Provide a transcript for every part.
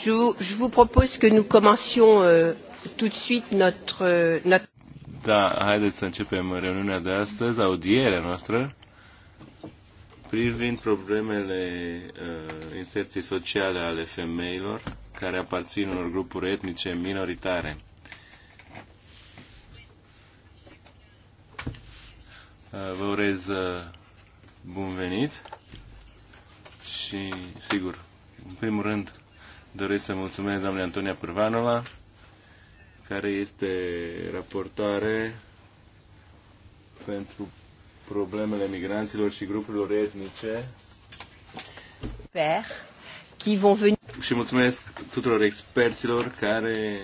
Je vous, je vous propose que nous commencions euh, tout de suite notre, euh, notre... Da, haideți să începem reuniunea de astăzi, audierea noastră, privind problemele uh, inserției sociale ale femeilor care aparțin unor grupuri etnice minoritare. Uh, vă urez uh, bun venit și, sigur, în primul rând, doresc să mulțumesc doamnei Antonia Pârvanova, care este raportoare pentru problemele migranților și grupurilor etnice. Per, qui vont veni... Și mulțumesc tuturor experților care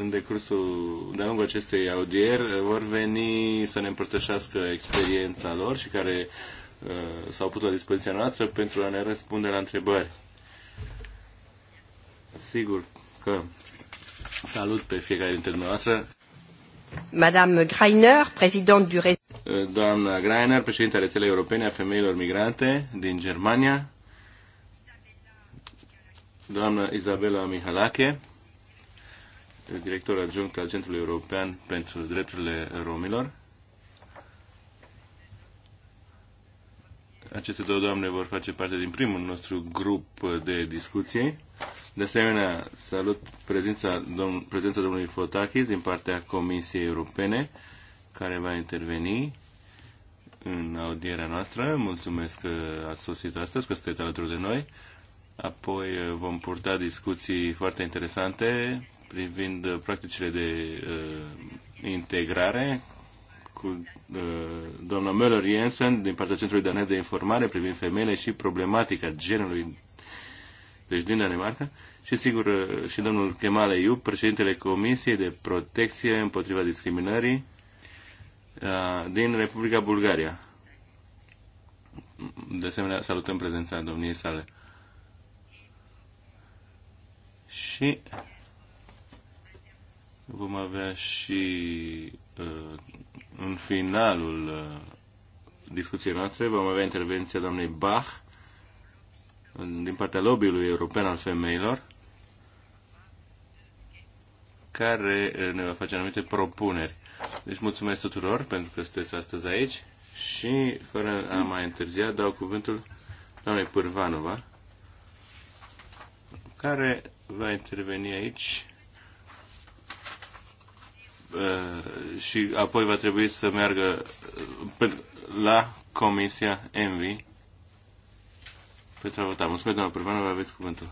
în decursul de-a lungul acestei audieri vor veni să ne împărtășească experiența lor și care uh, s-au pus la dispoziția noastră pentru a ne răspunde la întrebări. Sigur că salut pe fiecare dintre dumneavoastră. Madame Greiner, présidente du uh, Doamna Greiner, președinta rețelei europene a femeilor migrante din Germania. Doamna Isabela Mihalache, director adjunct al Centrului European pentru Drepturile Romilor. Aceste două doamne vor face parte din primul nostru grup de discuție. De asemenea, salut prezența, domn, prezența domnului Fotakis din partea Comisiei Europene, care va interveni în audierea noastră. Mulțumesc că uh, ați sosit astăzi, că sunteți alături de noi. Apoi uh, vom purta discuții foarte interesante privind uh, practicile de uh, integrare cu uh, doamna Möller Jensen din partea Centrului Danez de Informare privind femeile și problematica genului deci din Danemarca, și sigur uh, și domnul Kemal iub președintele Comisiei de Protecție împotriva discriminării uh, din Republica Bulgaria. De asemenea, salutăm prezența domniei sale. Și Vom avea și uh, în finalul uh, discuției noastre, vom avea intervenția doamnei Bach din partea lobby-ului european al femeilor, care uh, ne va face anumite propuneri. Deci mulțumesc tuturor pentru că sunteți astăzi aici și, fără a mai întârzia, dau cuvântul doamnei Pârvanova, care va interveni aici Eh, și apoi va trebui să meargă eh, la Comisia Envi pentru a vota. Mulțumesc, doamna vă aveți cuvântul.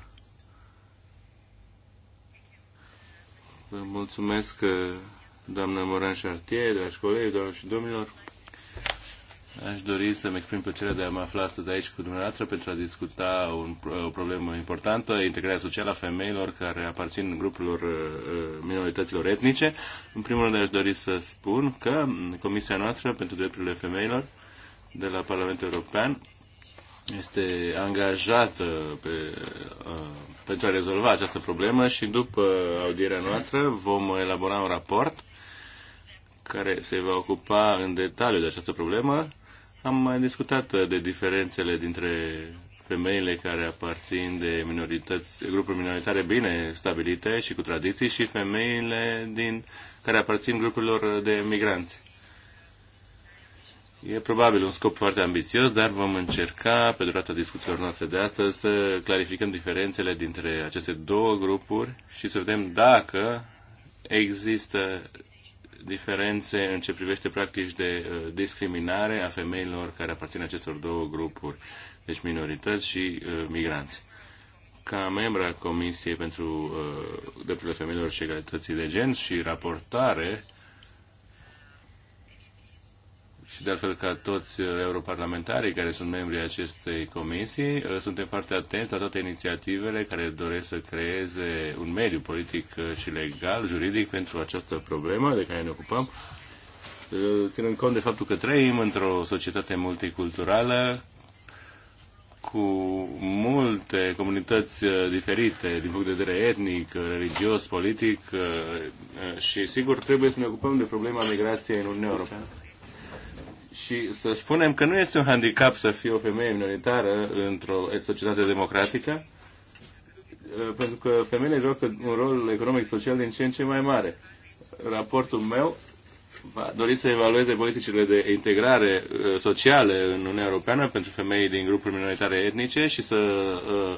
Vă mulțumesc, eh, doamnă Moran Chartier, dragi colegi, doamnelor și domnilor. Aș dori să-mi exprim plăcerea de a mă afla astăzi aici cu dumneavoastră pentru a discuta un, o problemă importantă, integrarea socială a femeilor care aparțin grupurilor uh, uh, minorităților etnice. În primul rând aș dori să spun că Comisia noastră pentru drepturile femeilor de la Parlamentul European este angajată pe, uh, pentru a rezolva această problemă și după audierea noastră vom elabora un raport care se va ocupa în detaliu de această problemă am mai discutat uh, de diferențele dintre femeile care aparțin de minorități, grupuri minoritare bine stabilite și cu tradiții și femeile din, care aparțin grupurilor de migranți. E probabil un scop foarte ambițios, dar vom încerca, pe durata discuțiilor noastre de astăzi, să clarificăm diferențele dintre aceste două grupuri și să vedem dacă există diferențe în ce privește practici de uh, discriminare a femeilor care aparțin acestor două grupuri, deci minorități și uh, migranți. Ca membru Comisiei pentru uh, Drepturile Femeilor și Egalității de Gen și raportare și de altfel ca toți uh, europarlamentarii care sunt membri acestei comisii, uh, suntem foarte atenți la toate inițiativele care doresc să creeze un mediu politic uh, și legal, juridic pentru această problemă de care ne ocupăm, ținând cont de faptul că trăim într-o societate multiculturală cu multe comunități diferite din punct de vedere etnic, religios, politic și sigur trebuie să ne ocupăm de problema migrației în Uniunea Europeană și să spunem că nu este un handicap să fie o femeie minoritară într-o societate democratică, uh, pentru că femeile joacă un rol economic-social din ce în ce mai mare. Raportul meu va dori să evalueze politicile de integrare uh, sociale în Uniunea Europeană pentru femei din grupuri minoritare etnice și să uh,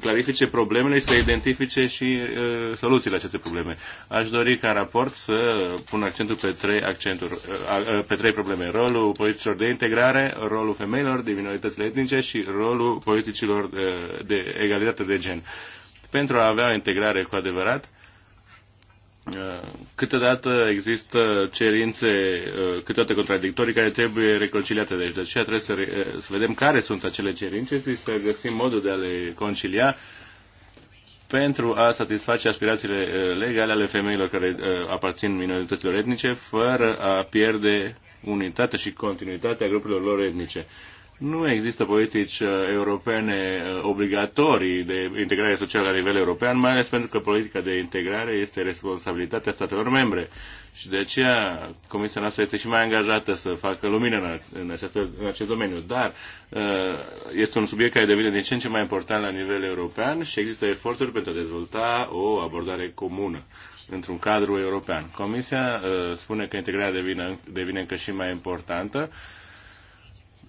clarifice problemele și să identifice și uh, soluțiile aceste probleme. Aș dori ca raport să pun accentul pe trei, accenturi, uh, uh, pe trei probleme. Rolul politicilor de integrare, rolul femeilor de minoritățile etnice și rolul politicilor uh, de egalitate de gen. Pentru a avea o integrare cu adevărat, Câteodată există cerințe, uh, câteodată contradictorii, care trebuie reconciliate. Deci de aceea trebuie să, uh, să vedem care sunt acele cerințe și să găsim modul de a le concilia pentru a satisface aspirațiile uh, legale ale femeilor care aparțin minorităților etnice, fără a pierde unitatea și continuitatea grupurilor lor etnice. Nu există politici uh, europene uh, obligatorii de integrare socială la nivel european, mai ales pentru că politica de integrare este responsabilitatea statelor membre. Și de aceea Comisia noastră este și mai angajată să facă lumină în, în, această, în acest domeniu. Dar uh, este un subiect care devine din ce în ce mai important la nivel european și există eforturi pentru a dezvolta o abordare comună într-un cadru european. Comisia spune că integrarea devine, devine încă și mai importantă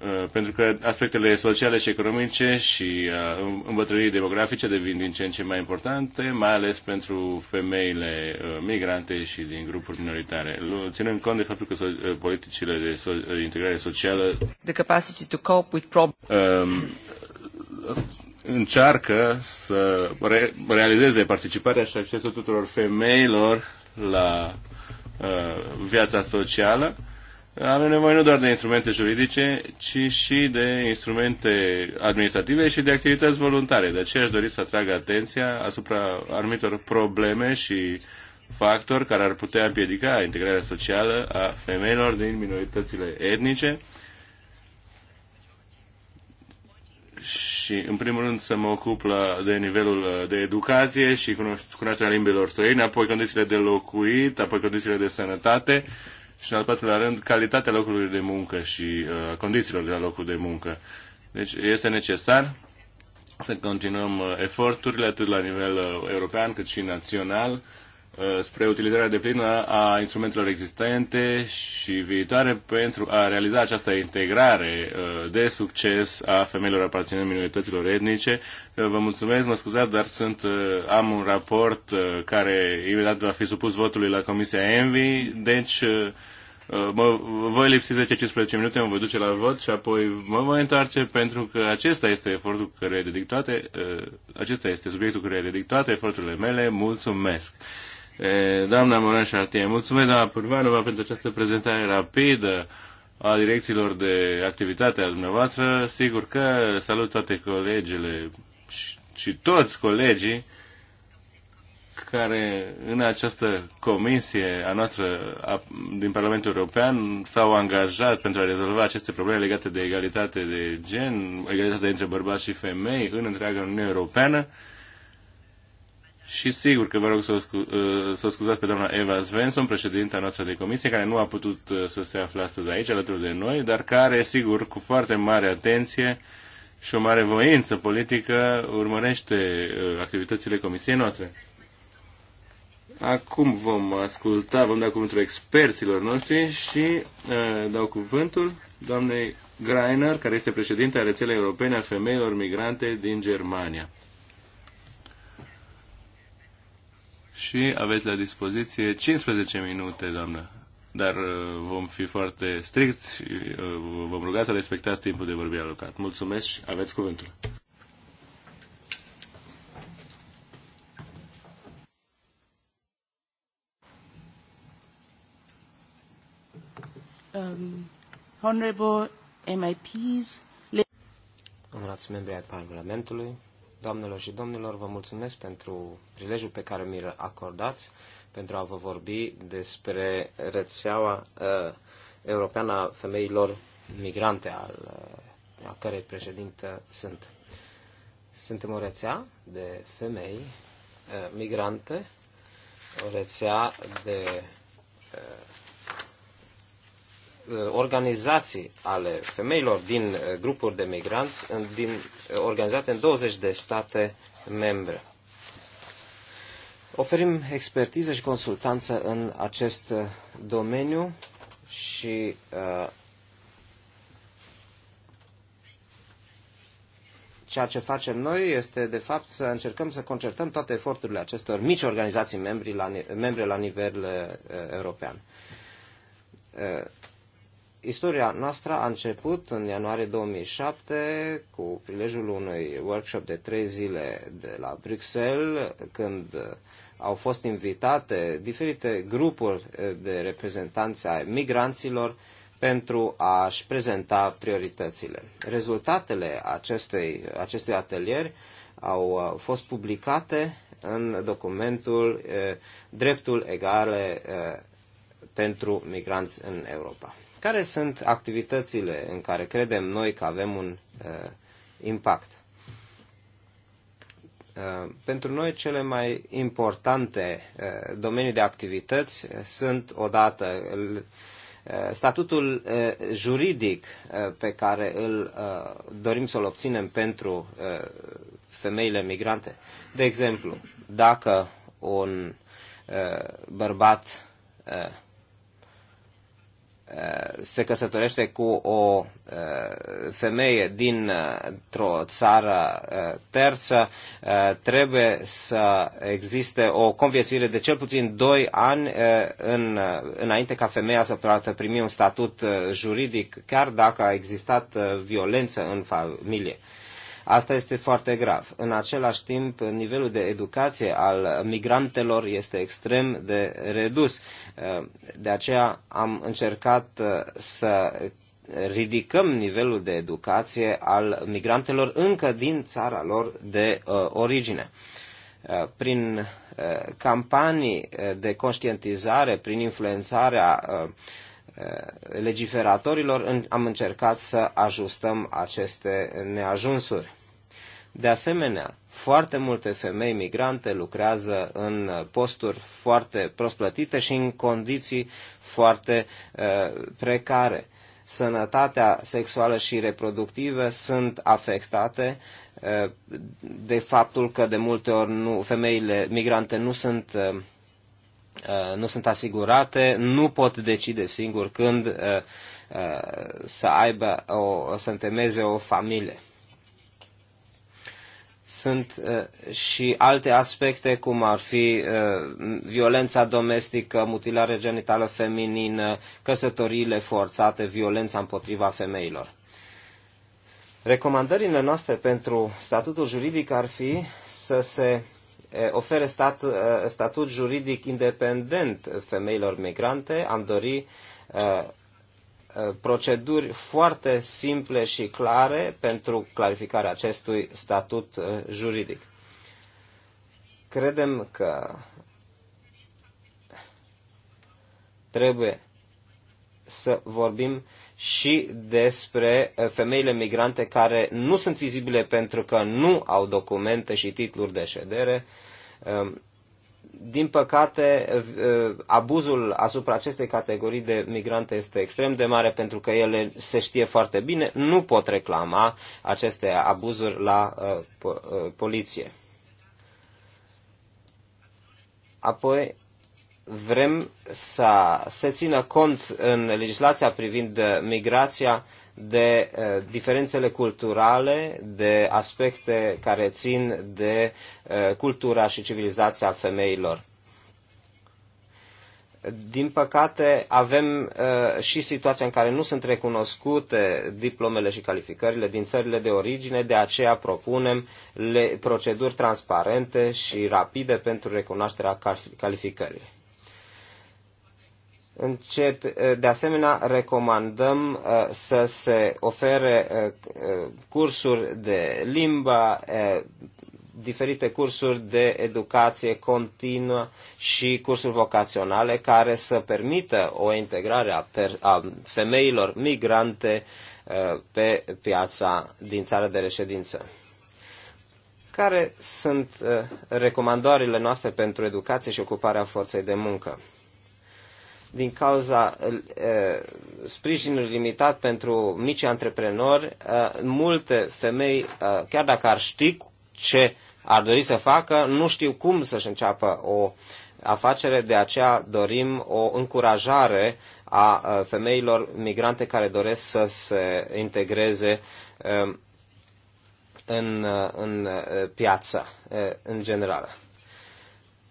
Uh, pentru că aspectele sociale și economice și uh, îmbătrânirii demografice devin din ce în ce mai importante, mai ales pentru femeile uh, migrante și din grupuri minoritare. Ținând cont de faptul că politicile de integrare socială The capacity to cope with problem. Um, încearcă să re- realizeze participarea și accesul tuturor femeilor la viața socială avem nevoie nu doar de instrumente juridice, ci și de instrumente administrative și de activități voluntare. De aceea aș dori să atrag atenția asupra anumitor probleme și factori care ar putea împiedica integrarea socială a femeilor din minoritățile etnice. și, în primul rând, să mă ocup la, de nivelul de educație și cunoașterea limbilor străine, apoi condițiile de locuit, apoi condițiile de sănătate și, în al patrulea rând, calitatea locului de muncă și uh, condițiilor de la locul de muncă. Deci este necesar să continuăm uh, eforturile atât la nivel uh, european cât și național Uh, spre utilizarea de plină a instrumentelor existente și viitoare pentru a realiza această integrare uh, de succes a femeilor aparținând minorităților etnice. Uh, vă mulțumesc, mă scuzați, dar sunt, am un raport care imediat va fi supus votului la Comisia ENVI, deci mă, voi lipsi 10-15 minute, mă voi duce la vot și apoi mă voi întoarce pentru că acesta este efortul care dedic toate, acesta este subiectul care dedic toate eforturile mele. Mulțumesc! Doamna Moran Chartier, mulțumesc doamna Pârvanova pentru această prezentare rapidă a direcțiilor de activitate a dumneavoastră. Sigur că salut toate colegele și, și toți colegii care în această comisie a noastră a, din Parlamentul European s-au angajat pentru a rezolva aceste probleme legate de egalitate de gen, egalitate între bărbați și femei în întreaga Uniune Europeană. Uh, și sigur că vă rog să o, scu- uh, să o scuzați pe doamna Eva Svensson, președinta noastră de comisie, care nu a putut uh, să se afle astăzi aici alături de noi, dar care, sigur, cu foarte mare atenție și o mare voință politică urmărește uh, activitățile comisiei noastre. Acum vom asculta, vom da cuvântul experților noștri și uh, dau cuvântul doamnei Greiner, care este președinta rețelei europene a femeilor migrante din Germania. și aveți la dispoziție 15 minute, doamnă. Dar uh, vom fi foarte stricți, uh, vom ruga să respectați timpul de vorbire alocat. Mulțumesc și aveți cuvântul. Um, honorable MIPs, onorați membri ai Parlamentului, Doamnelor și domnilor, vă mulțumesc pentru prilejul pe care mi-l acordați pentru a vă vorbi despre rețeaua uh, europeană a femeilor migrante, al, uh, a cărei președintă sunt. Suntem o rețea de femei uh, migrante, o rețea de uh, Uh, organizații ale femeilor din uh, grupuri de migranți din, uh, organizate în 20 de state membre. Oferim expertiză și consultanță în acest domeniu și ceea ce facem noi este, de fapt, să încercăm să concertăm toate eforturile acestor mici organizații membri la, membre la nivel european. Istoria noastră a început în ianuarie 2007 cu prilejul unui workshop de trei zile de la Bruxelles, când au fost invitate diferite grupuri de reprezentanți ai migranților pentru a-și prezenta prioritățile. Rezultatele acestei, acestui atelier au uh, fost publicate în documentul uh, Dreptul egale uh, pentru migranți în Europa. Care sunt activitățile în care credem noi că avem un uh, impact? Uh, pentru noi cele mai importante uh, domenii de activități uh, sunt odată uh, statutul uh, juridic uh, pe care îl dorim să-l obținem pentru femeile migrante. De exemplu, dacă un bărbat Uh, se căsătorește cu o uh, femeie dintr-o țară uh, terță, trebuie să existe o conviețuire de cel puțin 2 ani în, înainte ca femeia să poată primi un statut juridic, chiar dacă a existat violență în familie. Asta este foarte grav. În același timp, nivelul de educație al migrantelor este extrem de redus. Uh, de aceea am încercat uh, să ridicăm nivelul de educație al migrantelor încă din țara lor de uh, origine. Prin campanii de conștientizare, prin influențarea uh, Eh, legiferatorilor am încercat să ajustăm aceste neajunsuri. De asemenea, foarte multe femei migrante lucrează în posturi foarte prost plătite și în condiții foarte eh, precare. Sănătatea sexuală și reproductivă sunt afectate eh, de faptul că de multe ori nu, femeile migrante nu sunt uh, Uh, nu sunt asigurate, nu pot decide singur când uh, uh, să aibă o, să întemeze o familie. Sunt și alte aspecte, cum ar fi violența domestică, mutilare genitală feminină, căsătoriile forțate, violența împotriva femeilor. Recomandările noastre pentru statutul juridic ar fi să se ofere stat, statut juridic independent femeilor migrante. Am dori proceduri foarte simple și clare pentru clarificarea acestui statut juridic. Credem că trebuie să vorbim și despre eh, femeile migrante care nu sunt vizibile pentru că nu au documente și titluri de ședere. Ehm, din păcate, eh, abuzul asupra acestei categorii de migrante este extrem de mare pentru că ele se știe foarte bine, nu pot reclama aceste abuzuri la eh, poliție. Apoi, vrem să se țină cont în legislația privind migrația de eh, diferențele culturale, de aspecte care țin de eh, cultura și civilizația femeilor. Din păcate, avem eh, și situația în care nu sunt recunoscute diplomele și calificările din țările de origine, de aceea propunem le, proceduri transparente și rapide pentru recunoașterea calificării. Încep, eh, de asemenea, recomandăm eh, să se ofere eh, cursuri de limba, diferite cursuri de educație continuă și cursuri vocaționale care să permită o integrare a, per, a femeilor migrante pe piața din țara de reședință. Care sunt recomandările noastre pentru educație și ocuparea forței de muncă? din cauza uh, sprijinului limitat pentru mici antreprenori, uh, multe femei, uh, chiar dacă ar ști ce ar dori să facă, nu știu cum să-și înceapă o afacere, de aceea dorim o încurajare a femeilor migrante care doresc să se integreze um, în, în piață, în general.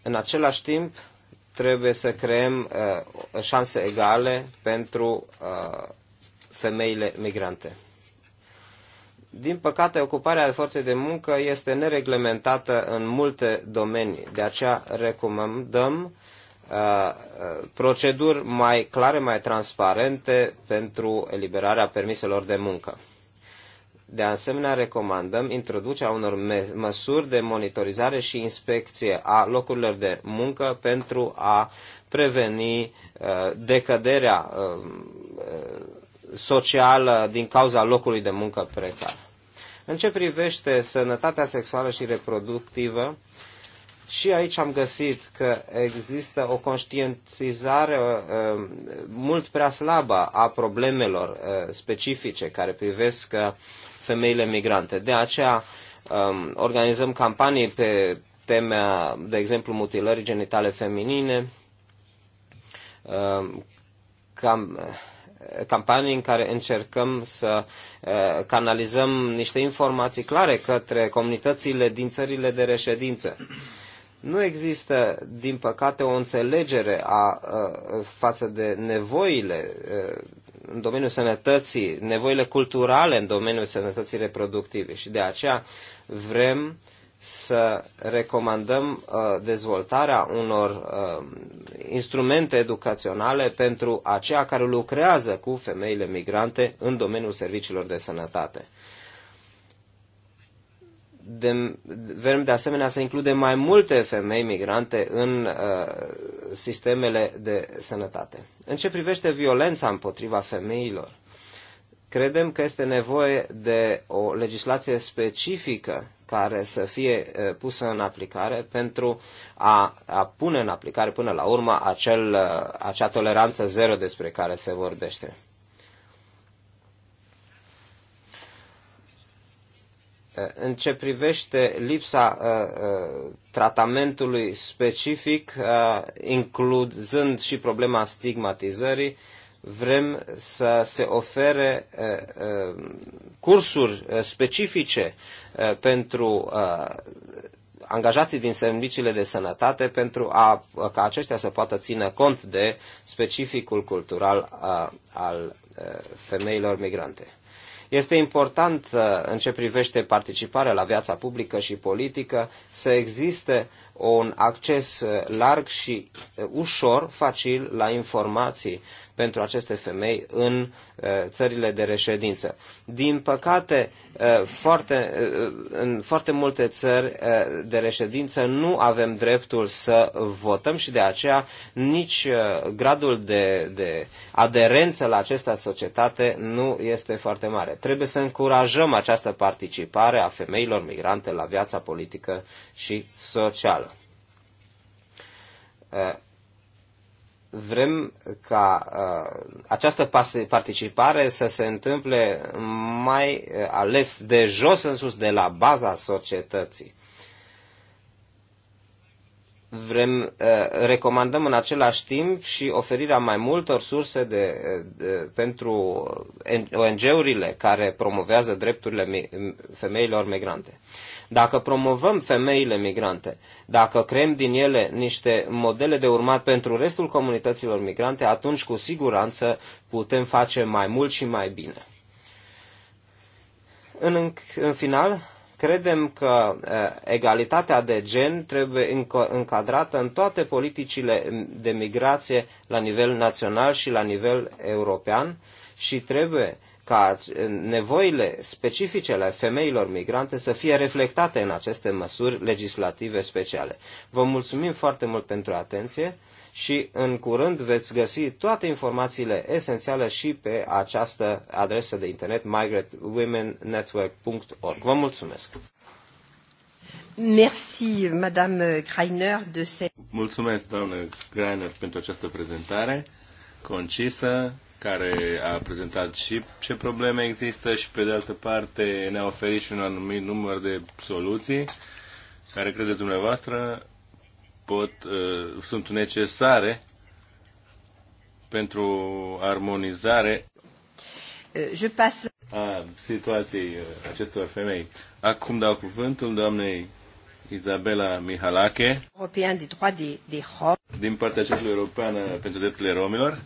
În același timp, trebuie să creăm uh, șanse egale pentru uh, femeile migrante. Din păcate, ocuparea forței de muncă este nereglementată în multe domenii. De aceea recomandăm uh, proceduri mai clare, mai transparente pentru eliberarea permiselor de muncă. De asemenea, recomandăm introducerea unor măsuri de monitorizare și inspecție a locurilor de muncă pentru a preveni uh, decăderea uh, uh, socială din cauza locului de muncă precar. În ce privește sănătatea sexuală și reproductivă, și aici am găsit că există o conștientizare uh, uh mult prea slabă a problemelor uh, specifice care privesc uh, femeile migrante. De aceea um, organizăm campanii pe temea, de exemplu, mutilării genitale feminine, um, cam, campanii în care încercăm să uh, canalizăm niște informații clare către comunitățile din țările de reședință. Nu există, din păcate, o înțelegere a, a, uh, față de nevoile uh, în domeniul sănătății, nevoile culturale în domeniul sănătății reproductive și de aceea vrem să recomandăm uh, dezvoltarea unor uh, instrumente educaționale pentru aceia care lucrează cu femeile migrante în domeniul serviciilor de sănătate. De, vrem de asemenea să includem mai multe femei migrante în uh, sistemele de sănătate. În ce privește violența împotriva femeilor, credem că este nevoie de o legislație specifică care să fie eh, pusă în aplicare pentru a, a pune în aplicare până la urmă acel, eh, acea toleranță zero despre care se vorbește. în ce privește lipsa uh, uh, tratamentului specific, uh, incluzând și problema stigmatizării, vrem să se ofere uh, uh cursuri uh, specifice pentru angajații din serviciile de sănătate pentru a, ca aceștia să poată ține cont de specificul cultural al femeilor migrante. Este important uh, în ce privește participarea la viața publică și politică să existe un acces uh, larg și uh, ușor, facil la informații pentru aceste femei în uh, țările de reședință. Din păcate, foarte, în foarte multe țări de reședință nu avem dreptul să votăm și de aceea nici gradul de, de aderență la această societate nu este foarte mare. Trebuie să încurajăm această participare a femeilor migrante la viața politică și socială vrem ca uh, această participare să se întâmple mai uh, ales de jos în sus, de la baza societății. Vrem, uh, recomandăm în același timp și oferirea mai multor surse de, de, pentru ONG-urile care promovează drepturile femeilor migrante dacă promovăm femeile migrante, dacă creăm din ele niște modele de urmat pentru restul comunităților migrante, atunci cu siguranță putem face mai mult și mai bine. În, în final, credem că egalitatea de gen trebuie încadrată în toate politicile de migrație la nivel național și la nivel european și trebuie ca nevoile specifice ale femeilor migrante să fie reflectate în aceste măsuri legislative speciale. Vă mulțumim foarte mult pentru atenție și în curând veți găsi toate informațiile esențiale și pe această adresă de internet migrantwomennetwork.org. Vă mulțumesc! Merci, Madame Greiner, de ce... Mulțumesc, doamne Greiner, pentru această prezentare concisă care a prezentat și ce probleme există și pe de altă parte ne-a oferit și un anumit număr de soluții care credeți dumneavoastră pot, uh, sunt necesare pentru armonizare uh, Je passe... a situației uh, acestor femei. Acum dau cuvântul doamnei Isabela Mihalache, European de de, din partea Centrului European pentru Drepturile Romilor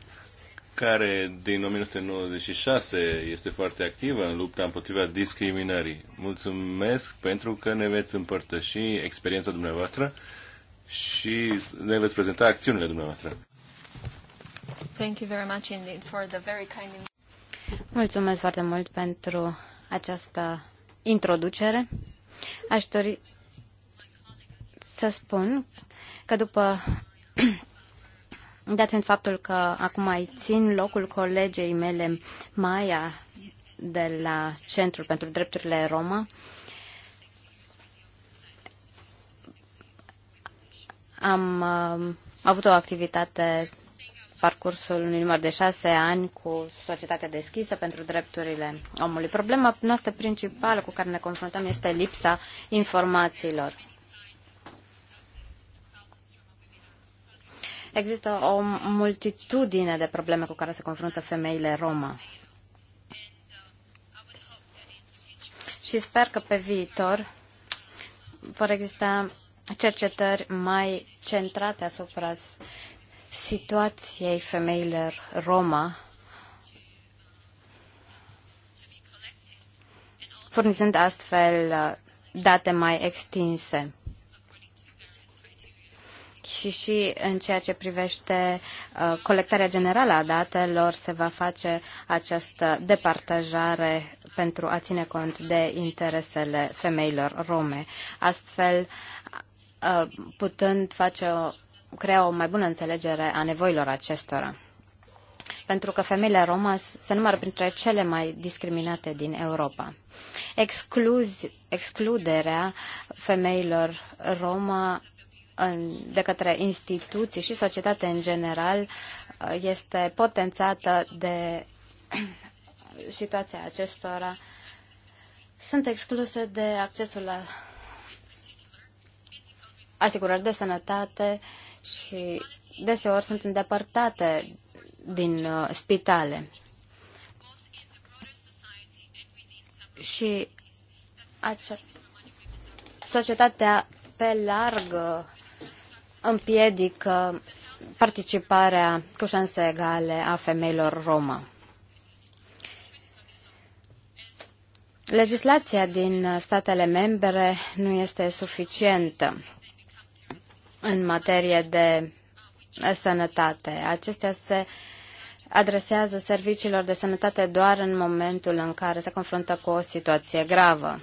care din 1996 este foarte activă în lupta împotriva discriminării. Mulțumesc pentru că ne veți împărtăși experiența dumneavoastră și ne veți prezenta acțiunile dumneavoastră. Thank you very much indeed for the very kind... Mulțumesc foarte mult pentru această introducere. Aș dori să spun că după dat fiind faptul că acum mai țin locul colegei mele Maia de la Centrul pentru Drepturile Roma, am uh, avut o activitate parcursul unui număr de șase ani cu societatea deschisă pentru drepturile omului. Problema noastră principală cu care ne confruntăm este lipsa informațiilor. Există o multitudine de probleme cu care se confruntă femeile Roma. Și sper că pe viitor vor exista cercetări mai centrate asupra situației femeilor Roma, furnizând astfel date mai extinse și și în ceea ce privește uh, colectarea generală a datelor se va face această departajare pentru a ține cont de interesele femeilor rome, astfel uh, putând face o, crea o mai bună înțelegere a nevoilor acestora. Pentru că femeile roma se numără printre cele mai discriminate din Europa. Excluz, excluderea femeilor roma de către instituții și societate în general uh, este potențată de situația acestora. Sunt excluse de accesul la asigurări de sănătate și deseori sunt îndepărtate din uh, spitale. Și acea societatea pe larg împiedică participarea cu șanse egale a femeilor romă. Legislația din statele membre nu este suficientă în materie de sănătate. Acestea se adresează serviciilor de sănătate doar în momentul în care se confruntă cu o situație gravă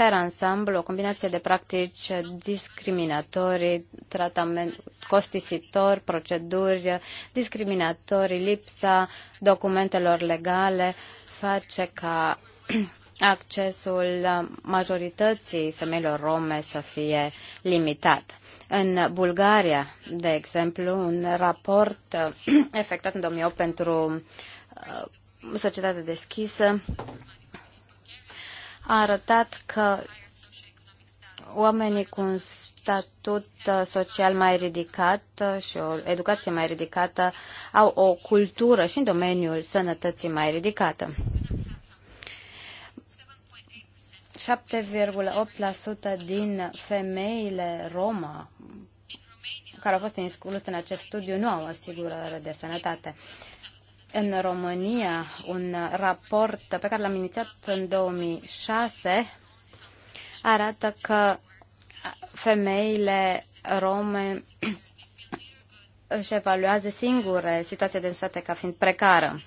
per ansamblu, o combinație de practici discriminatorii, tratament costisitor, proceduri discriminatorii, lipsa documentelor legale face ca accesul majorității femeilor rome să fie limitat. În Bulgaria, de exemplu, un raport efectuat în 2008 pentru uh, societatea deschisă a arătat că oamenii cu un statut uh, social mai ridicat uh, și o educație mai ridicată au o cultură și în domeniul sănătății mai ridicată. 7,8% din femeile Roma care au fost incluse în acest studiu nu au asigurare de sănătate în România un raport pe care l-am inițiat în 2006 arată că femeile rome își evaluează singure situația din state ca fiind precară.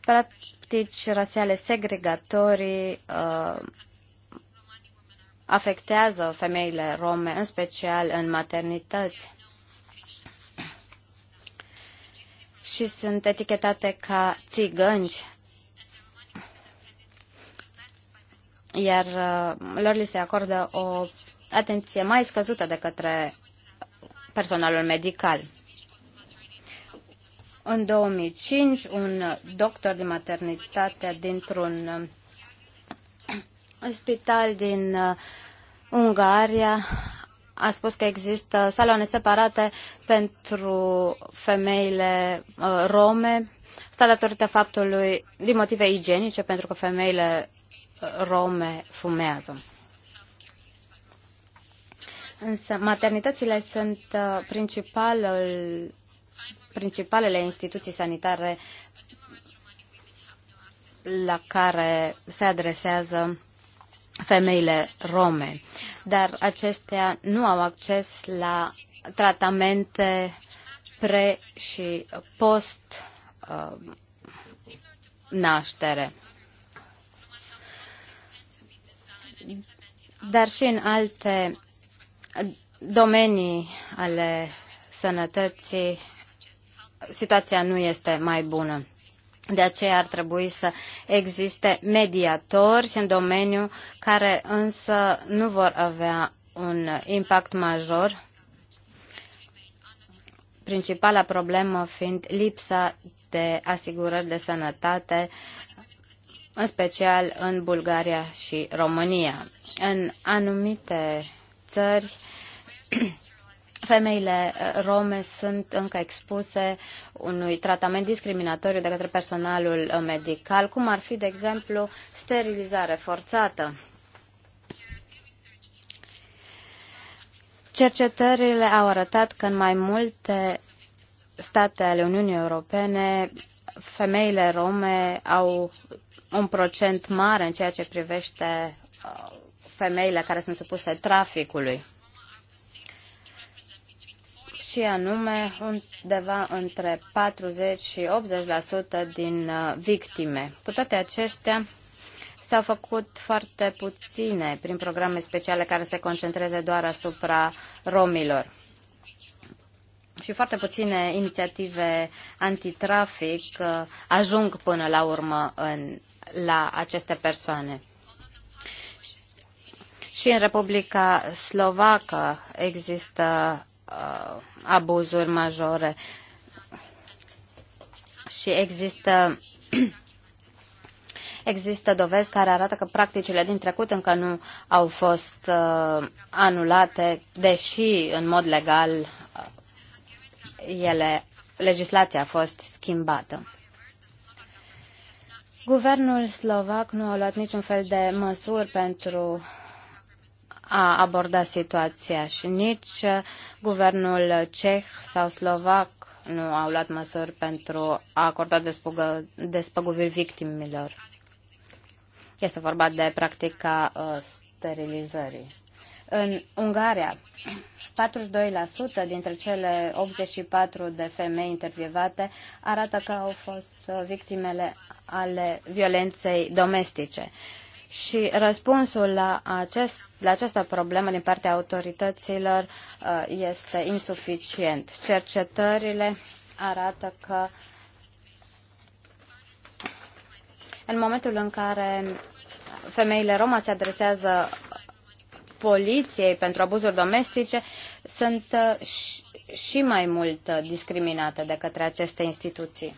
Practici rasiale segregatorii uh, afectează femeile rome, în special în maternități. și sunt etichetate ca țigănci, iar uh, lor li se acordă o atenție mai scăzută de către personalul medical. În 2005, un doctor de maternitate dintr-un uh, spital din uh, Ungaria a spus că există saloane separate pentru femeile uh, rome. Asta datorită faptului, din motive igienice, pentru că femeile uh, rome fumează. Însă maternitățile sunt uh, principalul, principalele instituții sanitare la care se adresează femeile rome, dar acestea nu au acces la tratamente pre- și post-naștere. Uh, dar și în alte domenii ale sănătății situația nu este mai bună. De aceea ar trebui să existe mediatori în domeniu care însă nu vor avea un impact major, principala problemă fiind lipsa de asigurări de sănătate, în special în Bulgaria și România. În anumite țări, Femeile uh, rome sunt încă expuse unui tratament discriminatoriu de către personalul uh, medical, cum ar fi, de exemplu, sterilizare forțată. Cercetările au arătat că în mai multe state ale Uniunii Europene, femeile rome au un procent mare în ceea ce privește uh, femeile care sunt supuse traficului și anume undeva între 40 și 80% din uh, victime. Cu toate acestea, s-au făcut foarte puține prin programe speciale care se concentreze doar asupra romilor și foarte puține inițiative antitrafic uh, ajung până la urmă în, la aceste persoane. Și în Republica Slovacă există uh, abuzuri majore. Și există Există dovezi care arată că practicile din trecut încă nu au fost uh, anulate, deși în mod legal uh, ele, legislația a fost schimbată. Guvernul slovac nu a luat niciun fel de măsuri pentru a aborda situația și nici uh, guvernul ceh sau slovac nu au luat măsuri pentru a acorda despăgă, despăgubiri victimilor. Este vorba de practica uh, sterilizării. În Ungaria, 42% dintre cele 84 de femei intervievate arată că au fost uh, victimele ale violenței domestice. Și răspunsul la, acest, la această problemă din partea autorităților uh, este insuficient. Cercetările arată că în momentul în care femeile roma se adresează poliției pentru abuzuri domestice, sunt uh, și mai mult uh, discriminate de către aceste instituții.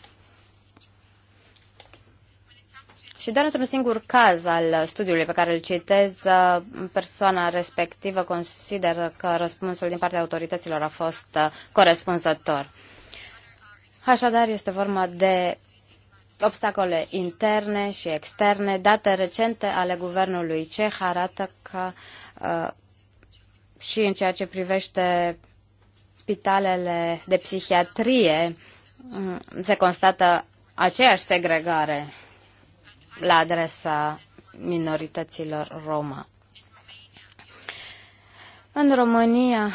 Și doar într-un singur caz al studiului pe care îl citez, uh, persoana respectivă consideră că răspunsul din partea autorităților a fost uh, corespunzător. Așadar, este vorba de obstacole interne și externe. Date recente ale guvernului ceh arată că uh, și în ceea ce privește spitalele de psihiatrie mm, se constată aceeași segregare la adresa minorităților roma. În România,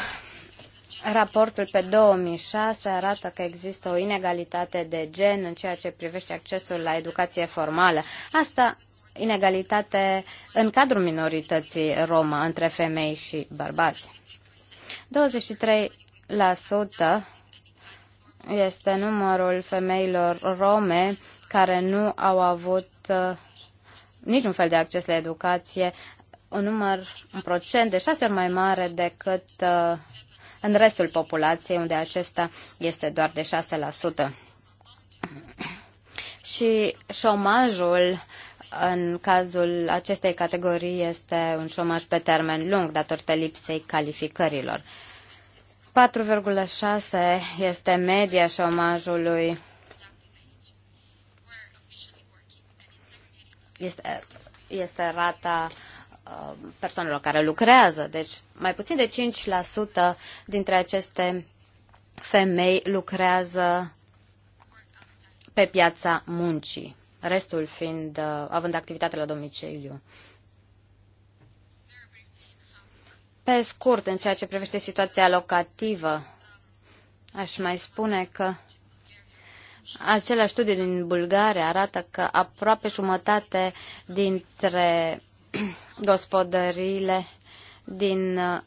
raportul pe 2006 arată că există o inegalitate de gen în ceea ce privește accesul la educație formală. Asta inegalitate în cadrul minorității romă între femei și bărbați. 23% este numărul femeilor rome care nu au avut avut uh, niciun fel de acces la educație, un număr, un procent de șase ori mai mare decât uh, în restul populației, unde acesta este doar de 6%. Și șomajul în cazul acestei categorii este un șomaj pe termen lung datorită lipsei calificărilor. 4,6 este media șomajului este, este rata uh, persoanelor care lucrează. Deci mai puțin de 5% dintre aceste femei lucrează pe piața muncii, restul fiind uh, având activitate la domiciliu. Pe scurt, în ceea ce privește situația locativă, aș mai spune că Același studiu din Bulgaria arată că aproape jumătate dintre gospodăriile din uh,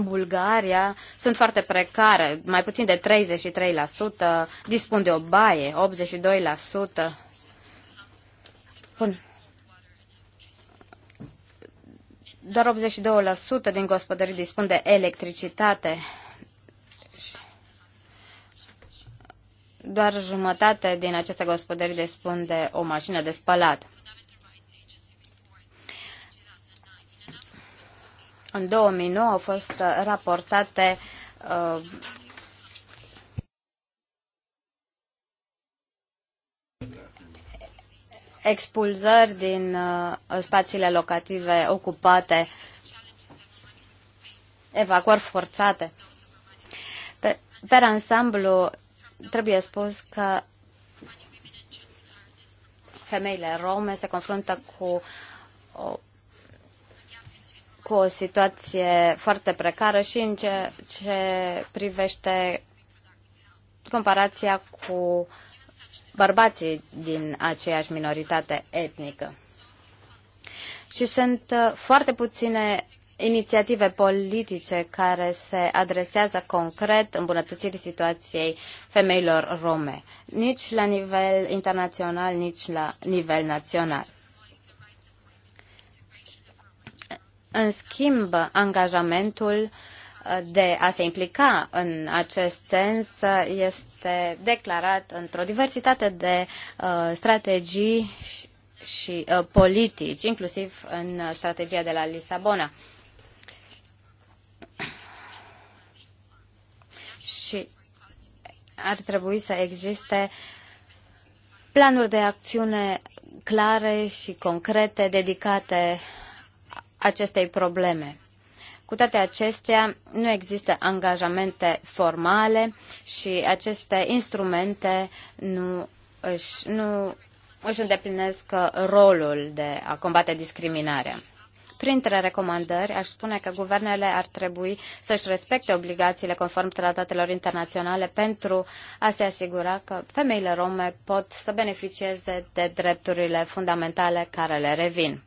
Bulgaria sunt foarte precare, mai puțin de 33% dispun de o baie, 82% Bun. Doar 82% din gospodării dispun de electricitate doar jumătate din aceste gospodării dispun de o mașină de spălat. În 2009 au fost uh, raportate uh, expulzări din uh, spațiile locative ocupate, evacuări forțate. Pe, pe ansamblu, trebuie spus că femeile rome se confruntă cu o, cu o situație foarte precară și în ce, ce privește comparația cu bărbații din aceeași minoritate etnică. Și sunt foarte puține inițiative politice care se adresează concret îmbunătățirii situației femeilor rome, nici la nivel internațional, nici la nivel național. În schimb, angajamentul uh, de a se implica în acest sens uh, este declarat într-o diversitate de uh, strategii și, și uh, politici, inclusiv în uh, strategia de la Lisabona. Uh, și ar trebui să existe planuri de acțiune clare și concrete dedicate acestei probleme. Cu toate acestea, nu există angajamente formale și aceste instrumente nu își, nu își îndeplinesc rolul de a combate discriminarea. Printre recomandări, aș spune că guvernele ar trebui să-și respecte obligațiile conform tratatelor internaționale pentru a se asigura că femeile rome pot să beneficieze de drepturile fundamentale care le revin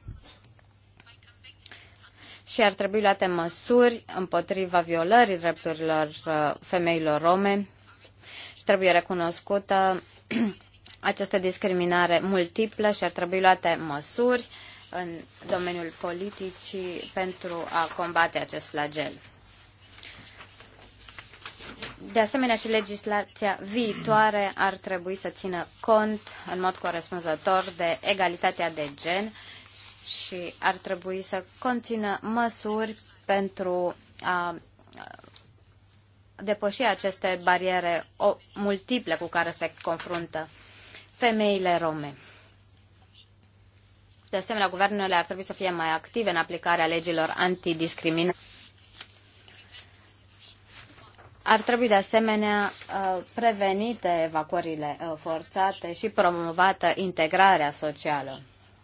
și ar trebui luate măsuri împotriva violării drepturilor uh, femeilor rome și trebuie recunoscută această discriminare multiplă și ar trebui luate măsuri în domeniul politicii pentru a combate acest flagel. De asemenea, și legislația viitoare ar trebui să țină cont în mod corespunzător de egalitatea de gen și ar trebui să conțină măsuri pentru a depăși aceste bariere multiple cu care se confruntă femeile rome. De asemenea, guvernele ar trebui să fie mai active în aplicarea legilor antidiscriminare. Ar trebui de asemenea uh, prevenite evacuările uh, forțate și promovată integrarea socială.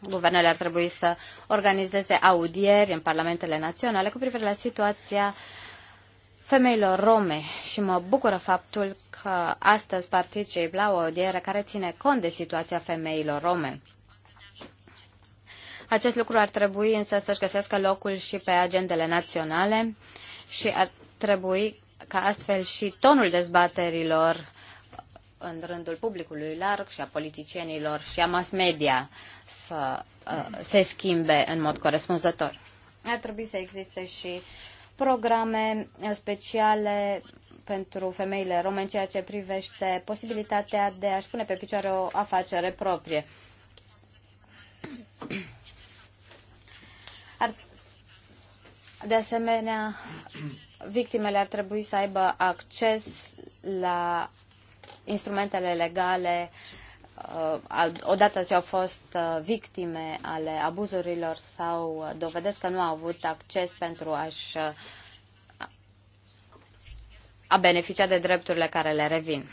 Guvernele ar trebui să organizeze audieri în parlamentele naționale cu privire la situația femeilor rome și mă bucură faptul că astăzi particip la o audiere care ține cont de situația femeilor rome. Acest lucru ar trebui însă să-și găsească locul și pe agendele naționale și ar trebui ca astfel și tonul dezbaterilor în rândul publicului larg și a politicienilor și a mass media să uh, se schimbe în mod corespunzător. Ar trebui să existe și programe speciale pentru femeile rome în ceea ce privește posibilitatea de a-și pune pe picioare o afacere proprie. De asemenea, victimele ar trebui să aibă acces la instrumentele legale uh, odată ce au fost uh, victime ale abuzurilor sau uh, dovedesc că nu au avut acces pentru a-și a beneficia de drepturile care le revin.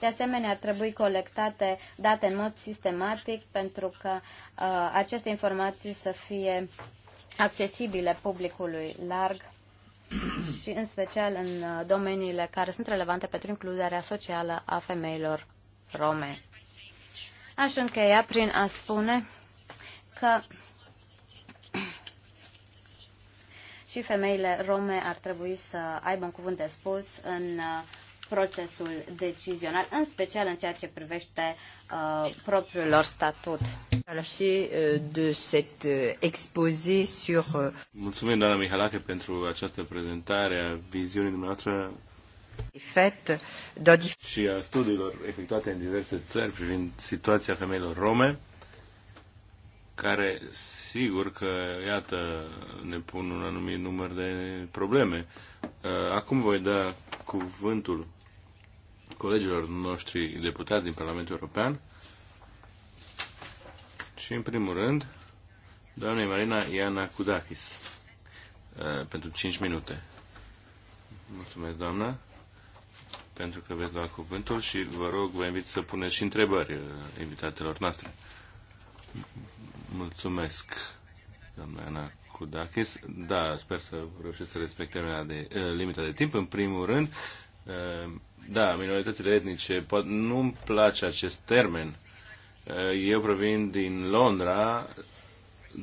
De asemenea, ar trebui colectate date în mod sistematic pentru că uh, aceste informații să fie uh, accesibile publicului larg și în special în uh, domeniile care sunt relevante pentru includerea socială a femeilor rome. Aș încheia prin a spune că și femeile rome ar trebui să aibă un cuvânt de spus în uh, procesul decizional, în special în ceea ce privește uh, propriul lor statut. Uh, de cet uh, exposé sur... Uh, Mulțumim, doamna Mihalache, pentru această prezentare a viziunii dumneavoastră și a studiilor efectuate în diverse țări privind situația femeilor rome, care sigur că, iată, ne pun un anumit număr de probleme. Acum voi da cuvântul colegilor noștri deputați din Parlamentul European și, în primul rând, doamnei Marina Iana Kudakis uh, pentru 5 minute. Mulțumesc, doamna, pentru că veți lua cuvântul și vă rog, vă invit să puneți și întrebări uh, invitatelor noastre. Mulțumesc, doamna Iana Kudakis. Da, sper să reușesc să respectăm de, uh, limita de timp. În primul rând, da, minoritățile etnice. Nu-mi place acest termen. Eh, eu provin din Londra,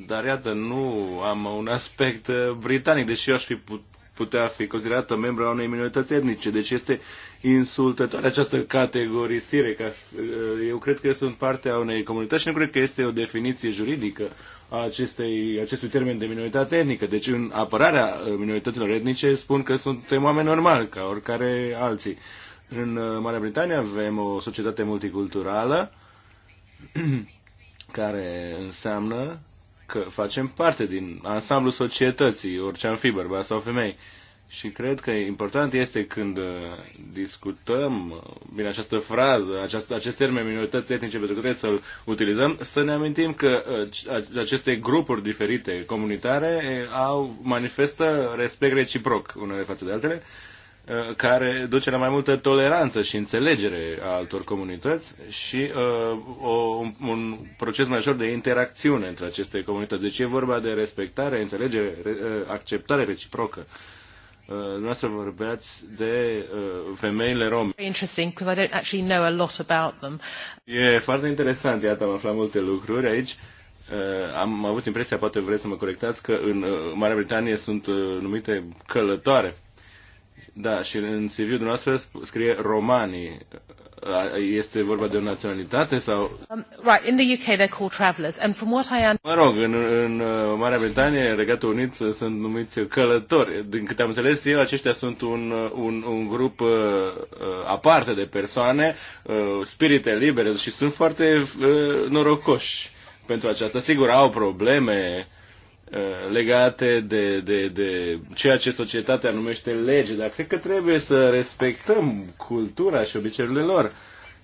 dar iată, nu am un aspect eh, britanic, deși eu aș fi put putea fi considerată membru a unei minorități etnice. Deci este insultătoare această categorisire. Ca, eh, eu cred că sunt parte a unei comunități și nu cred că este o definiție juridică a acestei, acestui termen de minoritate etnică. Deci în apărarea minorităților etnice spun că suntem oameni normali, ca oricare alții. În uh, Marea Britanie avem o societate multiculturală care înseamnă că facem parte din ansamblul societății, orice am fi, bărbați sau femei. Și cred că important este când uh, discutăm, uh, bine, această frază, această, acest termen minorități etnice, pentru că trebuie să-l utilizăm, să ne amintim că aceste grupuri diferite comunitare au, manifestă respect reciproc unele față de altele Uh, care duce la mai multă toleranță și înțelegere a altor comunități și uh, o, un proces mai ușor de interacțiune între aceste comunități. Deci e vorba de respectare, înțelegere, re, uh, acceptare reciprocă. Uh, dumneavoastră vorbeați de uh, femeile Very Interesting, because I don't actually know a lot about them. E foarte interesant, iată, am aflat multe lucruri aici. Uh, am avut impresia, poate vreți să mă corectați, că în uh, Marea Britanie sunt uh, numite călătoare da, și în CV-ul dumneavoastră scrie romanii. Este vorba de o naționalitate sau? Um, right, in the UK they're called travellers and from what I understand... Mă rog, în, în uh, Marea Britanie, în Regatul Unit, uh, sunt numiți călători. Din câte am înțeles eu, aceștia sunt un, uh, un, un grup uh, aparte de persoane, uh, spirite libere și sunt foarte uh, norocoși pentru aceasta. Sigur, au probleme Uh, legate de, de, de ceea ce societatea numește lege, dar cred că trebuie să respectăm cultura și obiceiurile lor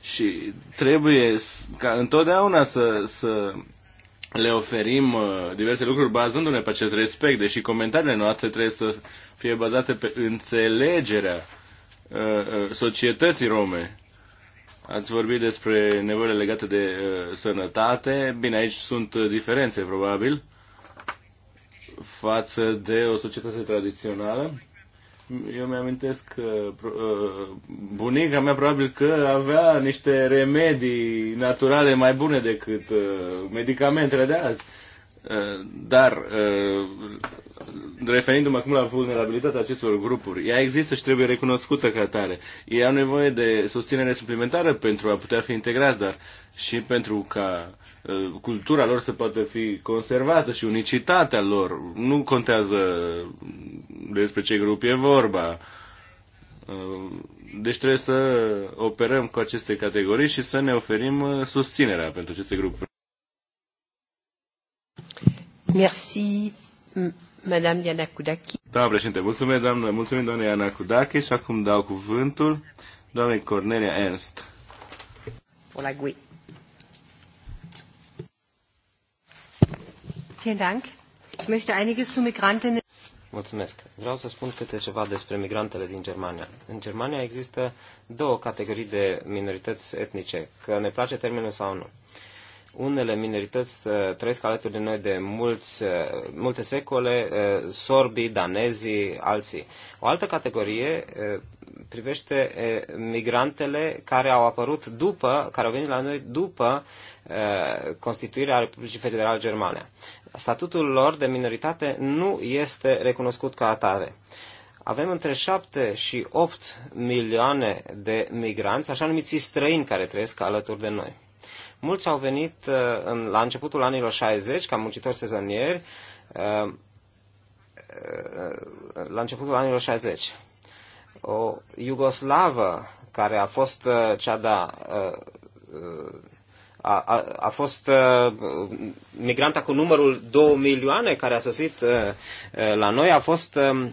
și trebuie ca întotdeauna să, să le oferim uh, diverse lucruri bazându-ne pe acest respect, deși comentariile noastre trebuie să fie bazate pe înțelegerea uh, societății rome. Ați vorbit despre nevoile legate de sănătate. Bine, aici sunt diferențe, probabil față de o societate tradițională. Eu mi-amintesc că uh, bunica mea probabil că avea niște remedii naturale mai bune decât uh, medicamentele de azi. Uh, dar, referindu-mă acum la vulnerabilitatea acestor grupuri, ea există și trebuie recunoscută ca tare. Ei au nevoie de susținere suplimentară pentru a putea fi integrați, dar și pentru ca Eh, cultura lor să poată fi conservată și unicitatea lor. Nu contează despre ce grup e vorba. Eh, deci trebuie să operăm cu aceste categorii și să ne oferim eh, susținerea pentru aceste grupuri. Merci, Madame Iana Kudaki. Da, președinte, mulțumesc, doamnă, mulțumim, doamne Iana Kudaki și acum dau cuvântul doamnei Cornelia Ernst. Pour la GUI. Vielen Dank. Ich möchte einiges zu Migrantinnen. Mulțumesc. Vreau să spun câte ceva despre migrantele din Germania. În Germania există două categorii de minorități etnice, că ne place termenul sau nu. Unele minorități uh, trăiesc alături de noi de mulți, uh, multe secole, uh, sorbii, danezii, alții. O altă categorie privește migrantele care au apărut după, care au venit la noi după constituirea Republicii Federale Germania statutul lor de minoritate nu este recunoscut ca atare. Avem între 7 și 8 milioane de migranți, așa numiți străini, care trăiesc alături de noi. Mulți au venit uh, în, la începutul anilor 60 ca muncitori sezonieri, uh, uh, la începutul anilor 60. O iugoslavă care a fost cea de a, a, a fost uh, migranta cu numărul 2 milioane care a sosit uh, uh la noi, a fost uh,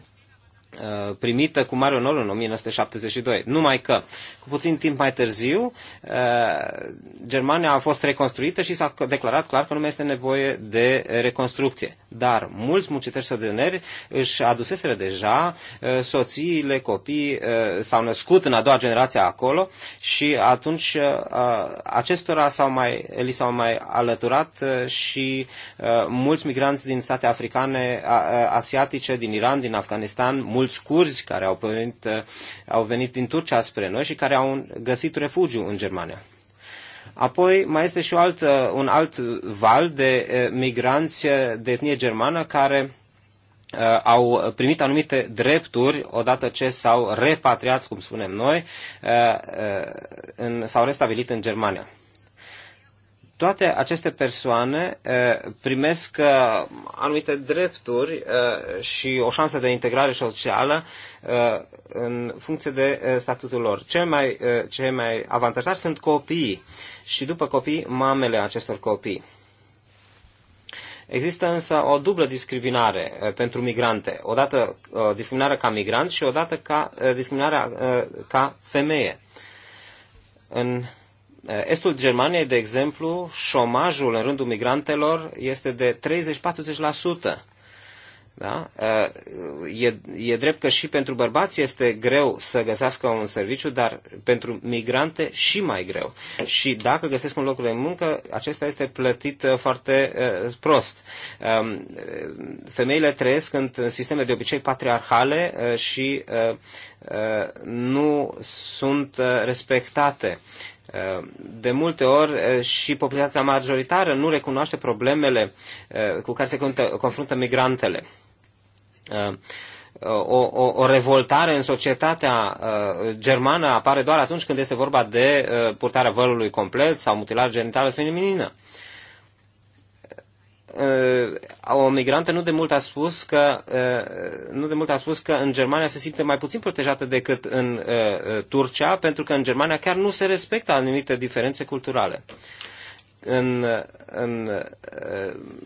Uh, primită cu mare onor în 1972. Numai că, cu puțin timp mai târziu, uh, Germania a fost reconstruită și s-a declarat clar că nu mai este nevoie de reconstrucție. Dar mulți muncitori sădâneri își aduseseră deja uh, soțiile, copii, s-au născut în a doua generație acolo și atunci acestora s-au mai, li s-au mai alăturat și mulți migranți din state africane, asiatice, din Iran, din Afganistan, mulți curzi care au venit, uh, au venit din Turcia spre noi și care au găsit refugiu în Germania. Apoi mai este și o altă, un alt val de uh, migranți uh, de etnie germană care au primit anumite drepturi odată ce s-au repatriat, cum spunem noi, s-au restabilit în Germania toate aceste persoane primesc anumite drepturi și o șansă de integrare socială în funcție de statutul lor. Cei mai, ce mai avantajați sunt copiii și după copii, mamele acestor copii. Există însă o dublă discriminare pentru migrante. Odată discriminarea ca migrant și odată ca discriminarea ca femeie. În Eh, estul Germaniei, de exemplu, șomajul în rândul migrantelor este de 30-40%. Da? Eh, e, e drept că și pentru bărbați este greu să găsească un serviciu, dar pentru migrante și mai greu. Și dacă găsesc un loc de muncă, acesta este plătit eh, foarte uh, prost. Ehm, femeile trăiesc în, în sisteme de obicei patriarhale uh, și uh, nu sunt respectate de multe ori și populația majoritară nu recunoaște problemele cu care se confruntă migrantele. O, o, o revoltare în societatea germană apare doar atunci când este vorba de purtarea vărului complet sau mutilare genitală feminină o uh, migrantă nu de mult a spus că uh, nu de mult a spus că în Germania se simte mai puțin protejată decât în uh, Turcia, pentru că în Germania chiar nu se respectă anumite diferențe culturale. În, în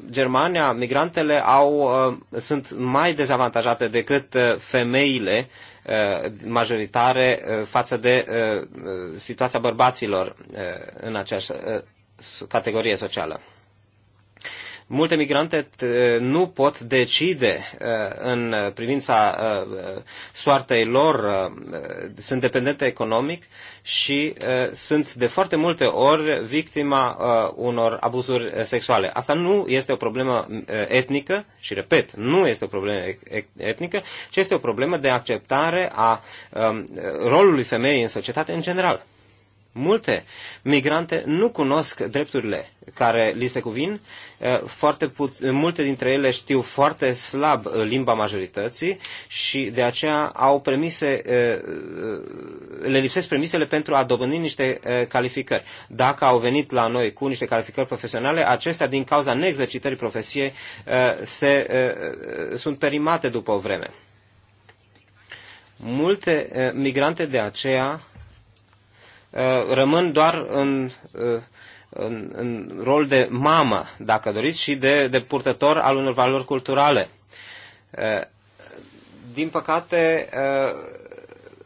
Germania, migrantele au, sunt mai dezavantajate decât femeile majoritare față de situația bărbaților în această categorie socială. Multe migrante nu pot decide în privința soartei lor, sunt dependente economic și sunt de foarte multe ori victima unor abuzuri sexuale. Asta nu este o problemă etnică și, repet, nu este o problemă etnică, ci este o problemă de acceptare a rolului femeii în societate în general. Multe migrante nu cunosc drepturile care li se cuvin, eh, foarte multe dintre ele știu foarte slab eh, limba majorității și de aceea au premise, eh, le lipsesc premisele pentru a dobândi niște calificări. Dacă au venit la noi cu niște calificări profesionale, acestea din cauza neexercitării profesiei se, sunt perimate după o vreme. Multe migrante de aceea Uh, rămân doar în, uh, în, în rol de mamă, dacă doriți, și de, de purtător al unor valori culturale. Uh, din păcate,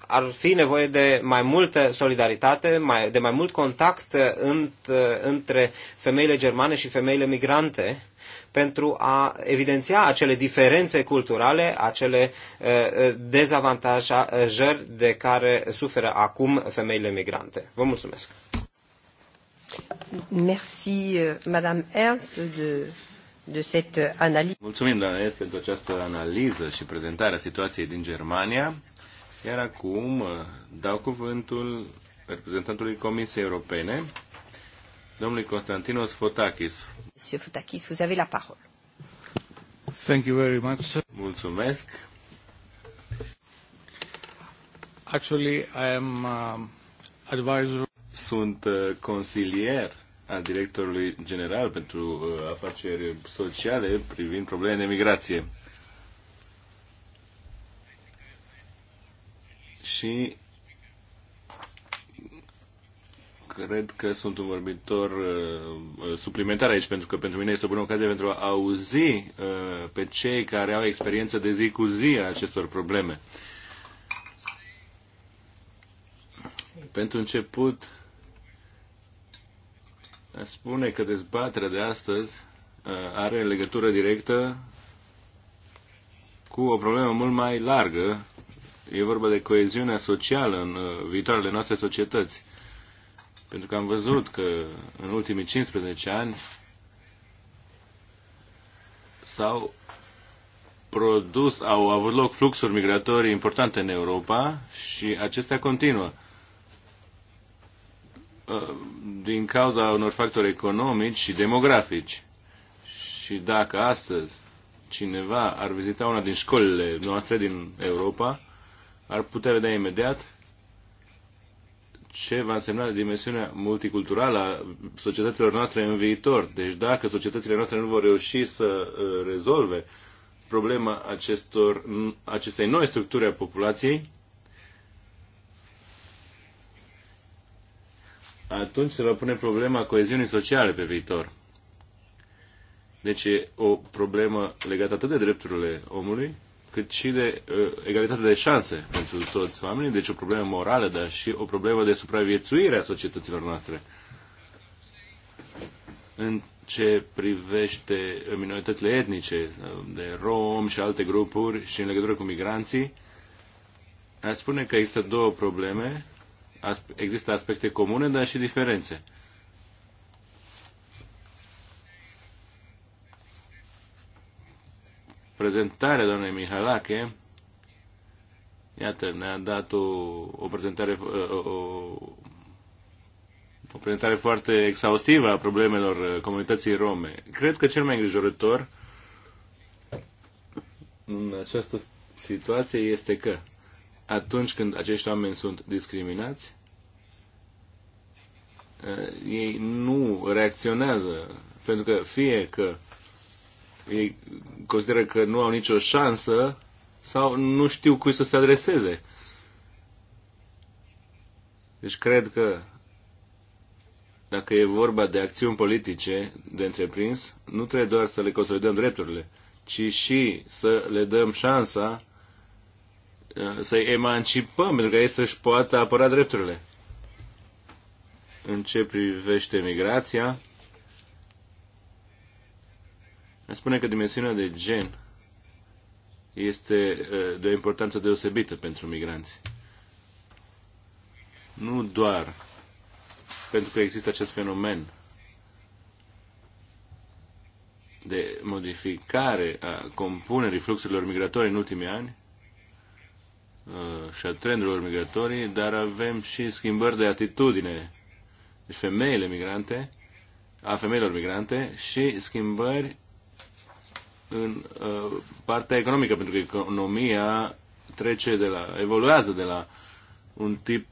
ar fi nevoie de mai multă solidaritate, mai, de mai mult contact între femeile germane și femeile migrante pentru a evidenția acele diferențe culturale, acele eh, eh, dezavantajări de care suferă acum femeile migrante. Vă mulțumesc! Merci, eh, Madame Ernst, de, de cette analyse. Mulțumim, doamna Ernst, pentru această analiză și prezentarea situației din Germania. Iar acum dau cuvântul reprezentantului Comisiei Europene, Domnule Constantinos Fotakis. Monsieur Fotakis, vous avez la parole. Thank you very much. Mulțumesc. Actually, I am um, advisor. Sunt uh, consilier al directorului general pentru uh, afaceri sociale privind probleme de migrație. Și cred că sunt un vorbitor uh, uh, suplimentar aici, pentru că pentru mine este o bună ocazie pentru a auzi uh, pe cei care au experiență de zi cu zi a acestor probleme. Pentru început, spune că dezbaterea de astăzi uh, are legătură directă cu o problemă mult mai largă. E vorba de coeziunea socială în uh, viitoarele noastre societăți. Pentru că am văzut că în ultimii 15 ani s-au produs, au avut loc fluxuri migratorii importante în Europa și acestea continuă. Uh, din cauza unor factori economici și demografici. Și dacă astăzi cineva ar vizita una din școlile noastre din Europa, ar putea vedea imediat ce va însemna dimensiunea multiculturală a societăților noastre în viitor. Deci dacă societățile noastre nu vor reuși să uh, rezolve problema acestor, acestei noi structuri a populației, atunci se va pune problema coeziunii sociale pe viitor. Deci e o problemă legată atât de drepturile omului, cât și de uh, egalitate de șanse pentru toți oamenii, deci o problemă morală, dar și o problemă de supraviețuire a societăților noastre. În ce privește minoritățile etnice, uh, de rom și alte grupuri și în legătură cu migranții, aș spune că există două probleme, există aspecte comune, dar și diferențe. prezentarea doamnei Mihalache, iată, ne-a dat o, o prezentare o, o prezentare foarte exhaustivă a problemelor uh, comunității rome. Cred că cel mai îngrijorător în această situație este că atunci când acești oameni sunt discriminați, uh, ei nu reacționează, pentru că fie că ei consideră că nu au nicio șansă sau nu știu cui să se adreseze. Deci cred că dacă e vorba de acțiuni politice de întreprins, nu trebuie doar să le consolidăm drepturile, ci și să le dăm șansa uh, să-i emancipăm, pentru că ei să-și poată apăra drepturile. În ce privește migrația, spune că dimensiunea de gen este de o importanță deosebită pentru migranți. Nu doar pentru că există acest fenomen de modificare a compunerii fluxurilor migratorii în ultimii ani și a trendurilor migratorii, dar avem și schimbări de atitudine. Deci femeile migrante, a femeilor migrante și schimbări în uh, partea economică, pentru că economia trece de la, evoluează de la un tip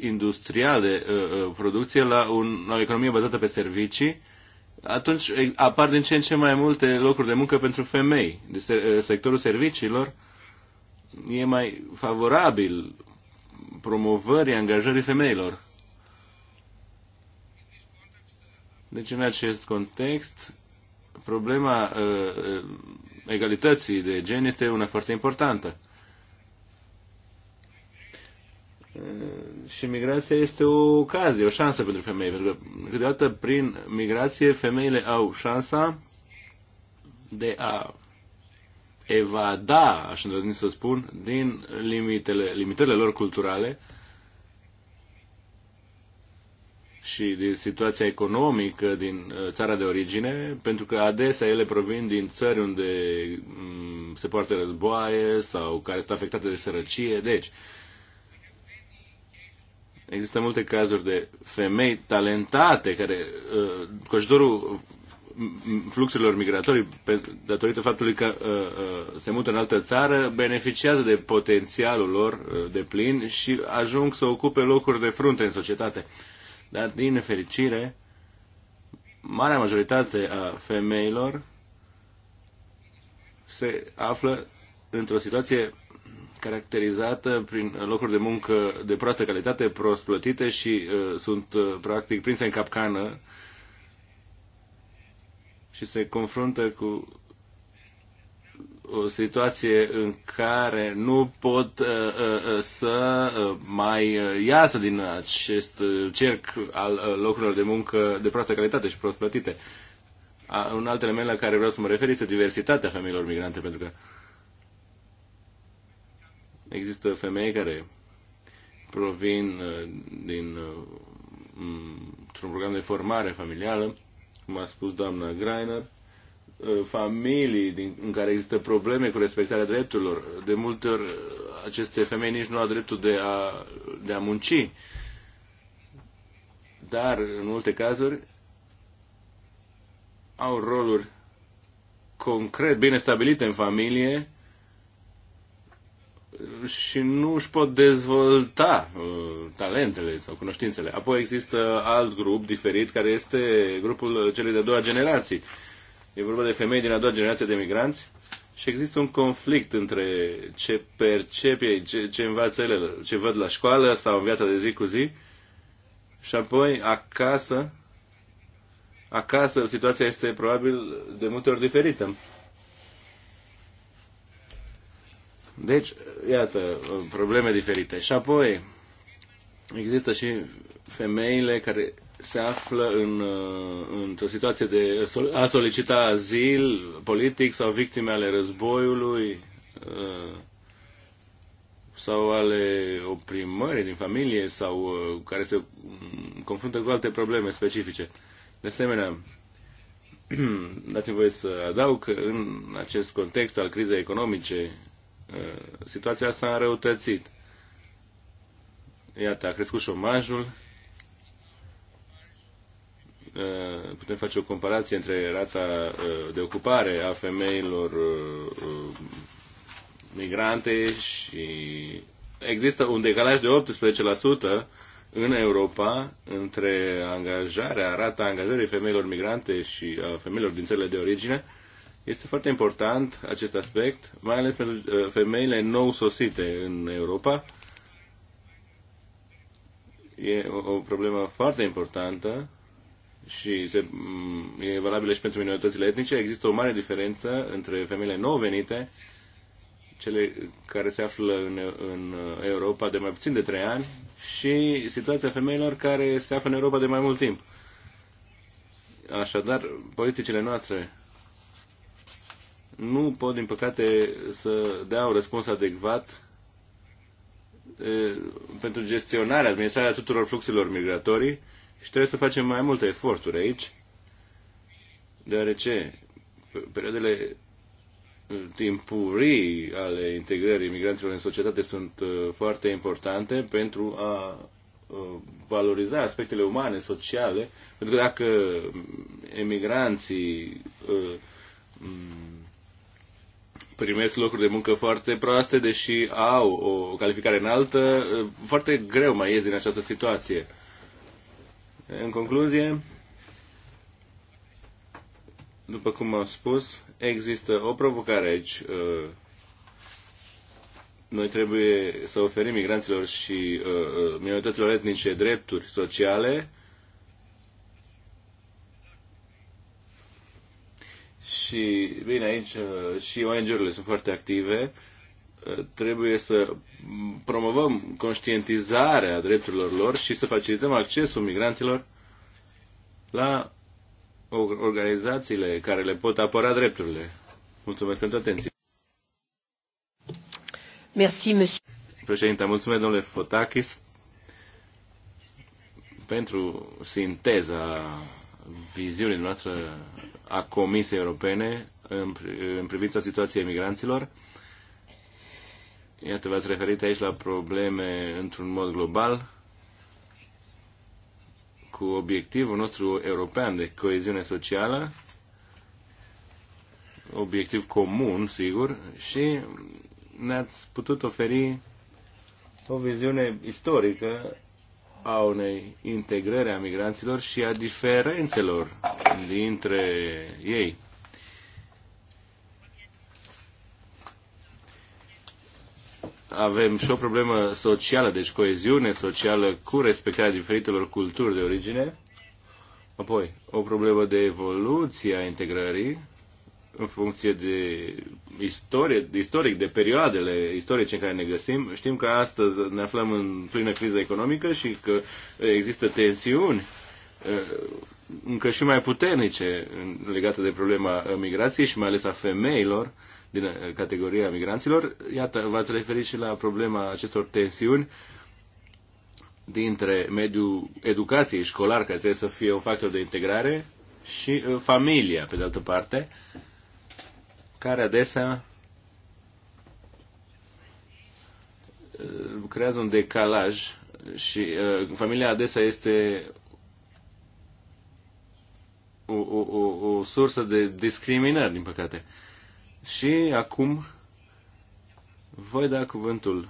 industrial de uh, uh producție la, un, la o economie bazată pe servicii, atunci apar din ce în ce mai multe locuri de muncă pentru femei. Deci, uh, sectorul serviciilor e mai favorabil promovării angajării femeilor. Deci, în acest context, problema uh, uh, egalității de gen este una foarte importantă. Și migrația este o ocazie, o șansă pentru femei, pentru că câteodată prin migrație femeile au șansa de a evada, aș îndrăzni să spun, din limitele, limitele lor culturale și din situația economică din uh, țara de origine, pentru că adesea ele provin din țări unde mm, se poartă războaie sau care sunt afectate de sărăcie. Deci, există multe cazuri de femei talentate care, uh, cu ajutorul mm, mm, fluxurilor migratorii, datorită faptului că uh, se mută în altă țară, beneficiază de potențialul lor de plin și ajung să ocupe locuri de frunte în societate. Dar, din nefericire, marea majoritate a femeilor se află într-o situație caracterizată prin locuri de muncă de proastă calitate, prost plătite și uh, sunt uh, practic prinse în capcană și se confruntă cu o situație în care nu pot uh, uh, uh, să mai iasă din acest cerc al locurilor de muncă de proastă calitate și prost plătite. un alt element la care vreau să mă refer este diversitatea femeilor migrante, pentru că există femei care provin din un program de formare familială, cum a spus doamna Greiner, Uh, familii din, în care există probleme cu respectarea drepturilor. De multe ori uh, aceste femei nici nu au dreptul de a, de a munci. Dar, în multe cazuri, au roluri concret, bine stabilite în familie și nu își pot dezvolta uh, talentele sau cunoștințele. Apoi există alt grup diferit care este grupul celei de-a doua generații. Uh, E vorba de femei din a doua generație de migranți și există un conflict între ce percep ei, ce, ce învață ele, ce văd la școală sau în viața de zi cu zi și apoi acasă, acasă situația este probabil de multe ori diferită. Deci, iată, probleme diferite. Și apoi, există și femeile care se află în, uh, într-o situație de a solicita azil politic sau victime ale războiului uh, sau ale oprimării din familie sau uh, care se mm, confruntă cu alte probleme specifice. De asemenea, dați-mi voie să adaug că în acest context al crizei economice situația s-a înrăutățit. Iată, a crescut șomajul, Uh, putem face o comparație între rata uh, de ocupare a femeilor uh, migrante și există un decalaj de 18% în Europa între angajarea, rata angajării femeilor migrante și a femeilor din țările de origine. Este foarte important acest aspect, mai ales pentru femeile nou sosite în Europa. E o, o problemă foarte importantă și se, mm, e valabilă și pentru minoritățile etnice, există o mare diferență între femeile nou venite, cele care se află în, în Europa de mai puțin de 3 ani, și situația femeilor care se află în Europa de mai mult timp. Așadar, politicile noastre nu pot, din păcate, să dea un răspuns adecvat pentru gestionarea, administrarea tuturor fluxurilor migratorii, și trebuie să facem mai multe eforturi aici, deoarece perioadele timpurii ale integrării migranților în societate sunt uh, foarte importante pentru a uh, valoriza aspectele umane, sociale, pentru că dacă emigranții uh, mm, primesc locuri de muncă foarte proaste, deși au o calificare înaltă, foarte greu mai ies din această situație. În concluzie, după cum am spus, există o provocare aici. Uh, noi trebuie să oferim migranților și uh, uh, minorităților etnice drepturi sociale și, bine, aici și ONG-urile sunt foarte active. Trebuie să promovăm conștientizarea drepturilor lor și să facilităm accesul migranților la organizațiile care le pot apăra drepturile. Mulțumesc pentru atenție. Merci, monsieur. Președinte, mulțumesc, domnule Fotakis, pentru sinteza viziunii noastre a Comisiei Europene în, în privința situației migranților. Iată, v-ați referit aici la probleme într-un mod global cu obiectivul nostru european de coeziune socială, obiectiv comun, sigur, și ne-ați putut oferi o viziune istorică a unei integrări a migranților și a diferențelor dintre ei. avem și o problemă socială, deci coeziune socială cu respectarea diferitelor culturi de origine. Apoi, o problemă de evoluție a integrării în funcție de istorie, istoric, de perioadele istorice în care ne găsim. Știm că astăzi ne aflăm în plină criză economică și că există tensiuni uh, încă și mai puternice legate de problema migrației și mai ales a femeilor din eh, categoria migranților. Iată, v-ați referit și la problema acestor tensiuni dintre mediul educației școlar, care trebuie să fie un factor de integrare, și eh, familia, pe de altă parte, care adesea eh, creează un decalaj și uh, familia adesea este o, o, o, o sursă de discriminări, din păcate. Uh, și acum voi da cuvântul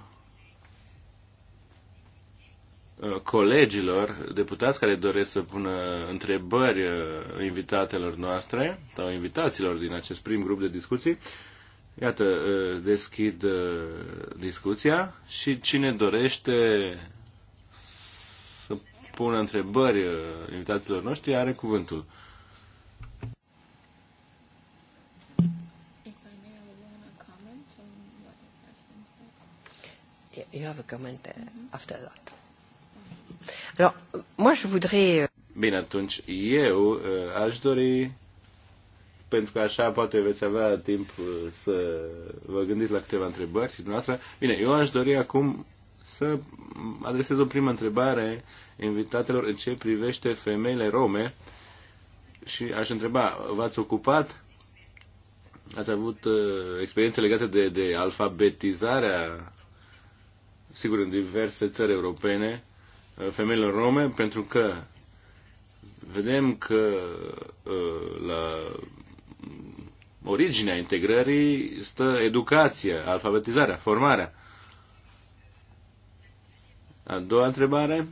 uh, colegilor deputați care doresc să pună întrebări uh, invitatelor noastre sau invitaților din acest prim grup de discuții. Iată, uh, deschid discuția și cine dorește să pună întrebări invitaților noștri are cuvântul. you have a comment uh, mm-hmm. after that. Alors, moi, je voudrais... Euh, Bine, atunci eu uh, aș dori, pentru că așa poate veți avea timp uh, să vă gândiți la câteva întrebări și dumneavoastră. Bine, eu aș dori acum să adresez o primă întrebare invitatelor în ce privește femeile rome și aș întreba, v-ați ocupat? Ați avut uh, experiențe legate de, de alfabetizarea sigur, în diverse țări europene, uh, femeilor rome, pentru că vedem că uh, la originea integrării stă educația, alfabetizarea, formarea. A doua întrebare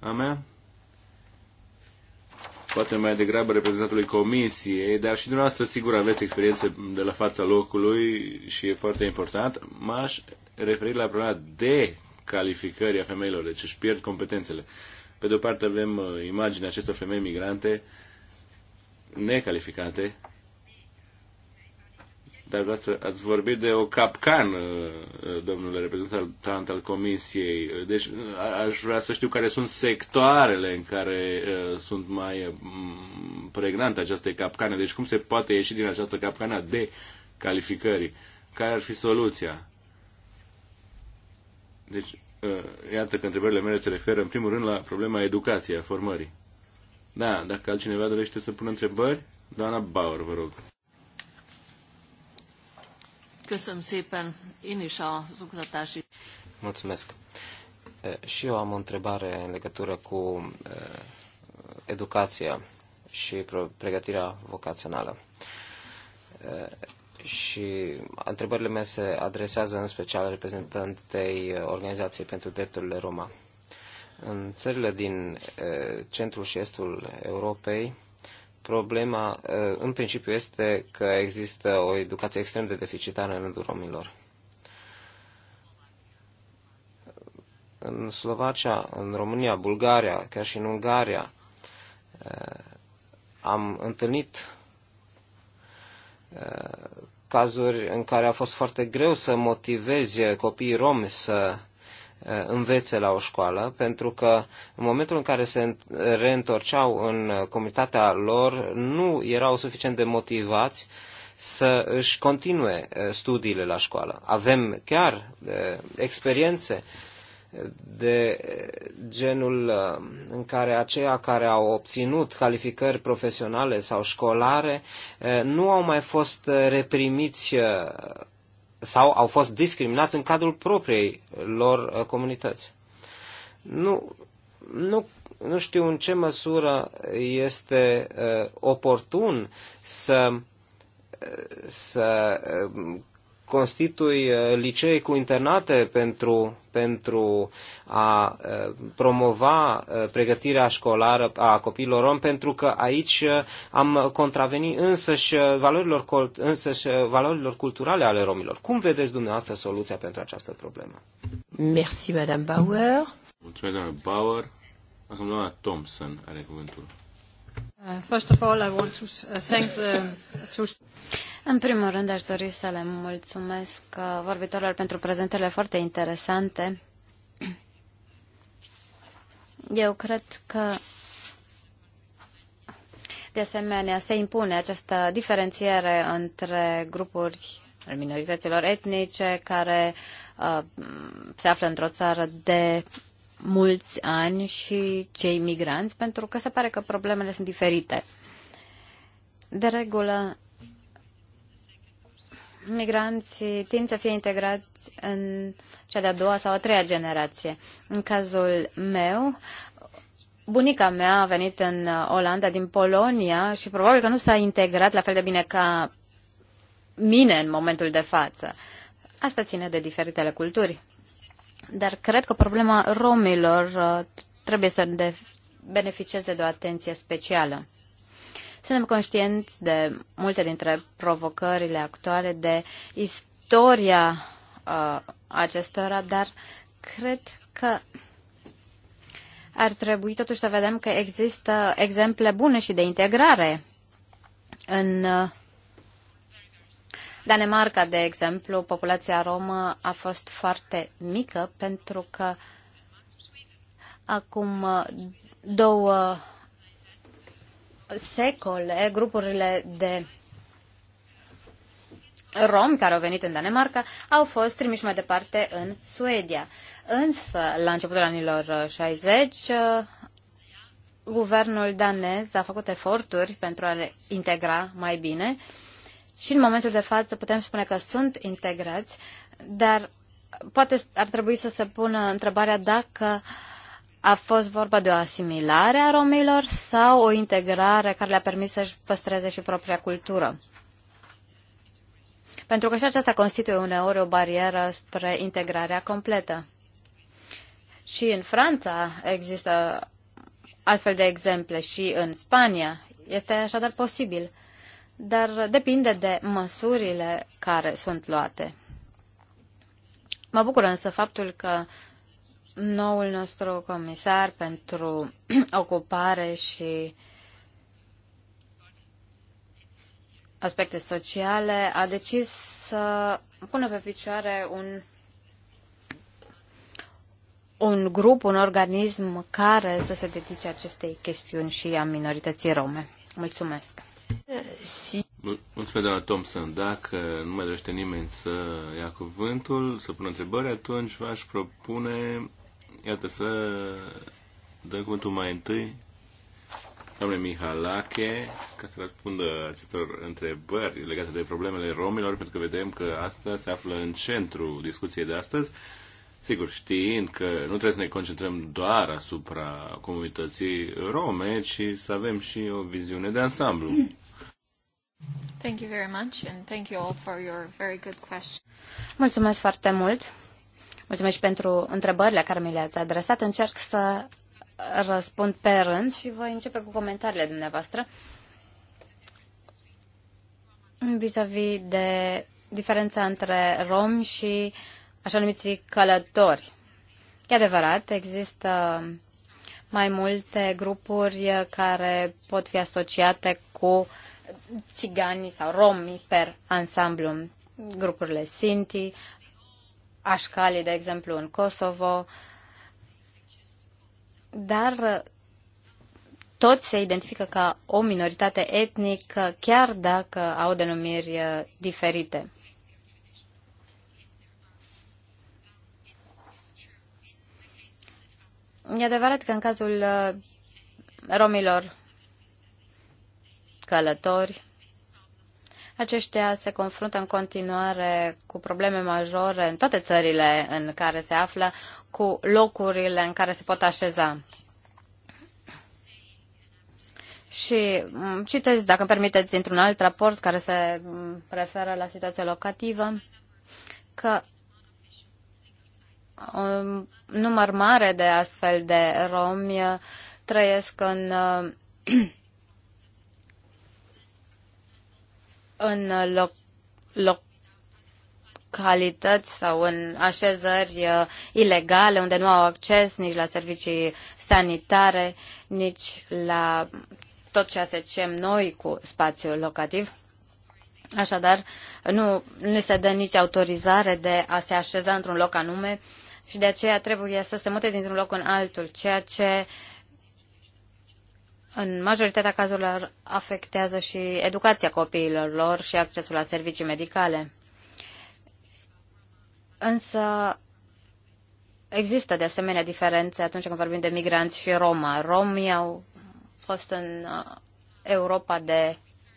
a mea, poate mai degrabă reprezentantului comisiei, dar și dumneavoastră sigur aveți experiențe de la fața locului și e foarte important. M-aș referit la problema de calificări a femeilor, deci își pierd competențele. Pe de o parte avem uh, imaginea acestor femei migrante necalificate, dar ați vorbit de o capcană, uh, domnule reprezentant al Comisiei. Deci uh, aș vrea să știu care sunt sectoarele în care sunt mai mm, pregnante aceste capcane. Deci cum se poate ieși din această capcană de calificări? Care ar fi soluția? Deci, ă, iată că întrebările mele se referă în primul rând la problema educației, a formării. Da, dacă altcineva dorește să pună întrebări, doamna Bauer, vă rog. Mulțumesc. Ă, și eu am o întrebare în legătură cu ă, educația și pregătirea vocațională și întrebările mele se adresează în special reprezentantei Organizației pentru Drepturile Roma. În țările din centrul și estul Europei, problema în principiu este că există o educație extrem de deficitară în rândul romilor. În Slovacia, în România, Bulgaria, chiar și în Ungaria, am întâlnit cazuri în care a fost foarte greu să motivezi copiii romi să învețe la o școală, pentru că în momentul în care se reîntorceau în comunitatea lor, nu erau suficient de motivați să își continue studiile la școală. Avem chiar experiențe de genul uh, în care aceia care au obținut calificări profesionale sau școlare uh, nu au mai fost uh, reprimiți sau au fost discriminați în cadrul propriei lor comunități. Nu, nu, nu știu în ce măsură este oportun să să constitui uh, licee cu internate pentru, pentru a uh, promova uh, pregătirea școlară a copiilor rom, pentru că aici am contravenit însăși valorilor, însăși valorilor culturale ale romilor. Cum vedeți dumneavoastră soluția pentru această problemă? Merci, Madame Bauer. Mulțumesc, doamna Bauer. Acum doamna Thompson are cuvântul. În primul rând, aș dori să le mulțumesc uh, vorbitorilor pentru prezentele foarte interesante. Eu cred că de asemenea, se impune această diferențiere între grupuri minorităților etnice care uh, se află într-o țară de mulți ani și cei migranți, pentru că se pare că problemele sunt diferite. De regulă, migranții tind să fie integrați în cea de-a doua sau a treia generație. În cazul meu, bunica mea a venit în Olanda din Polonia și probabil că nu s-a integrat la fel de bine ca mine în momentul de față. Asta ține de diferitele culturi. Dar cred că problema romilor uh, trebuie să beneficieze de o atenție specială. Suntem conștienți de multe dintre provocările actuale, de istoria uh, acestora, dar cred că ar trebui totuși să vedem că există exemple bune și de integrare în uh, Danemarca, de exemplu, populația romă a fost foarte mică pentru că acum două secole grupurile de romi care au venit în Danemarca au fost trimiși mai departe în Suedia. Însă, la începutul anilor 60, guvernul danez a făcut eforturi pentru a le integra mai bine și în momentul de față putem spune că sunt integrați, dar poate ar trebui să se pună întrebarea dacă a fost vorba de o asimilare a romilor sau o integrare care le-a permis să-și păstreze și propria cultură. Pentru că și aceasta constituie uneori o barieră spre integrarea completă. Și în Franța există astfel de exemple și în Spania. Este așadar posibil dar depinde de măsurile care sunt luate. Mă bucur însă faptul că noul nostru comisar pentru ocupare și aspecte sociale a decis să pună pe picioare un un grup, un organism care să se dedice acestei chestiuni și a minorității rome. Mulțumesc! Mulțumesc, doamna Thompson. Dacă nu mai dorește nimeni să ia cuvântul, să pună întrebări, atunci v-aș propune, iată, să dăm cuvântul mai întâi doamne Mihalache, ca să răspundă acestor întrebări legate de problemele romilor, pentru că vedem că asta se află în centru discuției de astăzi. Sigur, știind că nu trebuie să ne concentrăm doar asupra comunității rome, ci să avem și o viziune de ansamblu. Thank you very much and thank you all for your very good question. Mulțumesc foarte mult. Mulțumesc pentru întrebările care mi le-ați adresat. Încerc să răspund pe rând și voi începe cu comentariile dumneavoastră vis-a-vis de diferența între romi și așa numiți călători. E adevărat, există mai multe grupuri care pot fi asociate cu uh, țiganii sau romi per ansamblu, grupurile Sinti, Așcali, de exemplu, în Kosovo, dar uh, toți se identifică ca o minoritate etnică, chiar dacă au denumiri uh, diferite. E adevărat că în cazul uh, romilor călători. Aceștia se confruntă în continuare cu probleme majore în toate țările în care se află, cu locurile în care se pot așeza. Și mm, citesc, dacă îmi permiteți, dintr-un alt raport care se mm, referă la situația locativă, că mm, un număr mare de astfel de romi trăiesc în în loc, localități sau în așezări uh, ilegale unde nu au acces nici la servicii sanitare, nici la tot ce asecem noi cu spațiul locativ. Așadar, nu ne se dă nici autorizare de a se așeza într-un loc anume și de aceea trebuie să se mute dintr-un loc în altul, ceea ce uh, în majoritatea cazurilor afectează și educația copiilor lor și accesul la servicii medicale. Însă există de asemenea diferențe atunci când vorbim de migranți și Roma. Romii au fost în uh, Europa de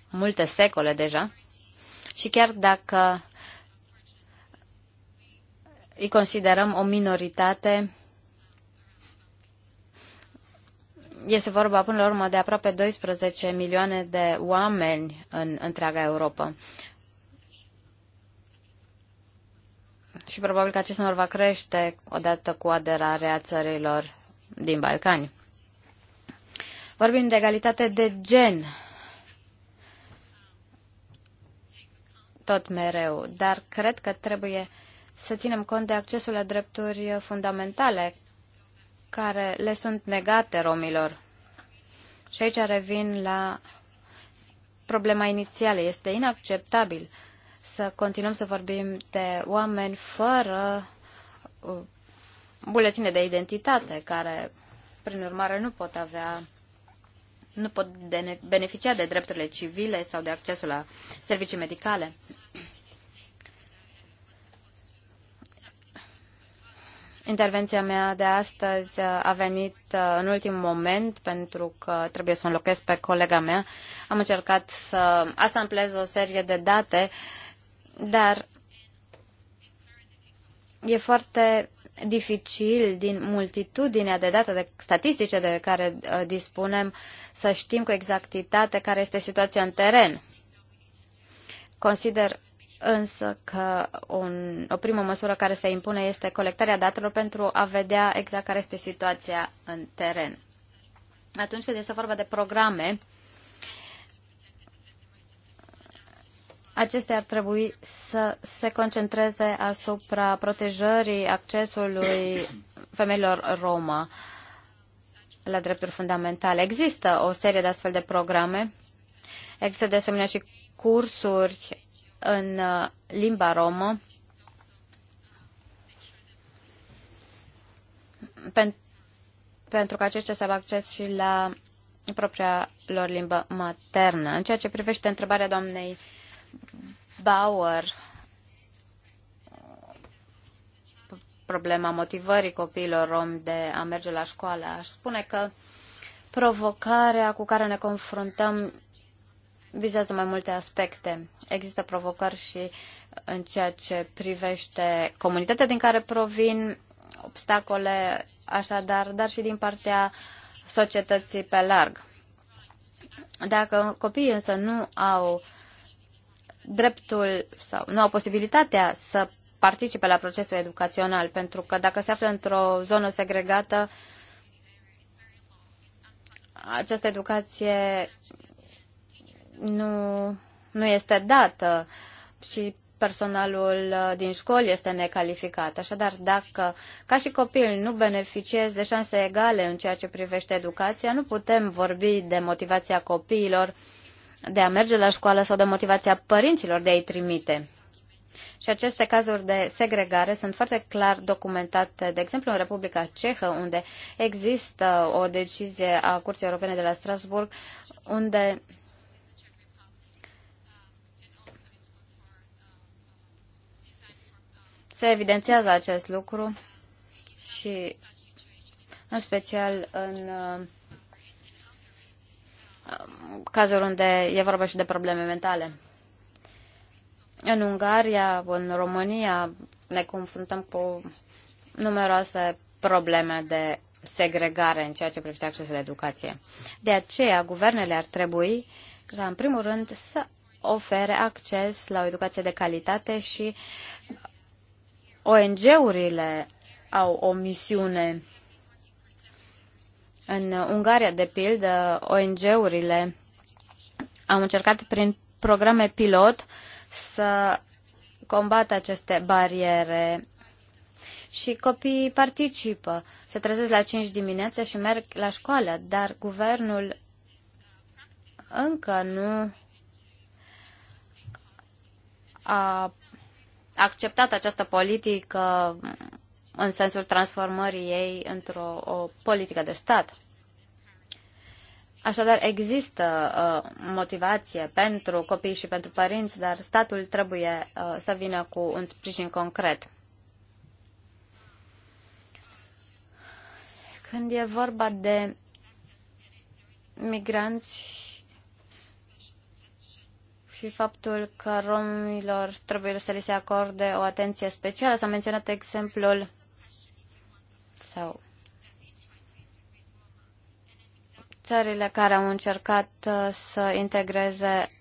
multe secole deja și chiar dacă îi considerăm o minoritate, este vorba până la urmă de aproape 12 milioane de oameni în întreaga Europa. Și probabil că acest număr va crește odată cu aderarea țărilor din Balcani. Vorbim de egalitate de gen tot mereu, dar cred că trebuie să ținem cont de accesul la drepturi fundamentale care le sunt negate romilor. Și aici revin la problema inițială. Este inacceptabil să continuăm să vorbim de oameni fără uh, buletine de identitate, care, prin urmare, nu pot avea nu pot beneficia de drepturile civile sau de accesul la servicii medicale. Intervenția mea de astăzi a venit uh, în ultim moment pentru că trebuie să înlocuiesc pe colega mea. Am încercat să asamblez o serie de date, dar e foarte dificil din multitudinea de date de statistice de care uh, dispunem să știm cu exactitate care este situația în teren. Consider însă că un, o primă măsură care se impune este colectarea datelor pentru a vedea exact care este situația în teren. Atunci când este vorba de programe, acestea ar trebui să se concentreze asupra protejării accesului femeilor romă la drepturi fundamentale. Există o serie de astfel de programe. Există de asemenea și cursuri în uh, limba romă pen, pentru că aceștia să aibă acces și la propria lor limbă maternă. În ceea ce privește întrebarea doamnei Bauer, problema motivării copiilor rom de a merge la școală, aș spune că provocarea cu care ne confruntăm vizează mai multe aspecte. Există provocări și în ceea ce privește comunitatea din care provin, obstacole, așadar, dar și din partea societății pe larg. Dacă copiii însă nu au dreptul sau nu au posibilitatea să participe la procesul educațional, pentru că dacă se află într-o zonă segregată, această educație nu, nu este dată și personalul uh, din școli este necalificat. Așadar, dacă ca și copil nu beneficiez de șanse egale în ceea ce privește educația, nu putem vorbi de motivația copiilor de a merge la școală sau de motivația părinților de a-i trimite. Și aceste cazuri de segregare sunt foarte clar documentate, de exemplu, în Republica Cehă, unde există o decizie a Curții Europene de la Strasburg, unde se evidențiază acest lucru și în special în uh, cazuri unde e vorba și de probleme mentale. În Ungaria, în România, ne confruntăm cu numeroase probleme de segregare în ceea ce privește accesul la educație. De aceea, guvernele ar trebui ca, în primul rând, să ofere acces la o educație de calitate și ONG-urile au o misiune. În Ungaria, de pildă, ONG-urile au încercat prin programe pilot să combată aceste bariere și copiii participă. Se trezesc la 5 dimineața și merg la școală, dar guvernul încă nu a acceptat această politică în sensul transformării ei într-o o politică de stat. Așadar, există uh, motivație pentru copii și pentru părinți, dar statul trebuie uh, să vină cu un sprijin concret. Când e vorba de migranți și faptul că romilor trebuie să li se acorde o atenție specială. S-a menționat exemplul sau țările care au încercat uh, să integreze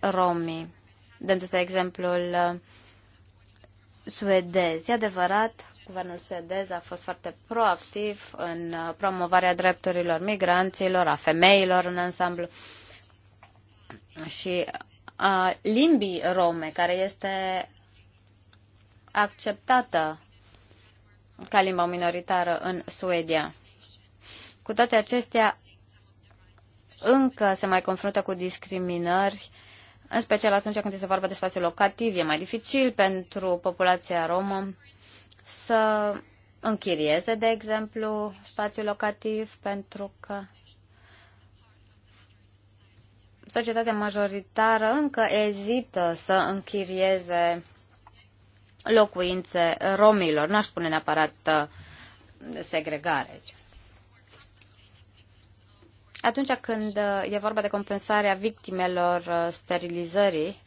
romii, dându-se exemplul uh, suedez. E adevărat, guvernul suedez a fost foarte proactiv în uh, promovarea drepturilor migranților, a femeilor în ansamblu și a limbii rome, care este acceptată ca limba minoritară în Suedia. Cu toate acestea, încă se mai confruntă cu discriminări, în special atunci când este vorba de spațiu locativ. E mai dificil pentru populația romă să închirieze, de exemplu, spațiu locativ, pentru că societatea majoritară încă ezită să închirieze locuințe romilor. N-aș spune neapărat uh, segregare. Atunci când uh, e vorba de compensarea victimelor uh, sterilizării,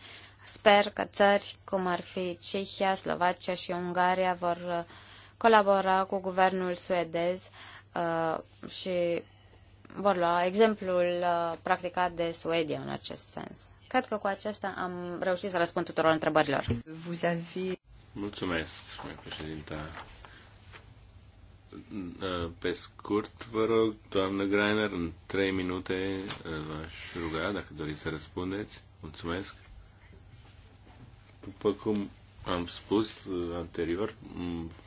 sper că țări cum ar fi Cehia, Slovacia și Ungaria vor colabora cu guvernul suedez și vor lua exemplul uh, practicat de Suedia în acest sens. Cred că cu acesta am reușit să răspund tuturor întrebărilor. Vous avez... Mulțumesc, mai președinte. Uh, pe scurt, vă rog, doamnă Greiner, în trei minute uh, v-aș ruga dacă doriți să răspundeți. Mulțumesc. După cum am spus uh, anterior,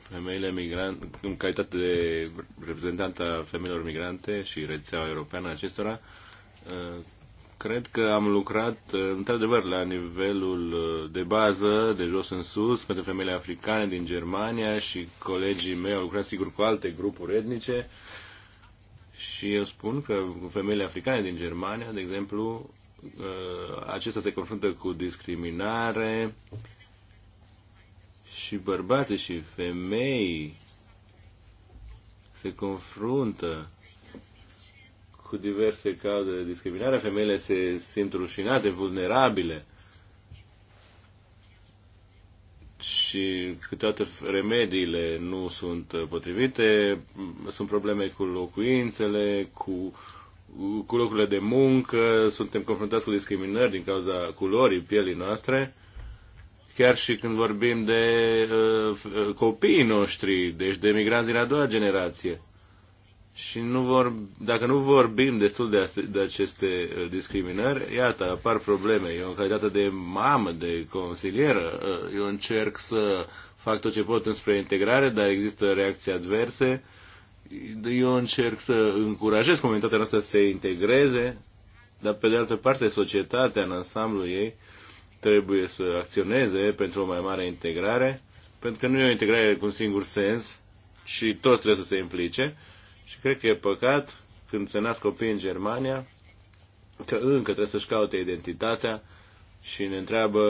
femeile migrante, în calitate de reprezentant a femeilor migrante și rețeaua europeană acestora, uh, cred că am lucrat, uh, într-adevăr, la nivelul de bază, de jos în sus, pentru femeile africane din Germania și colegii mei au lucrat, sigur, cu alte grupuri etnice. Și eu spun că femeile africane din Germania, de exemplu, acestea se confruntă cu discriminare, și bărbați și femei se confruntă cu diverse cauze de discriminare, femeile se simt rușinate, vulnerabile și cu toate remediile nu sunt potrivite, sunt probleme cu locuințele, cu, cu locurile de muncă, suntem confruntați cu discriminări din cauza culorii pielii noastre chiar și când vorbim de uh, copiii noștri, deci de migranți din a doua generație. Și nu vor, dacă nu vorbim destul de, de aceste uh, discriminări, iată, apar probleme. Eu, în calitate de mamă, de consilieră, uh, eu încerc să fac tot ce pot înspre integrare, dar există reacții adverse. Eu încerc să încurajez comunitatea noastră să se integreze, dar, pe de altă parte, societatea în ansamblu ei trebuie să acționeze pentru o mai mare integrare, pentru că nu e o integrare cu un singur sens, și tot trebuie să se implice. Și cred că e păcat când se nasc copii în Germania, că încă trebuie să-și caute identitatea și ne întreabă,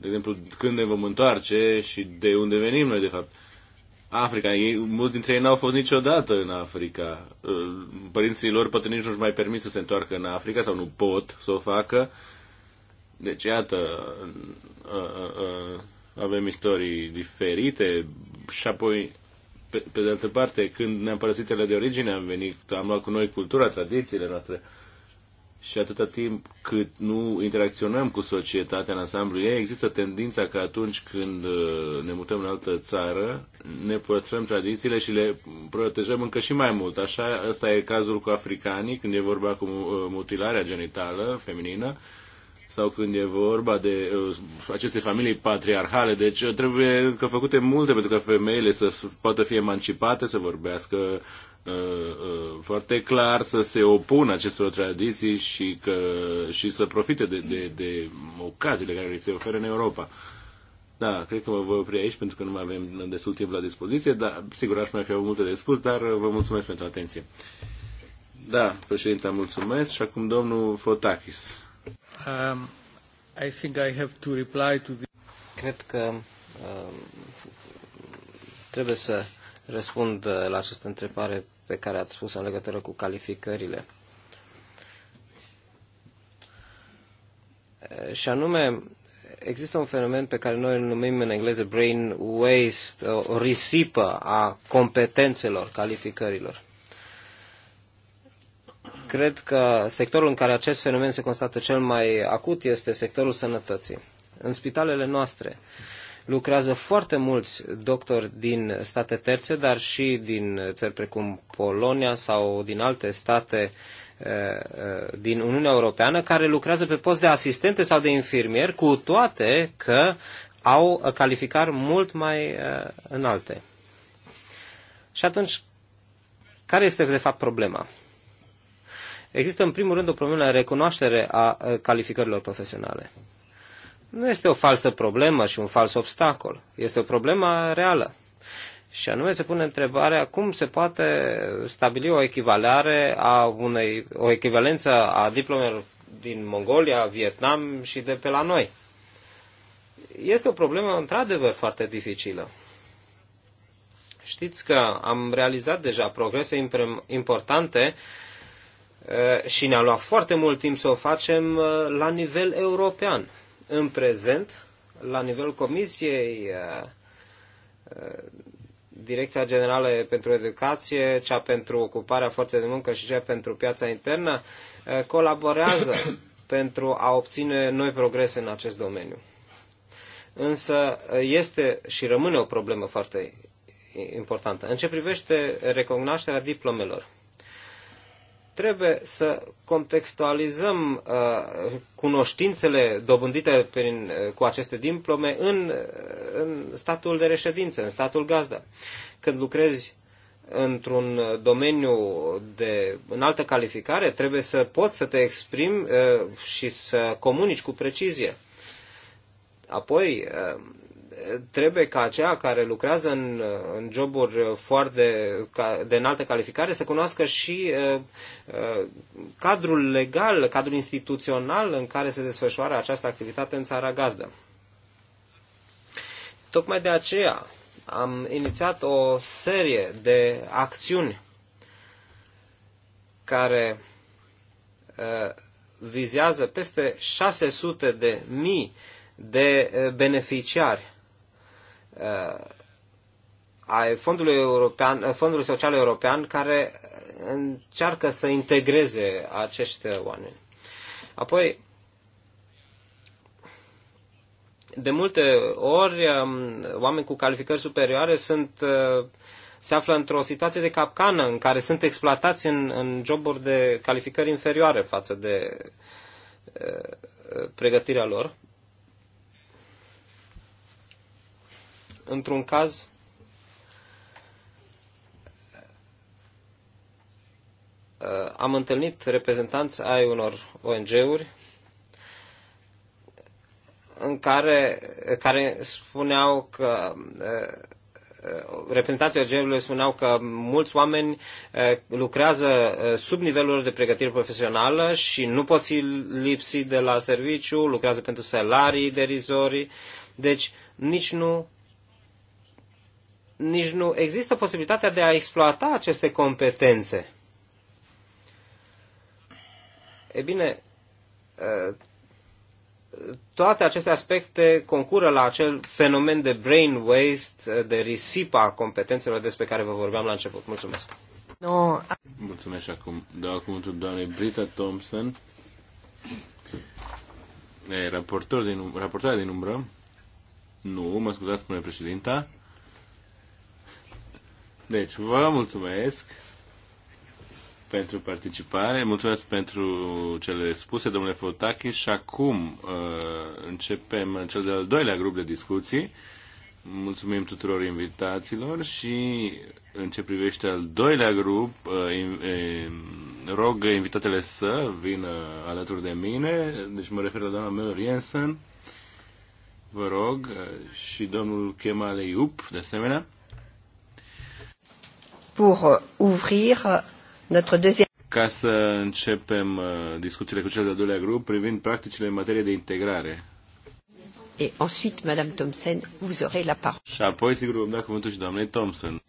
de exemplu, când ne vom întoarce și de unde venim noi, de fapt. Africa, ei, mulți dintre ei n-au fost niciodată în Africa. Părinții lor poate nici nu-și mai permis să se întoarcă în Africa sau nu pot să o facă deci, iată, avem istorii diferite și apoi, pe, pe de altă parte, când ne-am părăsit ele de origine, am venit, am luat cu noi cultura, tradițiile noastre. Și atâta timp cât nu interacționăm cu societatea în ansamblu ei, există tendința că atunci când ne mutăm în altă țară, ne păstrăm tradițiile și le protejăm încă și mai mult. Așa, ăsta e cazul cu africanii, când e vorba cu mutilarea genitală feminină, sau când e vorba de uh, aceste familii patriarhale. Deci uh, trebuie încă făcute multe pentru ca femeile să poată fi emancipate, să vorbească uh, uh, foarte clar, să se opună acestor tradiții și, că, și să profite de, de, de ocaziile care îi se oferă în Europa. Da, cred că mă voi opri aici pentru că nu mai avem destul timp la dispoziție, dar sigur aș mai fi avut multe de spus, dar uh, vă mulțumesc pentru atenție. Da, președinte, mulțumesc și acum domnul Fotakis. Um, I think I have to reply to the... Cred că um, trebuie să răspund uh, la această întrebare pe care ați spus în legătură cu calificările. Uh, și anume, există un fenomen pe care noi îl numim în engleză brain waste, o risipă a competențelor, calificărilor. Cred că sectorul în care acest fenomen se constată cel mai acut este sectorul sănătății. În spitalele noastre lucrează foarte mulți doctori din state terțe, dar și din țări precum Polonia sau din alte state eh, eh, din Uniunea Europeană care lucrează pe post de asistente sau de infirmier, cu toate că au calificări mult mai eh, înalte. Și atunci, care este de fapt problema? Există în primul rând o problemă de recunoaștere a calificărilor profesionale. Nu este o falsă problemă și un fals obstacol. Este o problemă reală. Și anume se pune întrebarea cum se poate stabili o echivalare a unei, o echivalență a diplomelor din Mongolia, Vietnam și de pe la noi. Este o problemă într-adevăr foarte dificilă. Știți că am realizat deja progrese importante uh, Eh, și ne-a luat foarte mult timp să o facem eh, la nivel european. În prezent, la nivel Comisiei, eh, Direcția Generală pentru Educație, cea pentru ocuparea forței de muncă și cea pentru piața internă, colaborează pentru a obține noi progrese în acest domeniu. Însă este și rămâne o problemă foarte importantă. În ce privește recunoașterea diplomelor, trebuie să contextualizăm uh, cunoștințele dobândite prin, uh, cu aceste diplome în, uh, în statul de reședință, în statul gazdă. Când lucrezi într-un domeniu de înaltă calificare, trebuie să poți să te exprimi uh, și să comunici cu precizie. Apoi, uh, trebuie ca aceia care lucrează în, în joburi foarte de înaltă calificare să cunoască și uh, uh, cadrul legal, cadrul instituțional în care se desfășoară această activitate în țara gazdă. Tocmai de aceea am inițiat o serie de acțiuni care uh, vizează peste 600 de mii de uh, beneficiari Uh, a Fondului, European, uh, Fondului Social European care încearcă să integreze acești oameni. Apoi, de multe ori, um, oameni cu calificări superioare sunt, uh, se află într-o situație de capcană în care sunt exploatați în, în joburi de calificări inferioare față de pregătirea lor. într-un caz uh, am întâlnit reprezentanți ai unor ONG-uri în care, care spuneau că uh, reprezentanții ONG-urilor spuneau că mulți oameni uh, lucrează sub nivelul de pregătire profesională și nu pot fi lipsi de la serviciu, lucrează pentru salarii derizorii, deci nici nu nici nu există posibilitatea de a exploata aceste competențe. E bine, ă, toate aceste aspecte concură la acel fenomen de brain waste, ă, de risipa competențelor despre care vă vorbeam la început. Mulțumesc! No. Mulțumesc acum. Dau cuvântul doamnei Brita Thompson, raportor din, um- din umbră. Nu, mă scuzați, spune președinta. Deci, vă mulțumesc pentru participare, mulțumesc pentru cele spuse, domnule Foltachi, și acum uh, începem cel de-al doilea grup de discuții. Mulțumim tuturor invitaților și în ce privește al doilea grup, uh, uh, rog invitatele să vină alături de mine, deci mă refer la doamna Miller Jensen, vă rog, uh, și domnul Kemal Iup, de asemenea pour euh, ouvrir euh, notre deuxième ca să începem uh, discuțiile cu cel de-al doilea grup privind practicile în materie de integrare. Et ensuite, Madame Thompson, vous aurez la parole. Și apoi, sigur, vom da cuvântul și doamnei Thompson.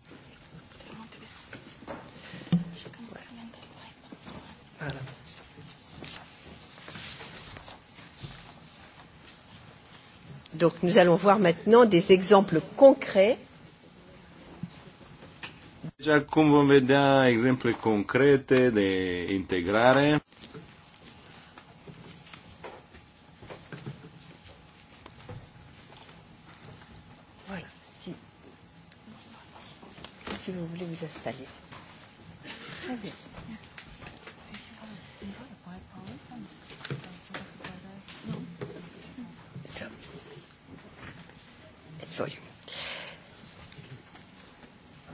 Donc nous allons voir maintenant des exemples concrets deci acum vom vedea exemple concrete de integrare. Voilà, si, si vous voulez vous installer. Très bien. It's for you.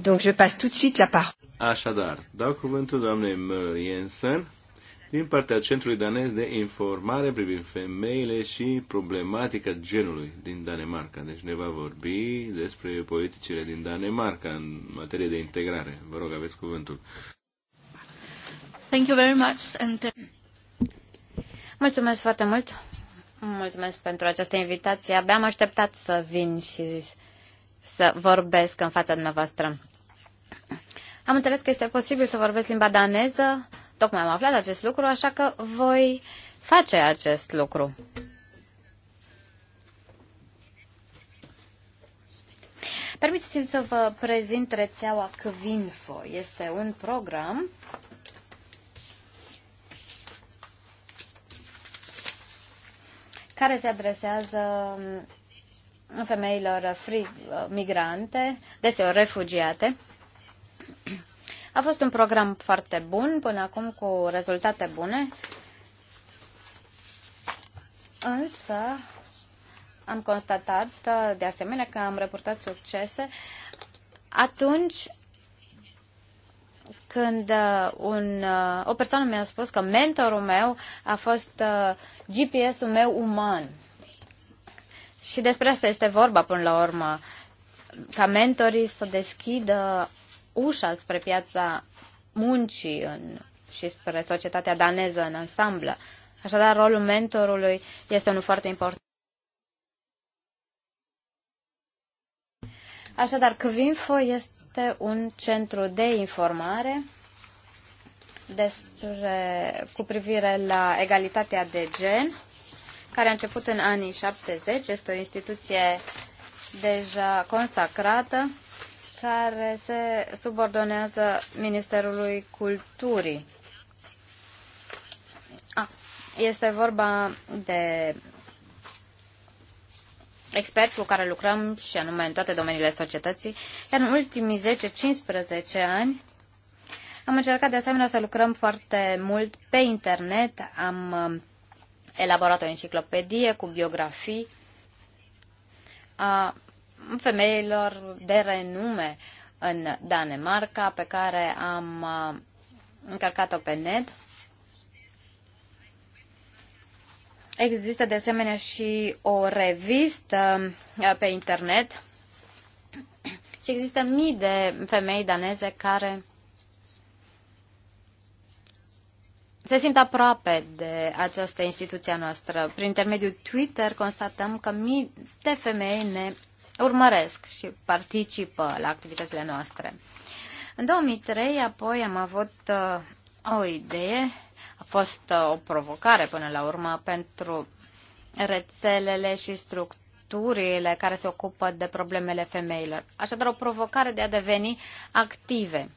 Donc je passe tout de suite la parole. Așadar, dau cuvântul doamnei Măr Jensen din partea Centrului Danez de Informare privind femeile și problematica genului din Danemarca. Deci ne va vorbi despre politicile din Danemarca în materie de integrare. Vă rog, aveți cuvântul. Thank you very much and... Mulțumesc foarte mult. Mulțumesc pentru această invitație. Abia am așteptat să vin și să vorbesc în fața dumneavoastră. Am înțeles că este posibil să vorbesc limba daneză. Tocmai am aflat acest lucru, așa că voi face acest lucru. Permiteți-mi să vă prezint rețeaua Cvinfo. Este un program care se adresează femeilor free migrante, deseori refugiate. A fost un program foarte bun până acum cu rezultate bune, însă am constatat uh, de asemenea că am reportat succese atunci când uh, un, uh, o persoană mi-a spus că mentorul meu a fost GPS-ul meu uman. Și despre asta este vorba până la urmă, ca mentorii să deschidă ușa spre piața muncii în, și spre societatea daneză în ansamblă. Așadar, rolul mentorului este unul foarte important. Așadar, Cvinfo este un centru de informare despre, cu privire la egalitatea de gen, care a început în anii 70. Este o instituție deja consacrată care se subordonează Ministerului Culturii. A, este vorba de experți cu care lucrăm și anume în toate domeniile societății, iar în ultimii 10-15 ani am încercat de asemenea să lucrăm foarte mult pe internet, am um, elaborat o enciclopedie cu biografii a femeilor de renume în Danemarca, pe care am uh, încărcat-o pe net. Există de asemenea și o revistă uh, pe internet și există mii de femei daneze care se simt aproape de această instituție noastră. Prin intermediul Twitter constatăm că mii de femei ne urmăresc și participă la activitățile noastre. În 2003 apoi am avut uh, o idee, a fost uh, o provocare până la urmă pentru rețelele și structurile care se ocupă de problemele femeilor. Așadar, o provocare de a deveni active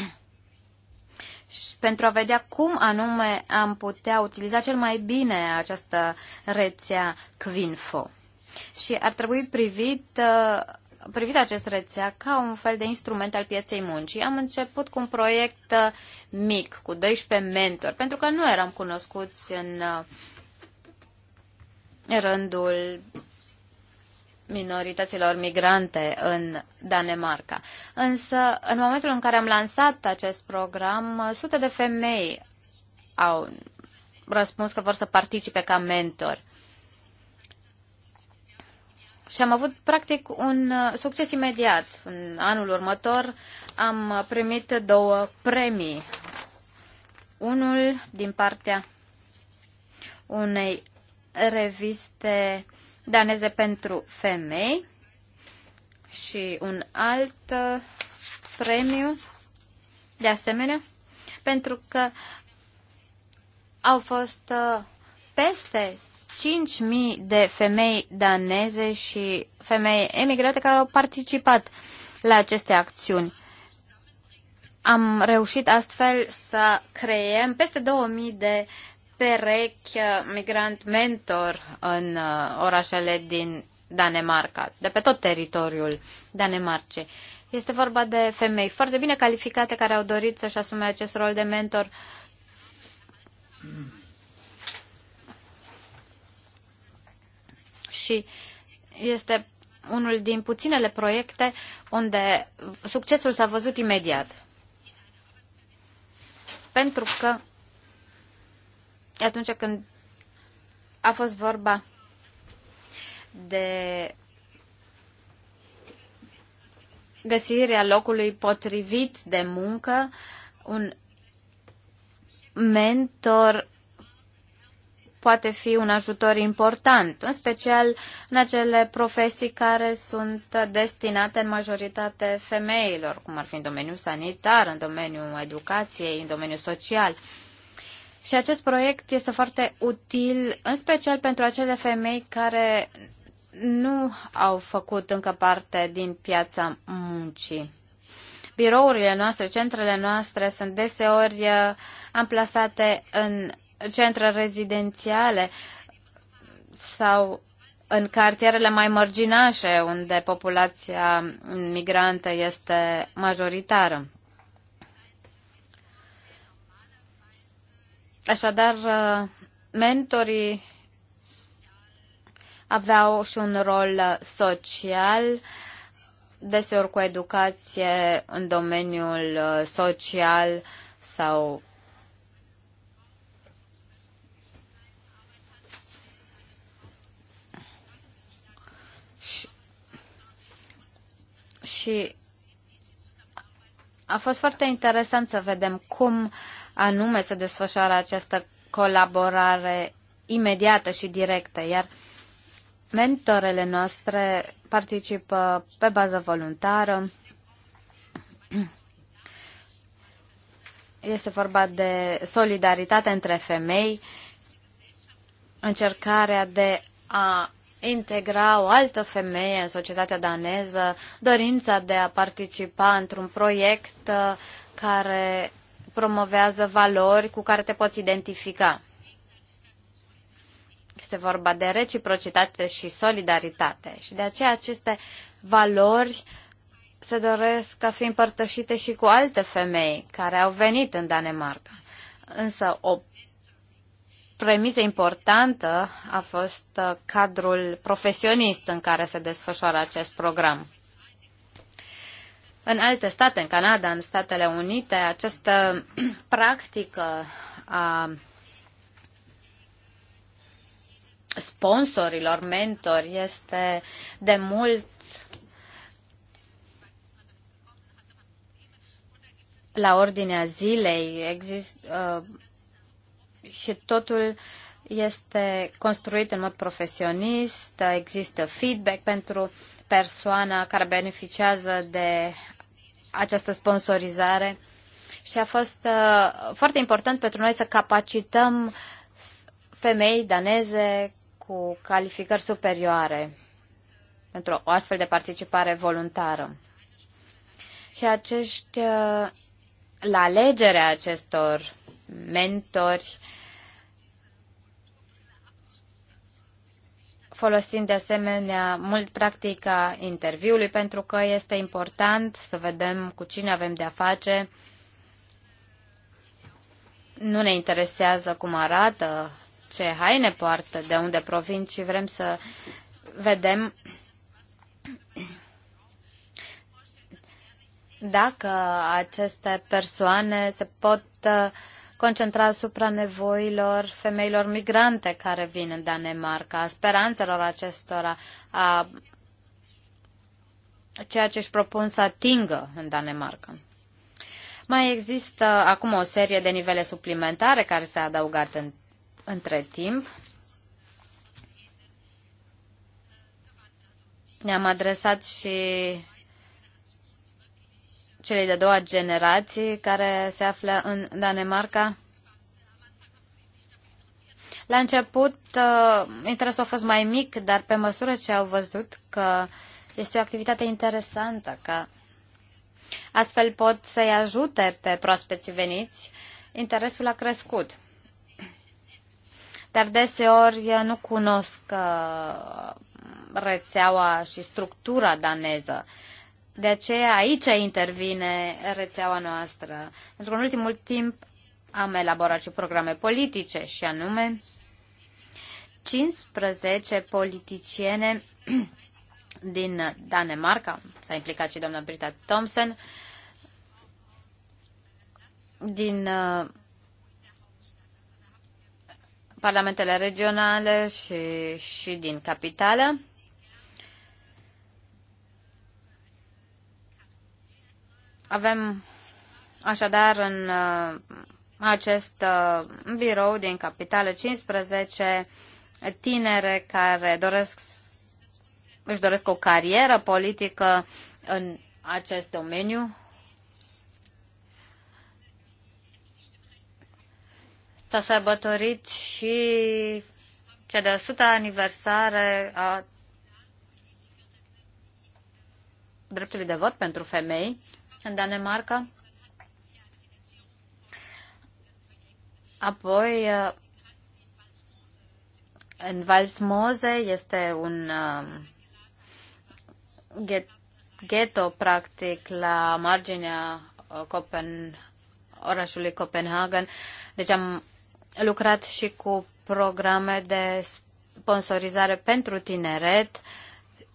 pentru a vedea cum anume am putea utiliza cel mai bine această rețea Quinfo și ar trebui privit, uh, privit acest rețea ca un fel de instrument al pieței muncii. Am început cu un proiect uh, mic, cu 12 mentori, pentru că nu eram cunoscuți în uh, rândul minorităților migrante în Danemarca. Însă, în momentul în care am lansat acest program, sute de femei au răspuns că vor să participe ca mentor. Și am avut practic un uh, succes imediat. În anul următor am primit două premii. Unul din partea unei reviste daneze pentru femei și un alt uh, premiu de asemenea pentru că au fost uh, peste 5.000 de femei daneze și femei emigrate care au participat la aceste acțiuni. Am reușit astfel să creăm peste 2000 de perechi uh, migrant mentor în uh, orașele din Danemarca, de pe tot teritoriul Danemarcei. Este vorba de femei foarte bine calificate care au dorit să-și asume acest rol de mentor. Mm și este unul din puținele proiecte unde succesul s-a văzut imediat. Pentru că atunci când a fost vorba de găsirea locului potrivit de muncă, un mentor poate fi un ajutor important, în special în acele profesii care sunt destinate în majoritate femeilor, cum ar fi în domeniul sanitar, în domeniul educației, în domeniul social. Și acest proiect este foarte util, în special pentru acele femei care nu au făcut încă parte din piața muncii. Birourile noastre, centrele noastre sunt deseori uh, amplasate în centre rezidențiale sau în cartierele mai marginașe, unde populația migrantă este majoritară. Așadar, mentorii aveau și un rol social, deseori cu educație în domeniul social sau și a fost foarte interesant să vedem cum anume se desfășoară această colaborare imediată și directă, iar mentorele noastre participă pe bază voluntară. Este vorba de solidaritate între femei, încercarea de a integra o altă femeie în societatea daneză, dorința de a participa într-un proiect uh, care promovează valori cu care te poți identifica. Este vorba de reciprocitate și solidaritate și de aceea aceste valori se doresc ca fi împărtășite și cu alte femei care au venit în Danemarca. Însă o premisă importantă a fost uh, cadrul profesionist în care se desfășoară acest program. În alte state, în Canada, în Statele Unite, această practică a sponsorilor, mentori, este de mult la ordinea zilei. Există uh, și totul este construit în mod profesionist, există feedback pentru persoana care beneficiază de această sponsorizare și a fost uh, foarte important pentru noi să capacităm femei daneze cu calificări superioare pentru o astfel de participare voluntară. Și acești, uh, la alegerea acestor mentori, folosind de asemenea mult practica interviului, pentru că este important să vedem cu cine avem de-a face. Nu ne interesează cum arată, ce haine poartă, de unde provin, ci vrem să vedem dacă aceste persoane se pot concentra asupra nevoilor femeilor migrante care vin în Danemarca, a speranțelor acestora, a ceea ce își propun să atingă în Danemarca. Mai există acum o serie de nivele suplimentare care s-a adăugat în, între timp. Ne-am adresat și celei de doua generații care se află în Danemarca. La început, uh, interesul a fost mai mic, dar pe măsură ce au văzut că este o activitate interesantă, că astfel pot să-i ajute pe proaspeții veniți, interesul a crescut. Dar deseori nu cunosc uh, rețeaua și structura daneză de aceea aici intervine rețeaua noastră. Pentru că în ultimul timp am elaborat și programe politice și anume 15 politiciene din Danemarca, s-a implicat și doamna Brita Thompson, din uh, parlamentele regionale și, și din capitală. Avem așadar în uh, acest uh, birou din capitală 15 tinere care doresc, își doresc o carieră politică în acest domeniu. S-a sărbătorit și cea de 100 aniversare a dreptului de vot pentru femei în Danemarca. Apoi, uh, în Valsmoze este un uh, ghetto, practic, la marginea uh, Copen, orașului Copenhagen. Deci am lucrat și cu programe de sponsorizare pentru tineret,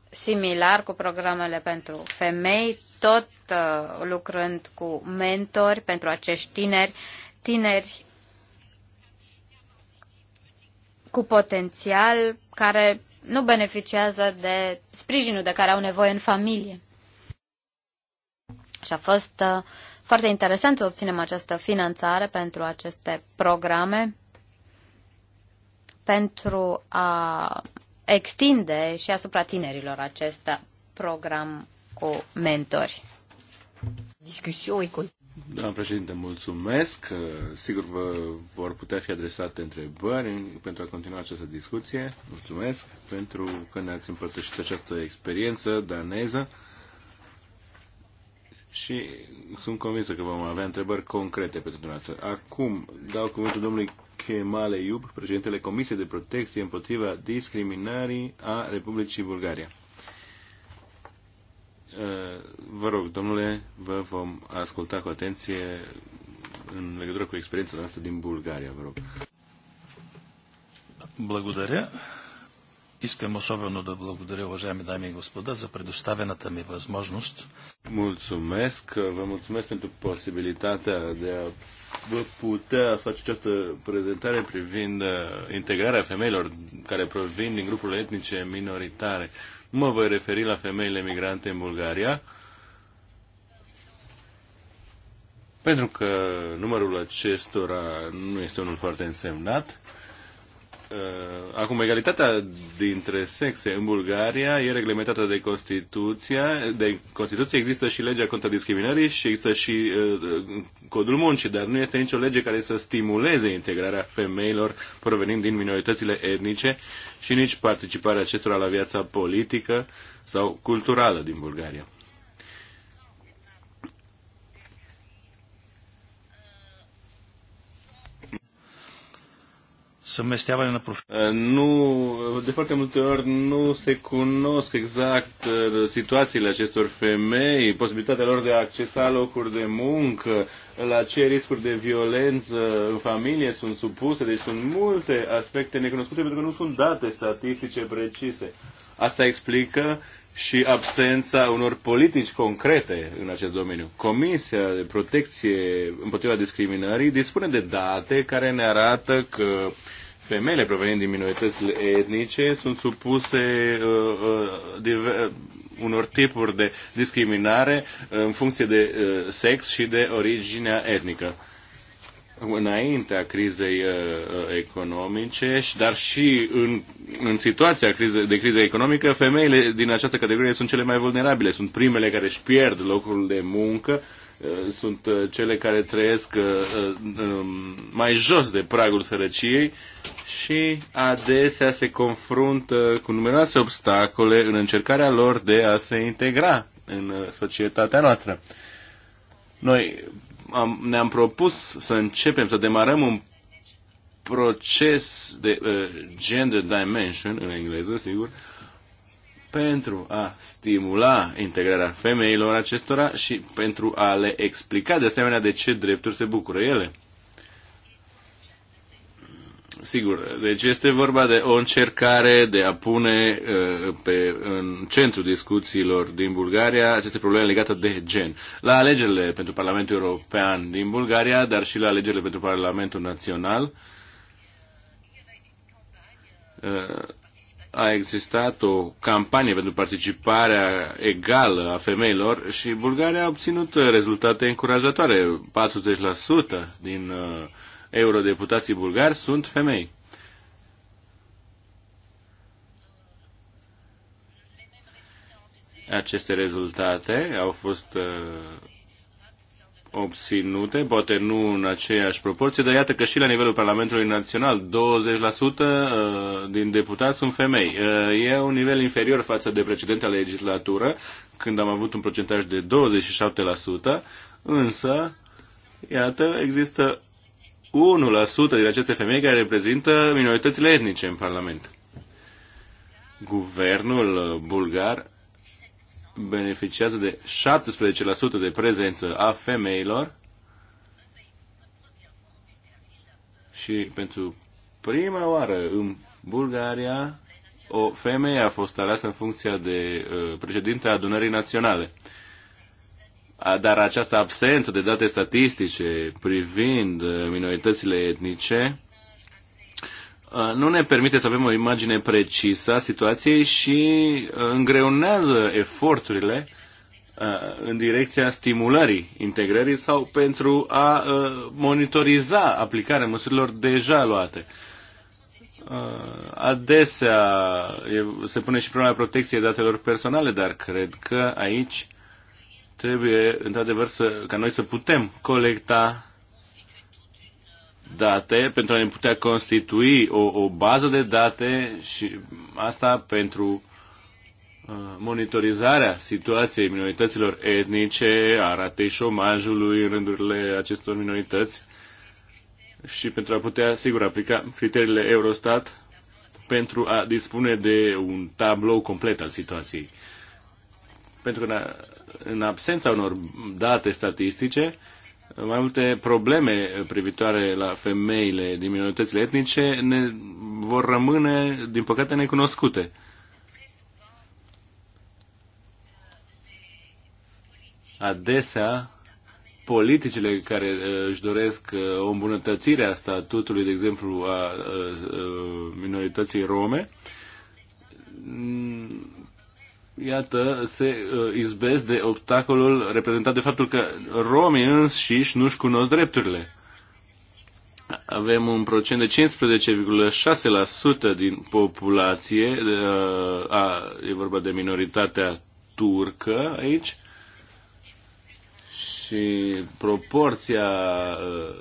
similar cu programele pentru femei, tot uh, lucrând cu mentori pentru acești tineri, tineri cu potențial care nu beneficiază de sprijinul de care au nevoie în familie. Și a fost uh, foarte interesant să obținem această finanțare pentru aceste programe, pentru a extinde și asupra tinerilor acest program cu mentori. Doamna președinte, mulțumesc. Sigur, vă vor putea fi adresate întrebări pentru a continua această discuție. Mulțumesc pentru că ne-ați împărtășit această experiență daneză și sunt convinsă că vom avea întrebări concrete pentru dumneavoastră. Acum dau cuvântul domnului Kemale Iub, președintele Comisiei de Protecție împotriva discriminării a Republicii Bulgaria. Eh, vă rog, domnule, vă vom asculta cu atenție în legătură cu experiența noastră din Bulgaria, vă rog. Благодаря. Искам особено да благодаря, уважаеми дами и господа, за предоставената ми възможност. Mulțumesc, vă mulțumesc pentru posibilitatea de a vă putea face această prezentare privind eh, integrarea femeilor care provin din grupurile etnice minoritare. Mă voi referi la femeile migrante în Bulgaria, pentru că numărul acestora nu este unul foarte însemnat Uh, acum, egalitatea dintre sexe în Bulgaria e reglementată de Constituția. De Constituție există și legea contra discriminării și există și uh, codul muncii, dar nu este nicio lege care să stimuleze integrarea femeilor provenind din minoritățile etnice și nici participarea acestora la viața politică sau culturală din Bulgaria. să mesteavă în profil. Uh, nu, de foarte multe ori nu se cunosc exact uh, situațiile acestor femei, posibilitatea lor de a accesa locuri de muncă, la ce riscuri de violență în familie sunt supuse, deci sunt multe aspecte necunoscute pentru că nu sunt date statistice precise. Asta explică și absența unor politici concrete în acest domeniu. Comisia de protecție împotriva discriminării dispune de date care ne arată că femeile provenind din minoritățile etnice sunt supuse uh, uh, diver, unor tipuri de discriminare uh, în funcție de uh, sex și de originea etnică. Înaintea crizei uh, uh economice, dar și în, în situația crize, de criză economică, femeile din această categorie sunt cele mai vulnerabile, sunt primele care își pierd locul de muncă uh, Eh, sunt eh, cele care trăiesc eh, um, mai jos de pragul sărăciei și adesea se confruntă cu numeroase obstacole în încercarea lor de a se integra în societatea noastră. Noi am, ne-am propus să începem, să demarăm un proces de uh, gender dimension, în engleză, sigur, uh, pentru a stimula integrarea femeilor acestora și pentru a le explica de asemenea de ce drepturi se bucură ele. Sigur, deci este vorba de o încercare de a pune uh, pe, în centru discuțiilor din Bulgaria aceste probleme legate de gen. La alegerile pentru Parlamentul European din Bulgaria, dar și la alegerile pentru Parlamentul Național, uh, a existat o campanie pentru participarea egală a femeilor și Bulgaria a obținut rezultate încurajatoare. 40% din uh, eurodeputații bulgari sunt femei. Aceste rezultate au fost uh, obținute, poate nu în aceeași proporție, dar iată că și la nivelul Parlamentului Național 20% uh, din deputați sunt femei. Uh, e un nivel inferior față de precedentea legislatură, când am avut un procentaj de 27%, însă, iată, există 1% din aceste femei care reprezintă minoritățile etnice în Parlament. Guvernul bulgar beneficiază de 17% de prezență a femeilor și pentru prima oară în Bulgaria o femeie a fost aleasă în funcția de uh, președinte a adunării naționale. A, dar această absență de date statistice privind uh, minoritățile etnice Uh, nu ne permite să avem o imagine precisă a situației și uh, îngreunează eforturile uh, în direcția stimulării integrării sau pentru a monitoriza aplicarea măsurilor deja luate. Adesea se pune și problema protecției datelor personale, dar cred că aici trebuie, într-adevăr, să, ca noi să putem colecta date pentru a ne putea constitui o, o bază de date și asta pentru uh, monitorizarea situației minorităților etnice, a ratei șomajului în rândurile acestor minorități și pentru a putea, sigur, aplica criteriile Eurostat pentru a dispune de un tablou complet al situației. Pentru că în absența unor date statistice, mai multe probleme privitoare la femeile din minoritățile etnice ne vor rămâne, din păcate, necunoscute. Adesea, politicile care uh, își doresc uh, o îmbunătățire a statutului, de exemplu, a uh, minorității rome, iată, se uh, izbesc de obstacolul reprezentat de faptul că romii înșiși nu-și cunosc drepturile. Avem un procent de 15,6% din populație, uh, a, e vorba de minoritatea turcă aici, și proporția uh,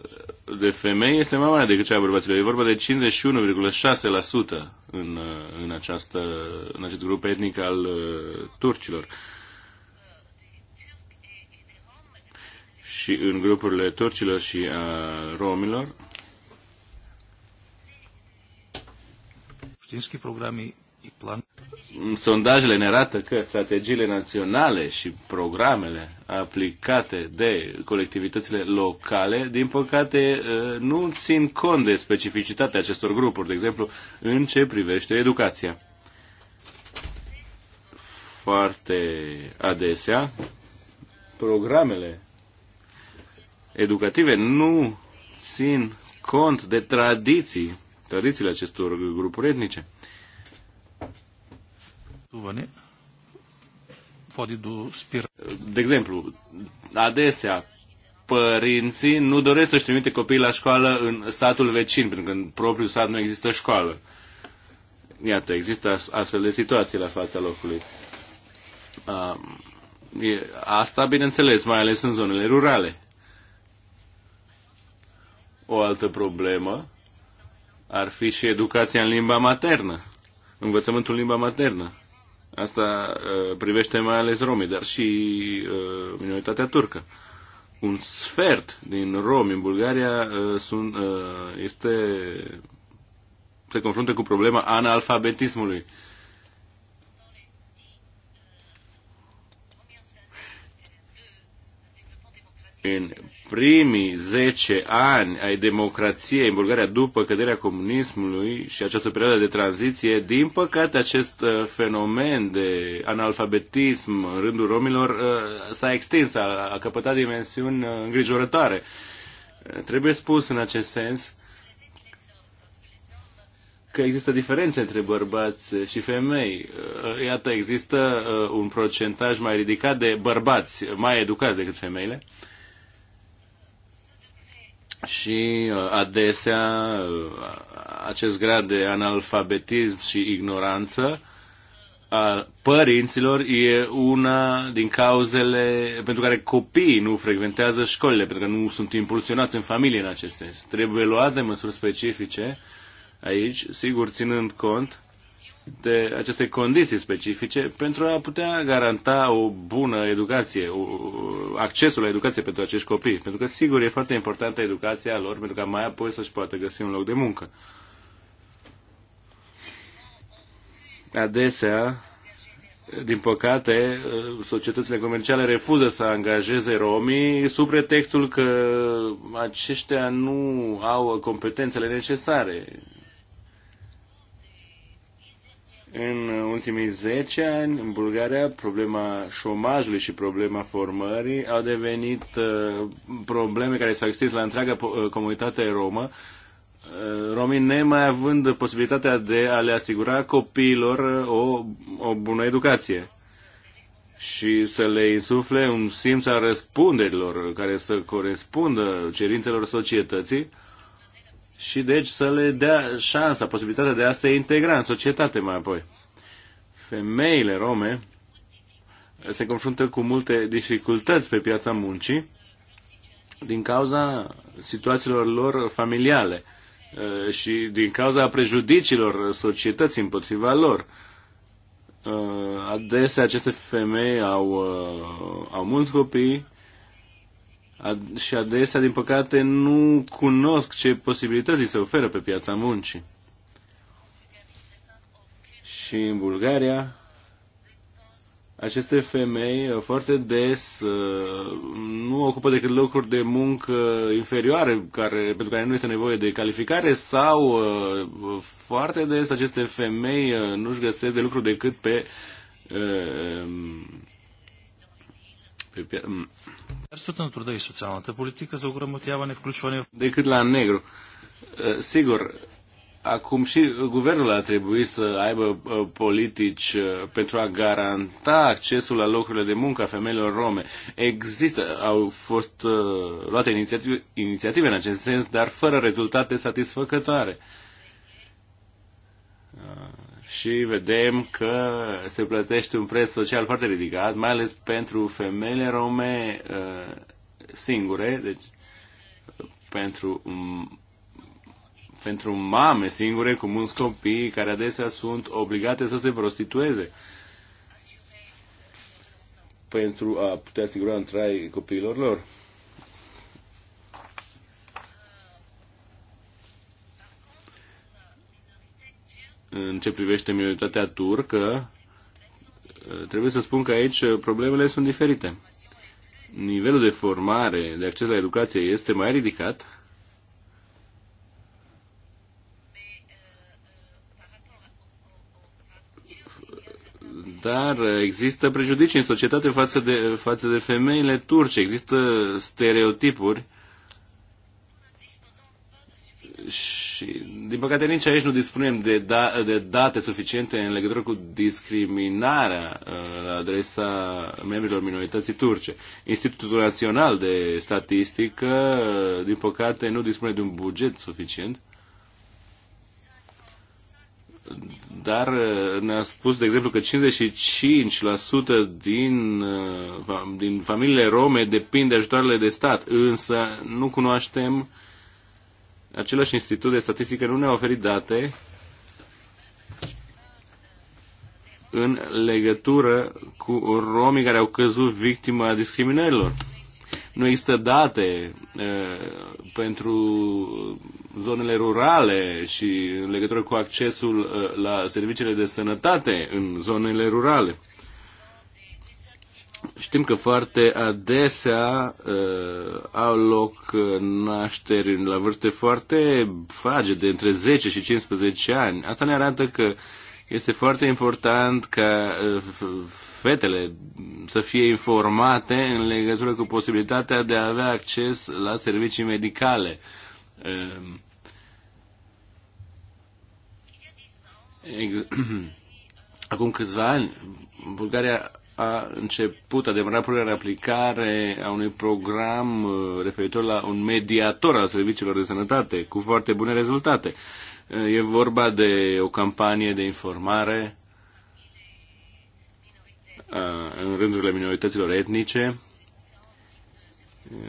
de femei este mai mare decât cea a bărbaților. E vorba de 51,6% în, uh, în, această, în acest grup etnic al uh, turcilor. Și în grupurile turcilor și a romilor. Știți programi și plan sondajele ne arată că strategiile naționale și programele aplicate de colectivitățile locale, din păcate, uh, nu țin cont de specificitatea acestor grupuri, de exemplu, în ce privește educația. Foarte adesea, programele educative nu țin cont de tradiții, tradițiile acestor grupuri etnice. De exemplu, adesea părinții nu doresc să-și trimite copiii la școală în satul vecin, pentru că în propriul sat nu există școală. Iată, există astfel de situații la fața locului. Asta, bineînțeles, mai ales în zonele rurale. O altă problemă ar fi și educația în limba maternă, învățământul în limba maternă. Asta uh, privește mai ales romii, dar și uh, minoritatea turcă. Un sfert din romi în Bulgaria uh, sunt, este, se confruntă cu problema analfabetismului. În primii 10 ani ai democrației în Bulgaria după căderea comunismului și această perioadă de tranziție, din păcate acest uh, fenomen de analfabetism în rândul romilor uh, s-a extins, a, căpătat dimensiuni uh, îngrijorătoare. Trebuie spus în acest sens că există diferențe între bărbați și femei. Iată, există un procentaj mai ridicat de bărbați mai educați decât femeile și uh, adesea uh, acest grad de analfabetism și ignoranță a părinților e una din cauzele pentru care copiii nu frecventează școlile, pentru că nu sunt impulsionați în familie în acest sens. Trebuie luate măsuri specifice aici, sigur ținând cont de aceste condiții specifice pentru a putea garanta o bună educație, o, accesul la educație pentru acești copii. Pentru că, sigur, e foarte importantă educația lor pentru ca mai apoi să-și poată găsi un loc de muncă. Adesea, din păcate, societățile comerciale refuză să angajeze romii sub pretextul că aceștia nu au competențele necesare în ultimii 10 ani, în Bulgaria, problema șomajului și problema formării au devenit uh, probleme care s-au extins la întreaga uh, comunitate romă, uh, romii nemai având posibilitatea de a le asigura copiilor o, o bună educație și să le insufle un simț al răspunderilor care să corespundă cerințelor societății și deci să le dea șansa, posibilitatea de a se integra în societate mai apoi. Femeile rome se confruntă cu multe dificultăți pe piața muncii din cauza situațiilor lor familiale uh, și din cauza prejudiciilor societății împotriva lor. Uh, adesea aceste femei au, uh, au mulți copii și adesea, din păcate, nu cunosc ce posibilități se oferă pe piața muncii. Și în Bulgaria, aceste femei uh, foarte des uh, nu ocupă decât locuri de muncă inferioare, care, pentru care nu este nevoie de calificare sau uh, foarte des aceste femei nu-și găsesc de lucru decât pe, pe, pe Министерството на труда и социалната политика за ограмотяване, включване... Decât la negru. Sigur, acum și guvernul a trebuit să aibă politici pentru a garanta accesul la locurile de muncă a femeilor rome. Există, au fost luate inițiative, inițiative în acest sens, dar fără rezultate satisfăcătoare și vedem că se plătește un preț social foarte ridicat, mai ales pentru femeile rome uh, singure, deci pentru, mm, pentru mame singure cu mulți copii care adesea sunt obligate să se prostitueze pentru a putea asigura un trai copiilor lor. în ce privește minoritatea turcă, trebuie să spun că aici problemele sunt diferite. Nivelul de formare, de acces la educație este mai ridicat, dar există prejudicii în societate față de, față de femeile turce. Există stereotipuri și, din păcate, nici aici nu dispunem de, da, de date suficiente în legătură cu discriminarea uh, adresa membrilor minorității turce. Institutul Național de Statistică, uh, din păcate, nu dispune de un buget suficient. Dar uh, ne-a spus, de exemplu, că 55% din, uh, din familiile rome depind de ajutoarele de stat, însă nu cunoaștem uh, același institut de statistică nu ne-a oferit date în legătură cu romii care au căzut victima discriminărilor. Nu există date uh, pentru zonele rurale și în legătură cu accesul uh, la serviciile de sănătate în zonele rurale. Știm că foarte adesea uh, au loc uh, nașteri la vârste foarte de între 10 și 15 ani. Asta ne arată că este foarte important ca uh, fetele să fie informate în legătură cu posibilitatea de a avea acces la servicii medicale. Uh, Acum câțiva ani, Bulgaria a început adevărat punerea în aplicare a unui program uh, referitor la un mediator al serviciilor de sănătate cu foarte bune rezultate. Uh, e vorba de o campanie de informare uh, în rândurile minorităților etnice,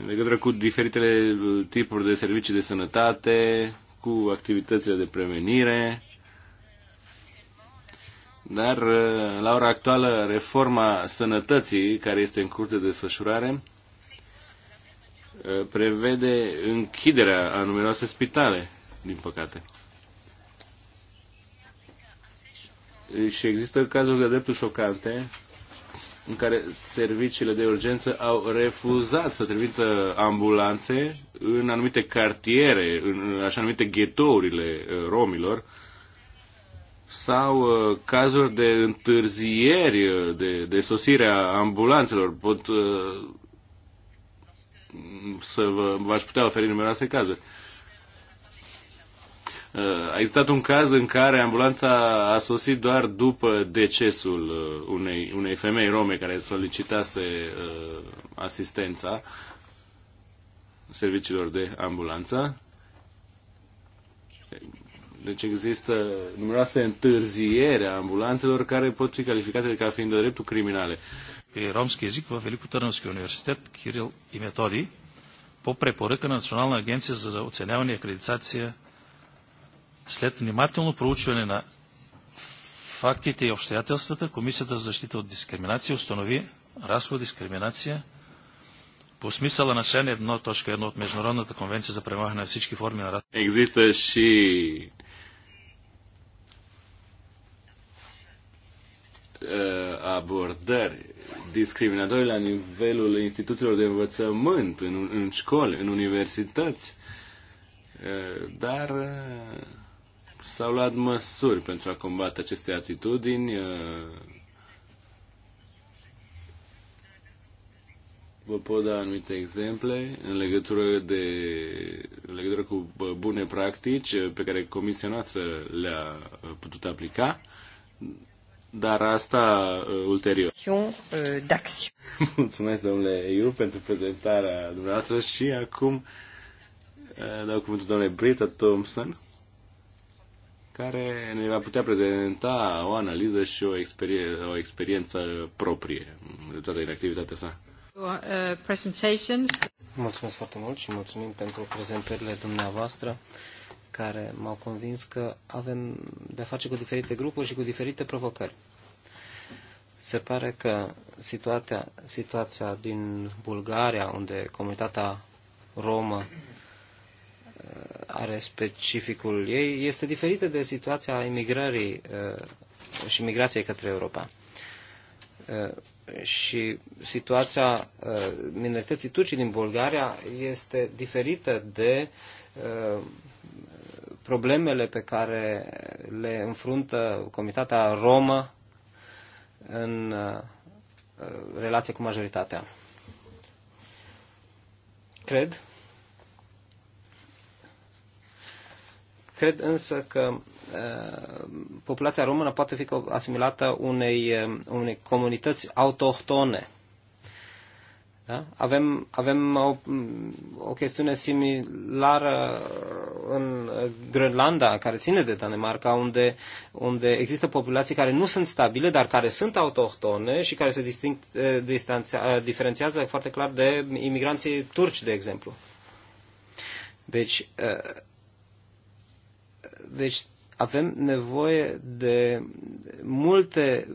în legătură cu diferitele tipuri de servicii de sănătate, cu activitățile de prevenire, dar uh, la ora actuală, reforma sănătății, care este în curs de desfășurare, uh, prevede închiderea a numeroase spitale, din păcate. Și există cazuri de dreptul șocante în care serviciile de urgență au refuzat să trimită ambulanțe în anumite cartiere, în așa numite ghetourile uh, romilor, sau uh, cazuri de întârzieri uh, de, de sosirea ambulanțelor. Pot uh, să vă, v-aș putea oferi numeroase cazuri. Uh, a existat un caz în care ambulanța a sosit doar după decesul uh, unei, unei femei rome care solicitase uh, asistența serviciilor de ambulanță deci există numeroase întârziere a ambulanțelor care pot fi calificate ca fiind de dreptul criminale. Pe romski jezik v Veliko Trnovski univerzitet, Kiril i Metodi, po preporuka Nacionalna agencija za ocenjavanje i akreditacija, след внимателно проучване на фактите и обстоятелствата, Комисията за защита от дискриминация установи расова дискриминация по смисъла на член 1.1 от Международната конвенция за премахване на всички форми на расова Екзита ши... Uh, abordări discriminatorii la nivelul instituțiilor de învățământ, în, în școli, în universități, uh, dar uh, s-au luat măsuri pentru a combate aceste atitudini. Vă pot da anumite exemple în legătură, de, în legătură cu bune practici pe care comisia noastră le-a putut aplica dar asta uh, ulterior. Uh, Mulțumesc, domnule Iu, pentru prezentarea dumneavoastră și acum uh, dau cuvântul domnului Brita Thompson, care ne va putea prezenta o analiză și o, experie, o experiență proprie de toată activitatea sa. Uh, Mulțumesc foarte mult și mulțumim pentru prezentările dumneavoastră. Uh, care m-au convins că avem de-a face cu diferite grupuri și cu diferite provocări. Se pare că situația, situația din Bulgaria, unde comunitatea romă uh, are specificul ei, este diferită de situația imigrării uh, și migrației către Europa. Uh, și situația minorității turcii din Bulgaria este diferită de problemele pe care le înfruntă Comitatea Romă în uh, relație cu majoritatea. Cred. Cred însă că uh, populația română poate fi asimilată unei, uh, unei comunități autohtone da? Avem, avem o, o chestiune similară în Groenlanda, care ține de Danemarca, unde, unde există populații care nu sunt stabile, dar care sunt autohtone și care se disting, eh, eh, diferențiază foarte clar de imigranții turci, de exemplu. Deci, eh, deci avem nevoie de multe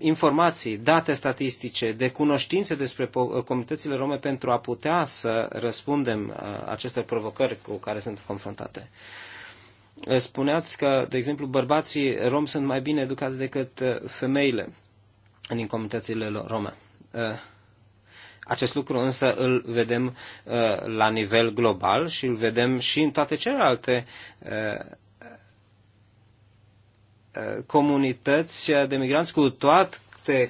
informații, date statistice, de cunoștințe despre comunitățile rome pentru a putea să răspundem uh, acestor provocări cu care sunt confruntate. Uh, spuneați că, de exemplu, bărbații romi sunt mai bine educați decât uh, femeile din comunitățile rome. Acest lucru însă îl vedem la nivel global și îl vedem și în toate celelalte Uh, comunități de migranți, cu toate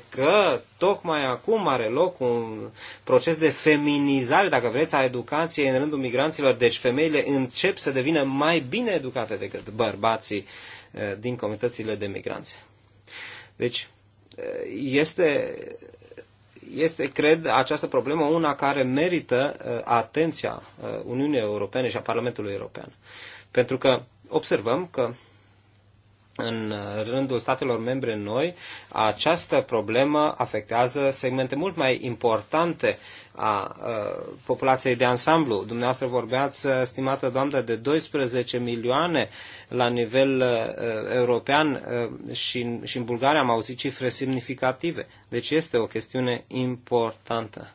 că tocmai acum are loc un proces de feminizare, dacă vreți, a educației în rândul migranților. Deci femeile încep să devină mai bine educate decât bărbații uh, din comunitățile de migranți. Deci uh, este, este, cred, această problemă una care merită atenția Uniunii Europene și a Parlamentului European. Pentru că observăm că în rândul statelor membre noi, această problemă afectează segmente mult mai importante a, a populației de ansamblu. Dumneavoastră vorbeați, stimată doamnă, de 12 milioane la nivel a, european a, și, în, și în Bulgaria am auzit cifre semnificative. Deci este o chestiune importantă.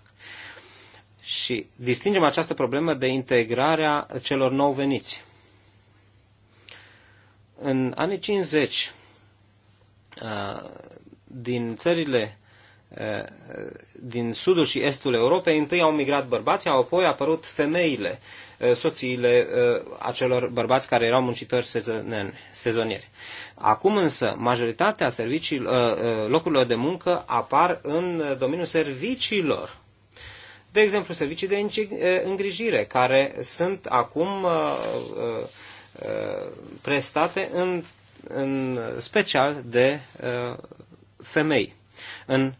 Și distingem această problemă de integrarea celor nou veniți în anii 50, uh, din țările uh, din sudul și estul Europei, întâi au migrat bărbații, au apărut femeile, uh, soțiile acelor bărbați care erau muncitori sezonieri. Acum însă, majoritatea serviciilor, locurilor de muncă apar în domeniul serviciilor. De exemplu, servicii de îngrijire, care sunt acum uh, uh, Uh, prestate în, în special de uh, femei. În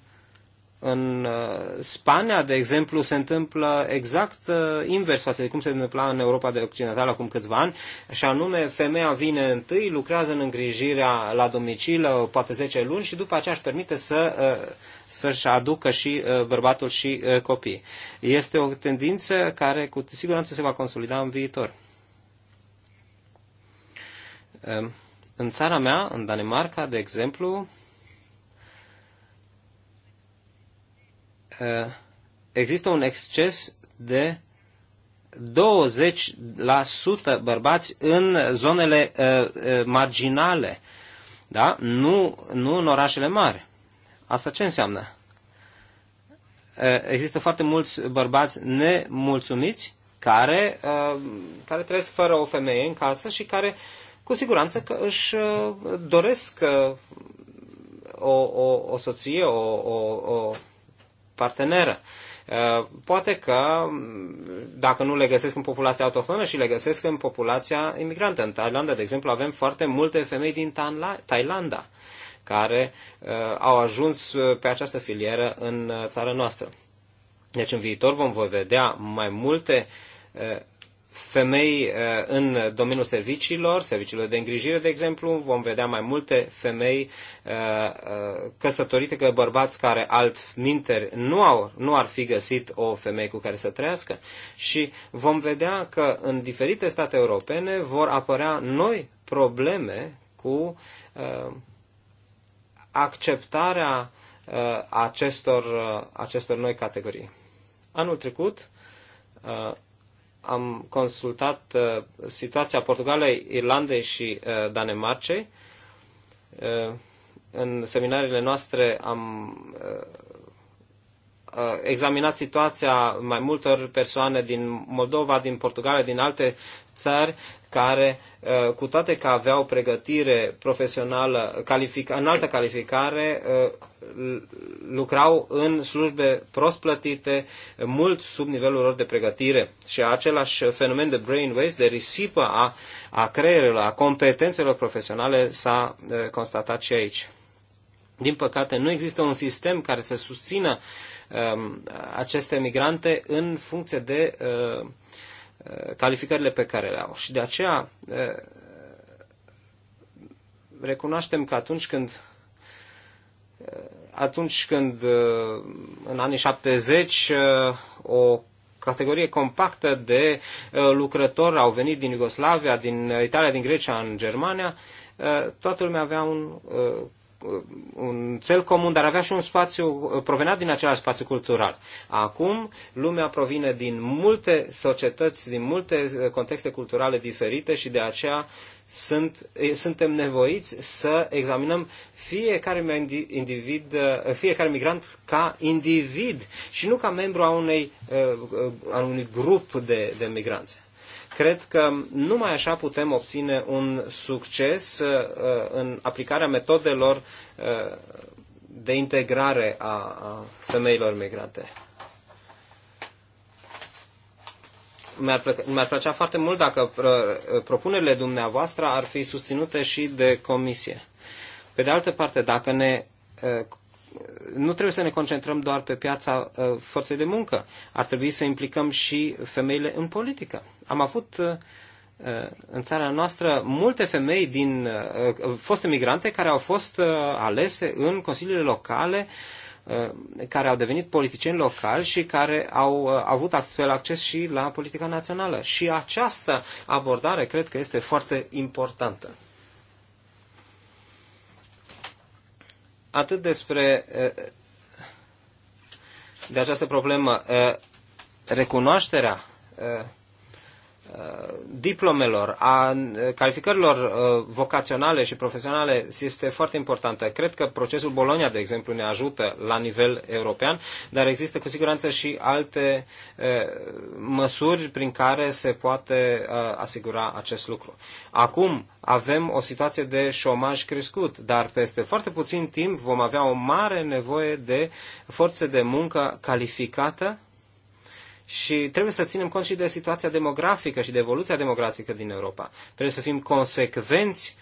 în uh, Spania, de exemplu, se întâmplă exact invers față de cum se întâmpla în Europa de Occidentală acum câțiva ani, și anume femeia vine întâi, lucrează în îngrijirea la domiciliu poate 10 luni și după aceea își permite să, să-și aducă și bărbatul și copii. Este o tendință care cu siguranță se va consolida în viitor. În țara mea, în Danemarca, de exemplu, există un exces de 20% bărbați în zonele marginale, da? nu, nu în orașele mari. Asta ce înseamnă? Există foarte mulți bărbați nemulțumiți care, care trăiesc fără o femeie în casă și care uh, cu siguranță că își uh, doresc uh, o, o, o soție, o, o, o parteneră. Uh, poate că, mm, dacă nu le găsesc în populația autohtonă și le găsesc în populația imigrantă. În Thailanda, de exemplu, avem foarte multe femei din Thailanda care uh, au ajuns pe această filieră în țara noastră. Deci în viitor vom vedea mai multe femei eh, în domeniul serviciilor, serviciilor de îngrijire, de exemplu, vom vedea mai multe femei eh, eh, căsătorite că bărbați care alt minter nu, au, nu ar fi găsit o femeie cu care să trăiască și vom vedea că în diferite state europene vor apărea noi probleme cu acceptarea acestor, acestor noi categorii. Anul trecut, am consultat uh, situația Portugalei, Irlandei și uh, Danemarcei. Uh, în seminariile noastre am uh, uh examinat situația mai multor persoane din Moldova, din Portugalia, din alte țări care, uh, cu toate că aveau pregătire profesională calific- înaltă calificare, uh, lucrau în slujbe prost plătite, mult sub nivelul lor de pregătire. Și același fenomen de brain waste, de risipă a, a creierilor, a competențelor profesionale s-a uh, constatat și aici. Din păcate, nu există un sistem care să susțină um, aceste migrante în funcție de uh, Uh, calificările pe care le au. Și de aceea uh, recunoaștem că atunci când uh, atunci când în anii 70 o categorie compactă de lucrători au venit din Iugoslavia, din Italia, din Grecia, în Germania, toată lumea avea un un cel comun, dar avea și un spațiu, provenea din același spațiu cultural. Acum, lumea provine din multe societăți, din multe uh, contexte culturale diferite și de aceea sunt, eh, suntem nevoiți să examinăm fiecare, individ, eh, fiecare migrant ca individ și nu ca membru a, unei, eh, a unui grup de, de migranți. Cred că numai așa putem obține un succes uh, uh, în aplicarea metodelor uh, de integrare a femeilor migrante. mi-ar, plăca, mi-ar plăcea foarte mult dacă propunerile dumneavoastră ar fi susținute și de comisie. Pe de altă parte, dacă ne nu trebuie să ne concentrăm doar pe piața uh, forței de muncă. Ar trebui să implicăm și femeile în politică. Am avut uh, uh, în țara noastră multe femei din foste migrante care au fost alese în consiliile locale care au devenit politicieni locali și care au avut astfel acces și la politica națională. Și această abordare cred că este foarte importantă. atât despre de această problemă recunoașterea diplomelor, a calificărilor uh, vocaționale și profesionale este foarte importantă. Cred că procesul Bologna, de exemplu, ne ajută la nivel european, dar există cu siguranță și alte uh, măsuri prin care se poate uh, asigura acest lucru. Acum avem o situație de șomaj crescut, dar peste foarte puțin timp vom avea o mare nevoie de forțe de muncă calificată și trebuie să ținem cont și de situația demografică și de evoluția demografică din Europa. Trebuie să fim consecvenți,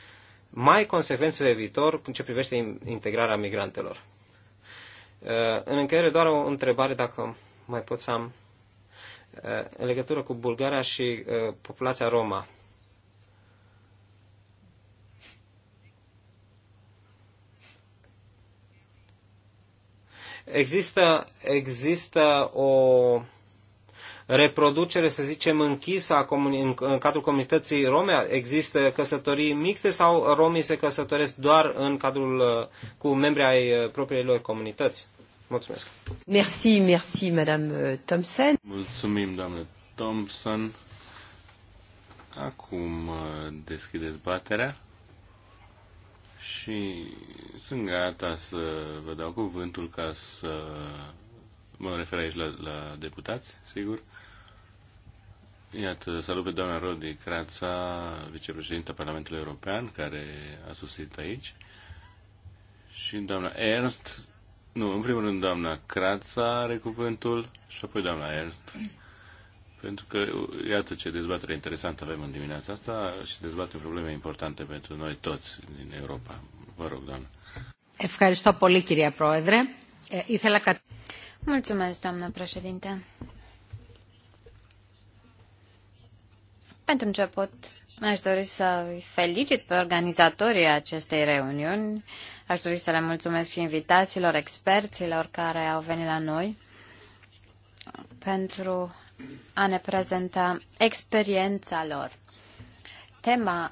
mai consecvenți pe viitor în ce privește integrarea migrantelor. Uh, în încheiere, doar o întrebare, dacă mai pot să am, uh, în legătură cu Bulgaria și uh, populația Roma. Există, există o reproducere, să zicem, închisă a comuni- în cadrul comunității rome? Există căsătorii mixte sau romii se căsătoresc doar în cadrul uh, cu membri ai uh, propriilor comunități? Mulțumesc. Merci, merci, Madame uh, Thompson. Mulțumim, doamne Thompson. Acum deschid dezbaterea și sunt gata să vă dau cuvântul ca să mă refer aici la, la deputați, sigur. Iată, salut pe doamna Rodi Crața, vicepreședinta Parlamentului European, care a susținut aici. Și doamna Ernst, nu, în primul rând doamna Crața are cuvântul și apoi doamna Ernst. Pentru că, iată ce dezbatere interesantă avem în dimineața asta și dezbatem probleme importante pentru noi toți din Europa. Vă rog, doamnă. Ευχαριστώ πολύ, κυρία Πρόεδρε. Ε, Mulțumesc, doamnă președinte. Pentru început, aș dori să felicit pe organizatorii acestei reuniuni. Aș dori să le mulțumesc și invitațiilor, experților care au venit la noi pentru a ne prezenta experiența lor. Tema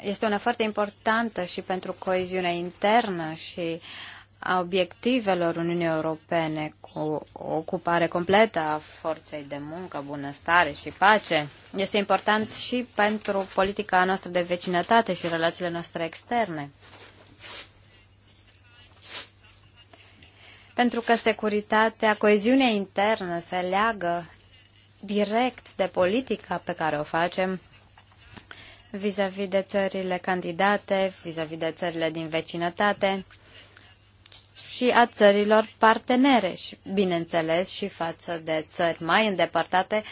este una foarte importantă și pentru coeziunea internă și a obiectivelor Uniunii Europene cu o ocupare completă a forței de muncă, bunăstare și pace este important și pentru politica noastră de vecinătate și relațiile noastre externe. Pentru că securitatea, coeziunea internă se leagă direct de politica pe care o facem vis-a-vis -vis de țările candidate, vis-a-vis -vis de țările din vecinătate, și a țărilor partenere și, bineînțeles, și față de țări mai îndepărtate,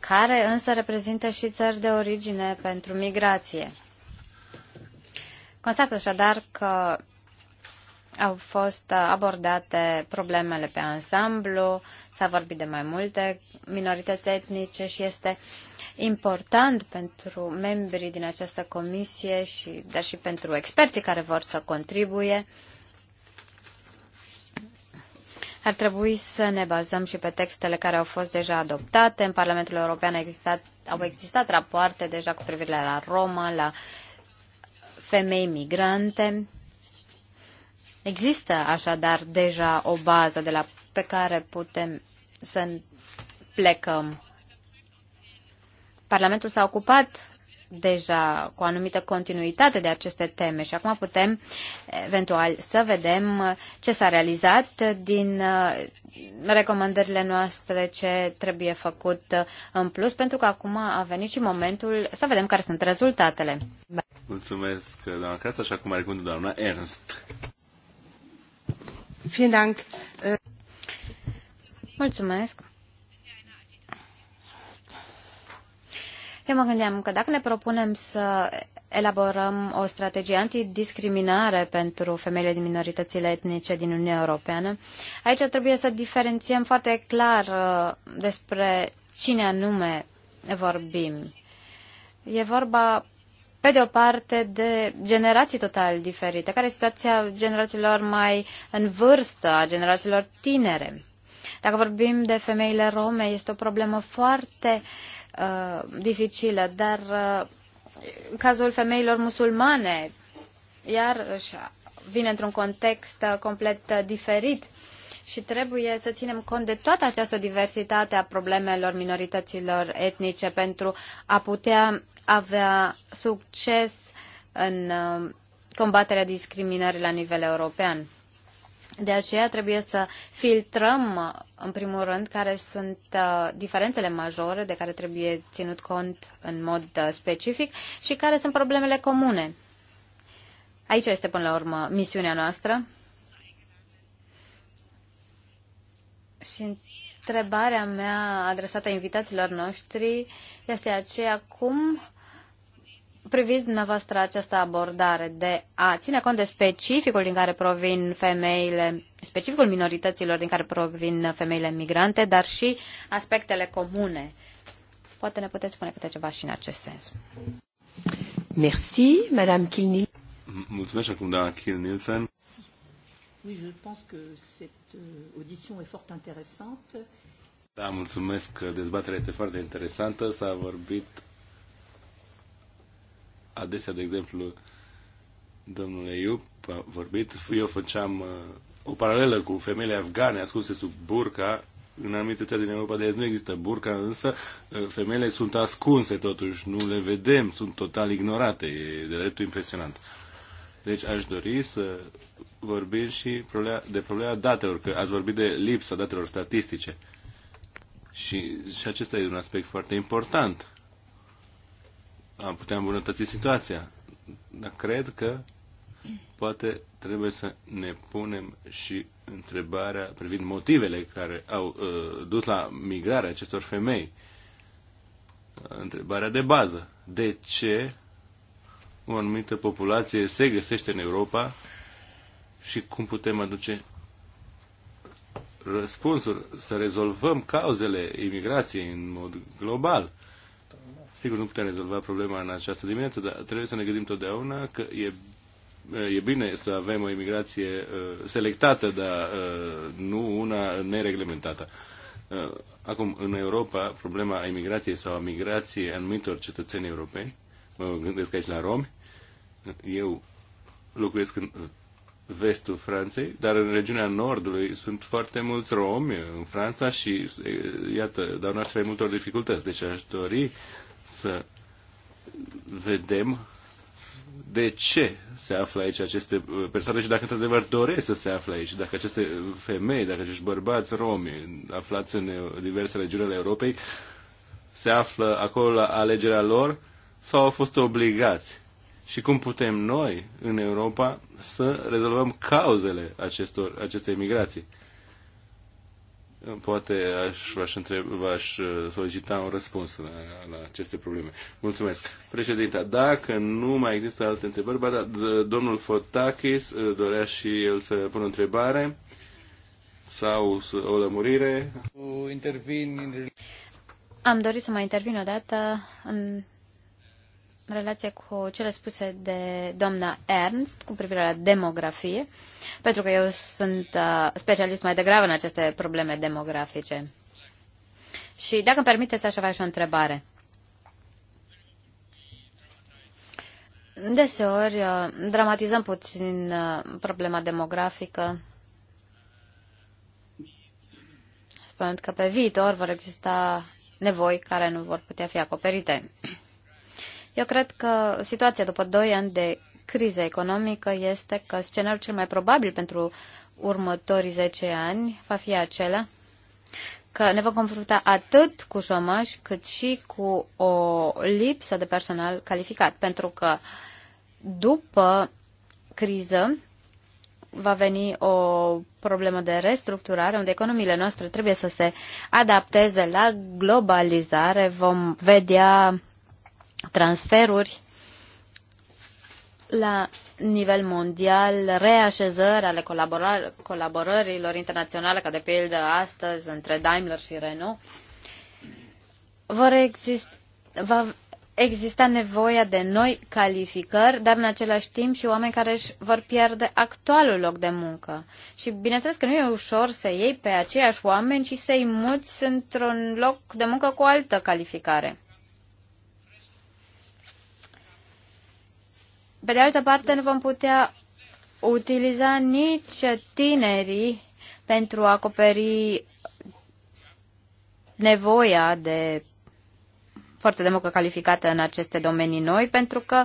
care însă reprezintă și țări de origine pentru migrație. Constat așadar că au fost abordate problemele pe ansamblu, s-a vorbit de mai multe minorități etnice și este important pentru membrii din această comisie, și, dar și pentru experții care vor să contribuie ar trebui să ne bazăm și pe textele care au fost deja adoptate. În Parlamentul European existat, au existat rapoarte deja cu privire la Roma, la femei migrante. Există așadar deja o bază de la, pe care putem să plecăm. Parlamentul s-a ocupat deja cu o anumită continuitate de aceste teme și acum putem eventual să vedem ce s-a realizat din uh, recomandările noastre, ce trebuie făcut uh, în plus, pentru că acum a venit și momentul să vedem care sunt rezultatele. Mulțumesc, doamna Creață, și acum are cuvântul doamna Ernst. Vielen Mulțumesc. Eu mă gândeam că dacă ne propunem să elaborăm o strategie antidiscriminare pentru femeile din minoritățile etnice din Uniunea Europeană, aici trebuie să diferențiem foarte clar uh, despre cine anume vorbim. E vorba pe de o parte, de generații total diferite. Care e situația generațiilor mai în vârstă, a generațiilor tinere? Dacă vorbim de femeile rome, este o problemă foarte uh, Uh, dificilă, dar uh, în cazul femeilor musulmane, iar vine într-un context uh, complet diferit și trebuie să ținem cont de toată această diversitate a problemelor minorităților etnice pentru a putea avea succes în combaterea discriminării la nivel european. De aceea trebuie să filtrăm, în primul rând, care sunt uh, diferențele majore de care trebuie ținut cont în mod uh, specific și care sunt problemele comune. Aici este, până la urmă, misiunea noastră. Și întrebarea mea adresată invitaților noștri este aceea cum priviți dumneavoastră această abordare de a ține cont de specificul din care provin femeile, specificul minorităților din care provin femeile migrante, dar și aspectele comune. Poate ne puteți spune câte ceva și în acest sens. Merci, Madame Kilni. Mulțumesc acum, da, Kiel Nielsen. Oui, je pense que cette euh, audition est fort intéressante. Da, mulțumesc că dezbaterea este foarte interesantă. S-a vorbit adesea, de exemplu, domnule Iup a vorbit, eu făceam uh, o paralelă cu femeile afgane ascunse sub burca, în anumite țări din Europa de azi nu există burca, însă uh, femeile sunt ascunse totuși, nu le vedem, sunt total ignorate, e de dreptul impresionant. Deci aș dori să vorbim și problema, de problema datelor, că ați vorbit de lipsa datelor statistice. Și, și acesta e un aspect foarte important am putea îmbunătăți situația. Dar cred că poate trebuie să ne punem și întrebarea privind motivele care au uh, dus la migrarea acestor femei. Întrebarea de bază. De ce o anumită populație se găsește în Europa și cum putem aduce răspunsuri, să rezolvăm cauzele imigrației în mod global? Sigur, nu putem rezolva problema în această dimineață, dar trebuie să ne gândim totdeauna că e e bine să avem o imigrație uh, selectată, dar uh, nu una nereglementată. Uh, acum, în Europa, problema imigrației sau a migrației anumitor cetățeni europeni, mă gândesc aici la romi, eu locuiesc în vestul Franței, dar în regiunea nordului sunt foarte mulți romi în Franța și, iată, dau naștere multor dificultăți. Deci aș dori să vedem de ce se află aici aceste uh, persoane și dacă într-adevăr doresc să se află aici, dacă aceste femei, dacă acești bărbați romi aflați în diverse regiuni ale Europei se află acolo la alegerea lor sau au fost obligați. Și cum putem noi, în Europa, să rezolvăm cauzele acestor, acestei migrații. Poate aș, v-aș, întreb, v-aș uh, solicita un răspuns la, la aceste probleme. Mulțumesc. Președinte, dacă nu mai există alte întrebări, ba da, domnul Fotakis uh, dorea și el să pună o întrebare sau o lămurire. Intervin... Am dorit să mai intervin o dată în în relație cu cele spuse de doamna Ernst cu privire la demografie, pentru că eu sunt uh, specialist mai degrabă în aceste probleme demografice. Și dacă îmi permiteți, aș avea și o întrebare. Deseori uh, dramatizăm puțin uh, problema demografică, pentru că pe viitor vor exista nevoi care nu vor putea fi acoperite. Eu cred că situația după 2 ani de criză economică este că scenariul cel mai probabil pentru următorii 10 ani va fi acela că ne vom confrunta atât cu șomaj cât și cu o lipsă de personal calificat, pentru că după criză va veni o problemă de restructurare, unde economiile noastre trebuie să se adapteze la globalizare. Vom vedea transferuri la nivel mondial, reașezări ale colaborărilor internaționale, ca de pildă astăzi între Daimler și Renault, vor exist, va exista nevoia de noi calificări, dar în același timp și oameni care își vor pierde actualul loc de muncă. Și bineînțeles că nu e ușor să iei pe aceiași oameni și să-i muți într-un loc de muncă cu altă calificare. Pe de altă parte, nu vom putea utiliza nici tinerii pentru a acoperi nevoia de forță de muncă calificată în aceste domenii noi, pentru că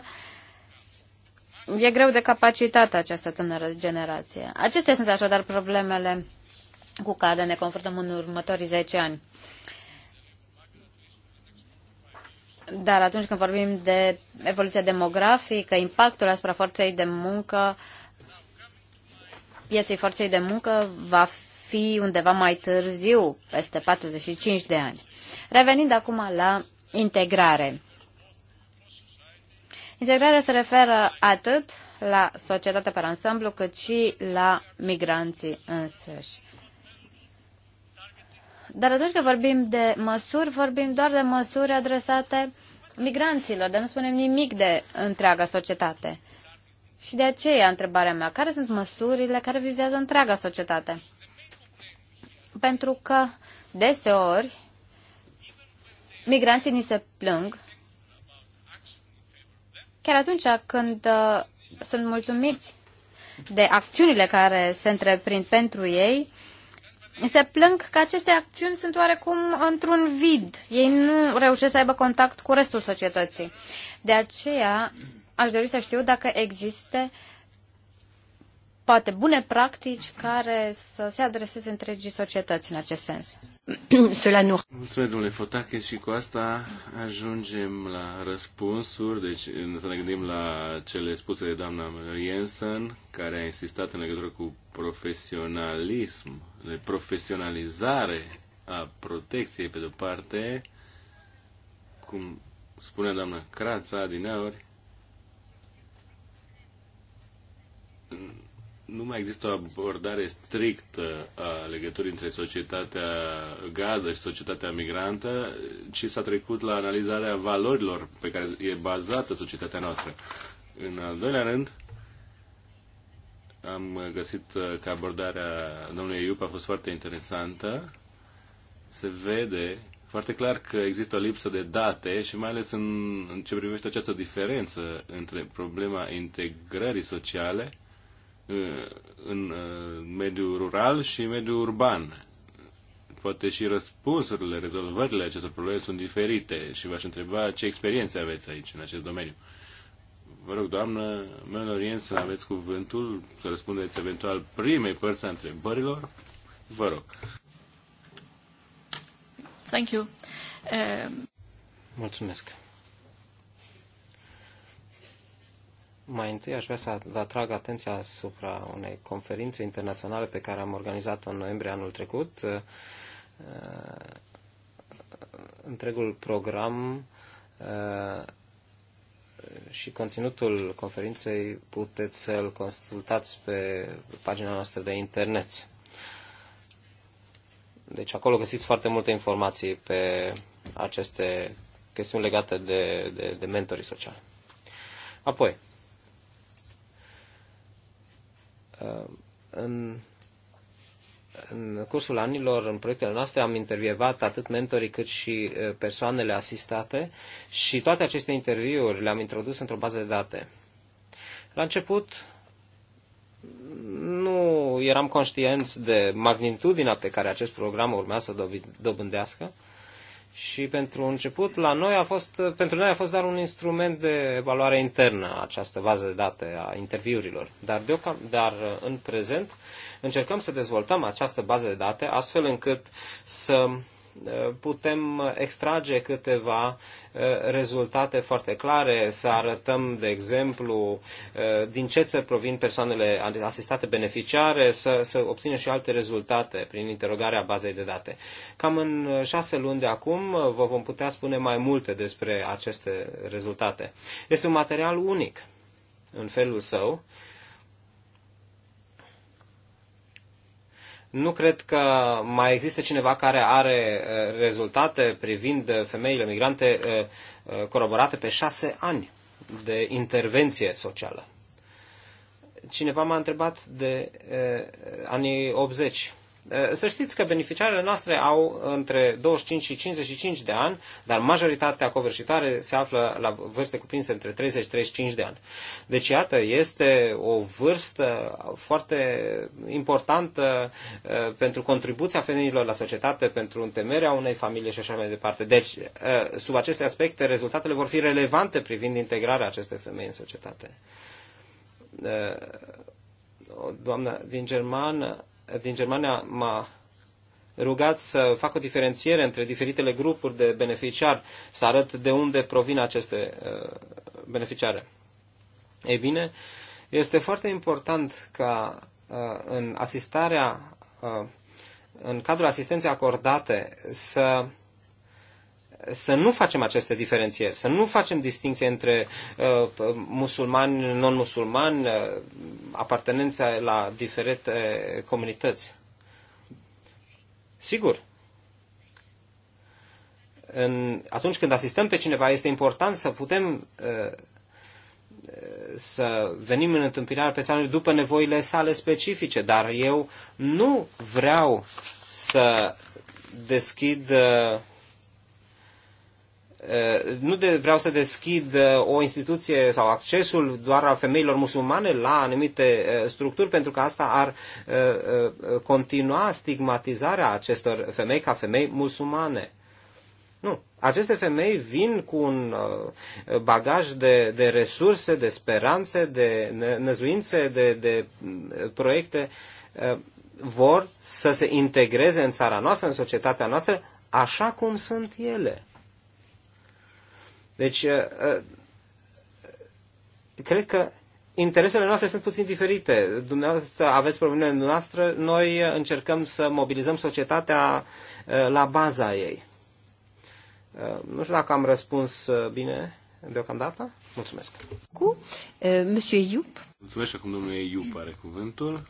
e greu de capacitate această tânără generație. Acestea sunt așadar problemele cu care ne confruntăm în următorii 10 ani. Dar atunci când vorbim de evoluția demografică, impactul asupra forței de muncă, pieței forței de muncă va fi undeva mai târziu, peste 45 de ani. Revenind acum la integrare. Integrarea se referă atât la societatea pe ansamblu, cât și la migranții însăși. Dar atunci când vorbim de măsuri, vorbim doar de măsuri adresate migranților, dar nu spunem nimic de întreaga societate. Și de aceea întrebarea mea, care sunt măsurile care vizează întreaga societate? Pentru că deseori migranții ni se plâng chiar atunci când uh, sunt mulțumiți de acțiunile care se întreprind pentru ei, uh, se plâng că aceste acțiuni sunt oarecum într-un vid. Ei nu reușesc să aibă contact cu restul societății. De aceea, aș dori să știu dacă există poate bune practici care să se adreseze întregii societăți în acest sens. Mulțumesc, domnule Fotache, și cu asta ajungem la răspunsuri. Deci să ne gândim la cele spuse de doamna Jensen, care a insistat în legătură cu profesionalism, de profesionalizare a protecției, pe de-o parte, cum spunea doamna Crața din aur, nu mai există o abordare strictă a legăturii între societatea gadă și societatea migrantă, ci s-a trecut la analizarea valorilor pe care e bazată societatea noastră. În al doilea rând, am găsit că abordarea domnului Iup a fost foarte interesantă. Se vede foarte clar că există o lipsă de date și mai ales în, în ce privește această diferență între problema integrării sociale Uh, în uh, mediul rural și mediul urban. Poate și răspunsurile, rezolvările acestor probleme sunt diferite și v-aș întreba ce experiențe aveți aici, în acest domeniu. Vă rog, doamnă Melorien, să aveți cuvântul, să răspundeți eventual primei părți a întrebărilor. Vă rog. Thank you. Uh... Mulțumesc. Mai întâi aș vrea să vă atrag atenția asupra unei conferințe internaționale pe care am organizat-o în noiembrie anul trecut. Uh, întregul program uh, și conținutul conferinței puteți să-l consultați pe pagina noastră de internet. Deci acolo găsiți foarte multe informații pe aceste chestiuni legate de, de, de mentorii sociali. Apoi, Uh, în, în cursul anilor, în proiectele noastre, am intervievat atât mentorii cât și uh, persoanele asistate și toate aceste interviuri le-am introdus într-o bază de date. La început, nu eram conștienți de magnitudinea pe care acest program urmează să dobândească, și pentru început, la noi a fost, pentru noi a fost doar un instrument de evaluare internă această bază de date a interviurilor. Dar, deocam, dar în prezent încercăm să dezvoltăm această bază de date astfel încât să putem extrage câteva uh, rezultate foarte clare, să arătăm, de exemplu, uh, din ce țări provin persoanele asistate beneficiare, să, să obținem și alte rezultate prin interogarea bazei de date. Cam în șase luni de acum uh, vă vom putea spune mai multe despre aceste rezultate. Este un material unic în felul său Nu cred că mai există cineva care are uh, rezultate privind femeile migrante uh, uh, coroborate pe șase ani de intervenție socială. Cineva m-a întrebat de anii 80 Eh, să știți că beneficiarele noastre au între 25 și 55 de ani, dar majoritatea covârșitare se află la vârste cuprinse între 30 și 35 de ani. Deci, iată, este o vârstă foarte importantă eh, pentru contribuția femeilor la societate, pentru întemerea unei familii și așa mai departe. Deci, eh, sub aceste aspecte, rezultatele vor fi relevante privind integrarea acestei femei în societate. Doamna doamnă din Germană din Germania m-a rugat să fac o diferențiere între diferitele grupuri de beneficiari, să arăt de unde provin aceste uh, beneficiare. Ei bine, este foarte important ca uh, în asistarea, uh, în cadrul asistenței acordate, să să nu facem aceste diferențieri, să nu facem distinție între uh, musulmani, non-musulmani, uh, apartenența la diferite comunități. Sigur, în, atunci când asistăm pe cineva, este important să putem uh, uh, să venim în întâmpinarea persoanei după nevoile sale specifice, dar eu nu vreau să deschid uh, Uh, nu de, vreau să deschid uh, o instituție sau accesul doar a femeilor musulmane la anumite uh, structuri, pentru că asta ar continua stigmatizarea acestor femei ca femei musulmane. Nu. Aceste femei vin cu un bagaj de, de resurse, de speranțe, de năzuințe, de, de proiecte. Vor să se integreze în țara noastră, în societatea noastră, așa cum sunt ele. Deci, uh, uh, cred că interesele noastre sunt puțin diferite. Dumneavoastră aveți problemele noastre, noi încercăm să mobilizăm societatea uh, la baza ei. Nu știu dacă am răspuns bine deocamdată. Mulțumesc. Cu Monsieur Iup. Mulțumesc acum domnul Iup are cuvântul.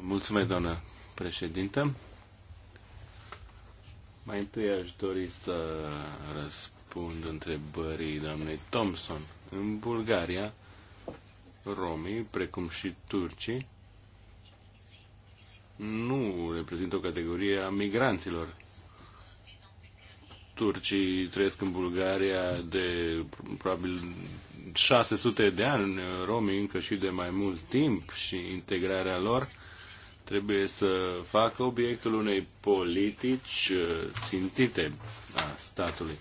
Mulțumesc, doamnă președintă. Mai întâi aș dori să răspund întrebării doamnei Thompson. În Bulgaria, romii, precum și turcii, nu reprezintă o categorie a migranților. Turcii trăiesc în Bulgaria de probabil 600 de ani, romii încă și de mai mult timp și integrarea lor trebuie să facă obiectul unei politici uh, țintite a statului.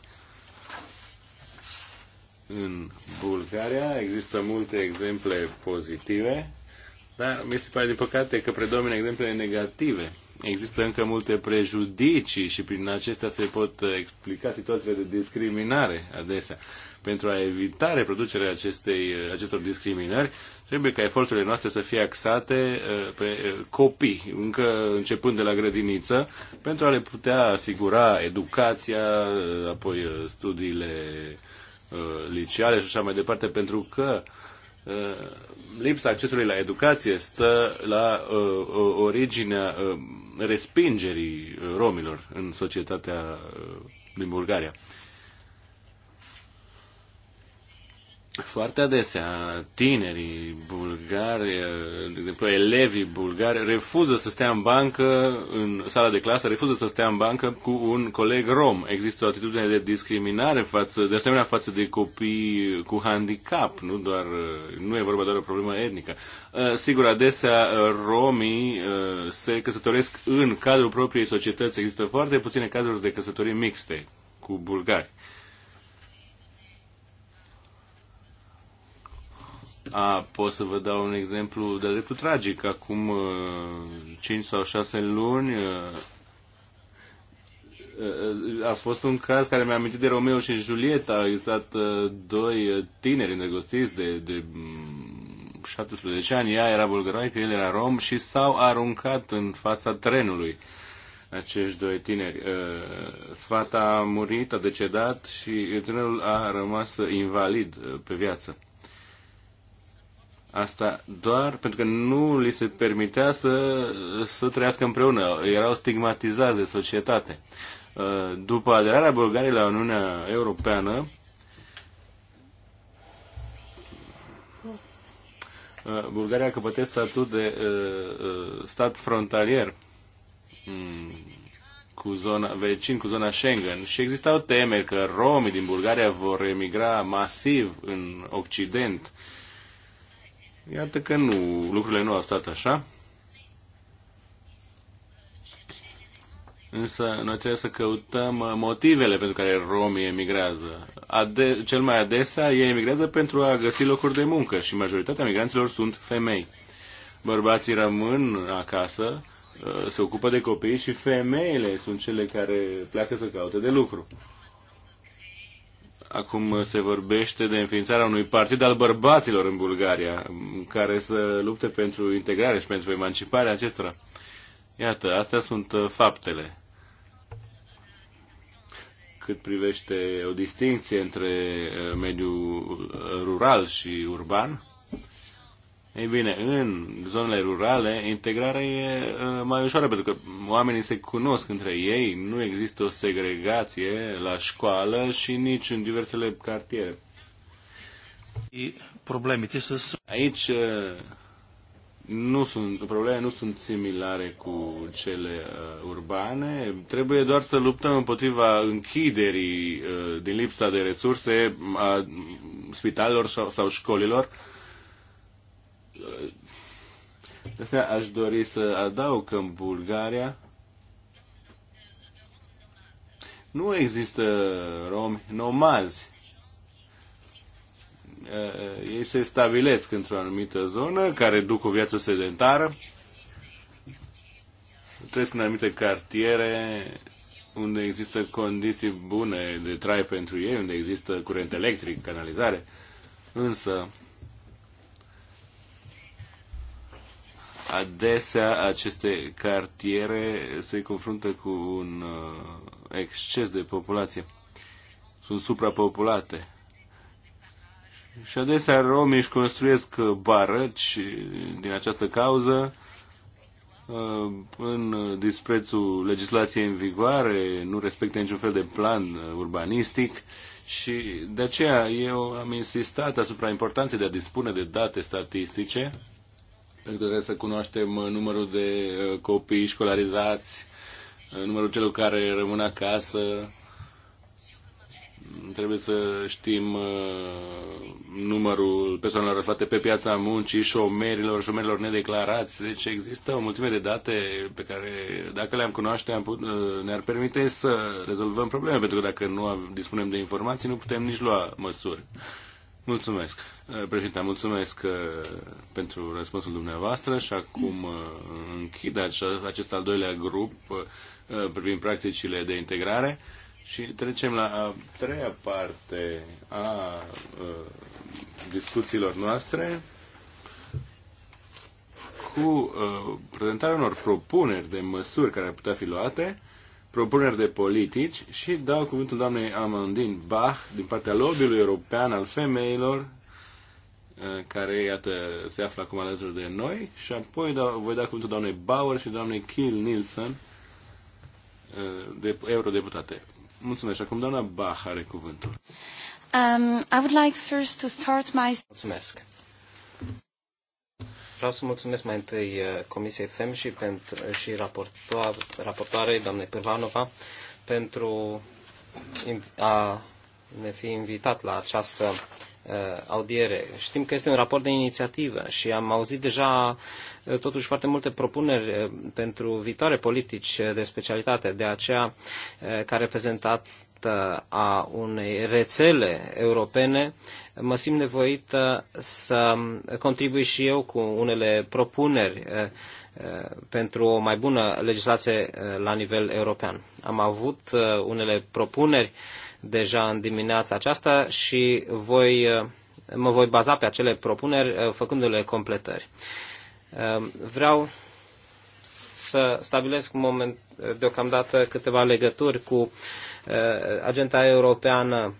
În Bulgaria există multe exemple pozitive, dar mi se pare din păcate că predomină exemple negative. Există încă multe prejudicii și prin acestea se pot explica situațiile de discriminare adesea. Pentru a evita reproducerea acestei, acestor discriminări, Trebuie ca eforturile noastre să fie axate uh, pe uh, copii, încă începând de la grădiniță, pentru a le putea asigura educația, uh, apoi studiile liceale și așa mai departe, pentru că lipsa accesului la educație stă la uh, originea uh, respingerii romilor în societatea uh, din Bulgaria. Foarte adesea, tinerii bulgari, de exemplu, elevii bulgari, refuză să stea în bancă, în sala de clasă, refuză să stea în bancă cu un coleg rom. Există o atitudine de discriminare, față, de asemenea, față de copii cu handicap, nu, doar, nu e vorba doar o problemă etnică. Eh, sigur, adesea eh, romii eh, se căsătoresc în cadrul propriei societăți. Există foarte puține cadruri de căsătorii mixte cu bulgari A, pot să vă dau un exemplu de dreptul tragic. Acum 5 uh, sau 6 luni uh, uh, a fost un caz care mi-a amintit de Romeo și Julieta. Au existat doi tineri îndrăgostiți de, de 17 mm, ani. Ea era bulgăroaică, el era rom și s-au aruncat în fața trenului acești doi tineri. Fata a murit, a decedat și tinerul a rămas invalid pe viață. Asta doar pentru că nu li se permitea să, să trăiască împreună. Erau stigmatizați de societate. Uh, după aderarea Bulgariei la Uniunea Europeană, uh, Bulgaria a căpătat statut de uh, stat frontalier mm, cu zona, vecin cu zona Schengen și existau teme că romii din Bulgaria vor emigra masiv în Occident uh, Iată că nu, lucrurile nu au stat așa. Însă noi trebuie să căutăm uh, motivele pentru care romii emigrează. Ade- cel mai adesea ei emigrează pentru a găsi locuri de muncă și majoritatea migranților sunt femei. Bărbații rămân acasă, uh, se ocupă de copii și femeile sunt cele care pleacă să caute de lucru. Acum se vorbește de înființarea unui partid al bărbaților în Bulgaria, care să lupte pentru integrare și pentru emanciparea acestora. Iată, astea sunt uh, faptele. Cât privește o distinție între uh, mediul uh, rural și urban, ei bine, în zonele rurale, integrarea e uh, mai ușoară, pentru că oamenii se cunosc între ei, nu există o segregație la școală și nici în diversele cartiere. Probleme. Aici uh, nu sunt, probleme nu sunt similare cu cele uh, urbane. Trebuie doar să luptăm împotriva închiderii uh, din lipsa de resurse a mm, spitalelor sau, sau școlilor de asemenea, aș dori să adaug că în Bulgaria nu există romi nomazi. Ei se stabilesc într-o anumită zonă, care duc o viață sedentară, trăiesc în anumite cartiere unde există condiții bune de trai pentru ei, unde există curent electric, canalizare. Însă, Adesea aceste cartiere se confruntă cu un uh, exces de populație. Sunt suprapopulate. Și adesea romii își construiesc uh, barăci din această cauză uh, în disprețul legislației în vigoare, nu respectă niciun fel de plan urbanistic și de aceea eu am insistat asupra importanței de a dispune de date statistice pentru că trebuie să cunoaștem uh, numărul de uh, copii școlarizați, uh, numărul celor care rămân acasă, trebuie să știm numărul persoanelor aflate pe piața muncii, șomerilor, șomerilor nedeclarați. Deci există o mulțime de date pe care, dacă le-am cunoaște, am put, ne-ar permite să rezolvăm probleme, pentru că dacă nu dispunem de informații, nu putem nici lua măsuri. Mulțumesc. Eh, președinte, mulțumesc eh, pentru răspunsul dumneavoastră și acum eh, închid acest al doilea grup privind practicile de integrare și trecem la a treia parte a discuțiilor noastre cu prezentarea unor propuneri de măsuri care ar putea fi luate propuneri de politici și dau cuvântul doamnei Amandine Bach din partea lobby-ului european al femeilor uh, care, iată, se află acum alături de noi și apoi da, voi da cuvântul doamnei Bauer și doamnei Kiel Nielsen uh, de eurodeputate. Mulțumesc. Și acum doamna Bach are cuvântul. Um, I would like first to start my... Mulțumesc. Vreau să mulțumesc mai întâi uh, Comisiei FEM și, pentru, și raportoarei, doamnei Pârvanova, pentru a ne fi invitat la această uh, audiere. Știm că este un raport de inițiativă și am auzit deja uh, totuși foarte multe propuneri pentru viitoare politici de specialitate. De aceea, ca reprezentat adevărat uh, a unei rețele europene, mă simt nevoit să contribui și eu cu unele propuneri uh, uh, pentru o mai bună legislație la nivel european. Am avut unele propuneri deja în dimineața aceasta și voi, mă voi baza pe acele propuneri făcându-le completări. Vreau să stabilesc moment, deocamdată câteva legături cu Eh, agenda europeană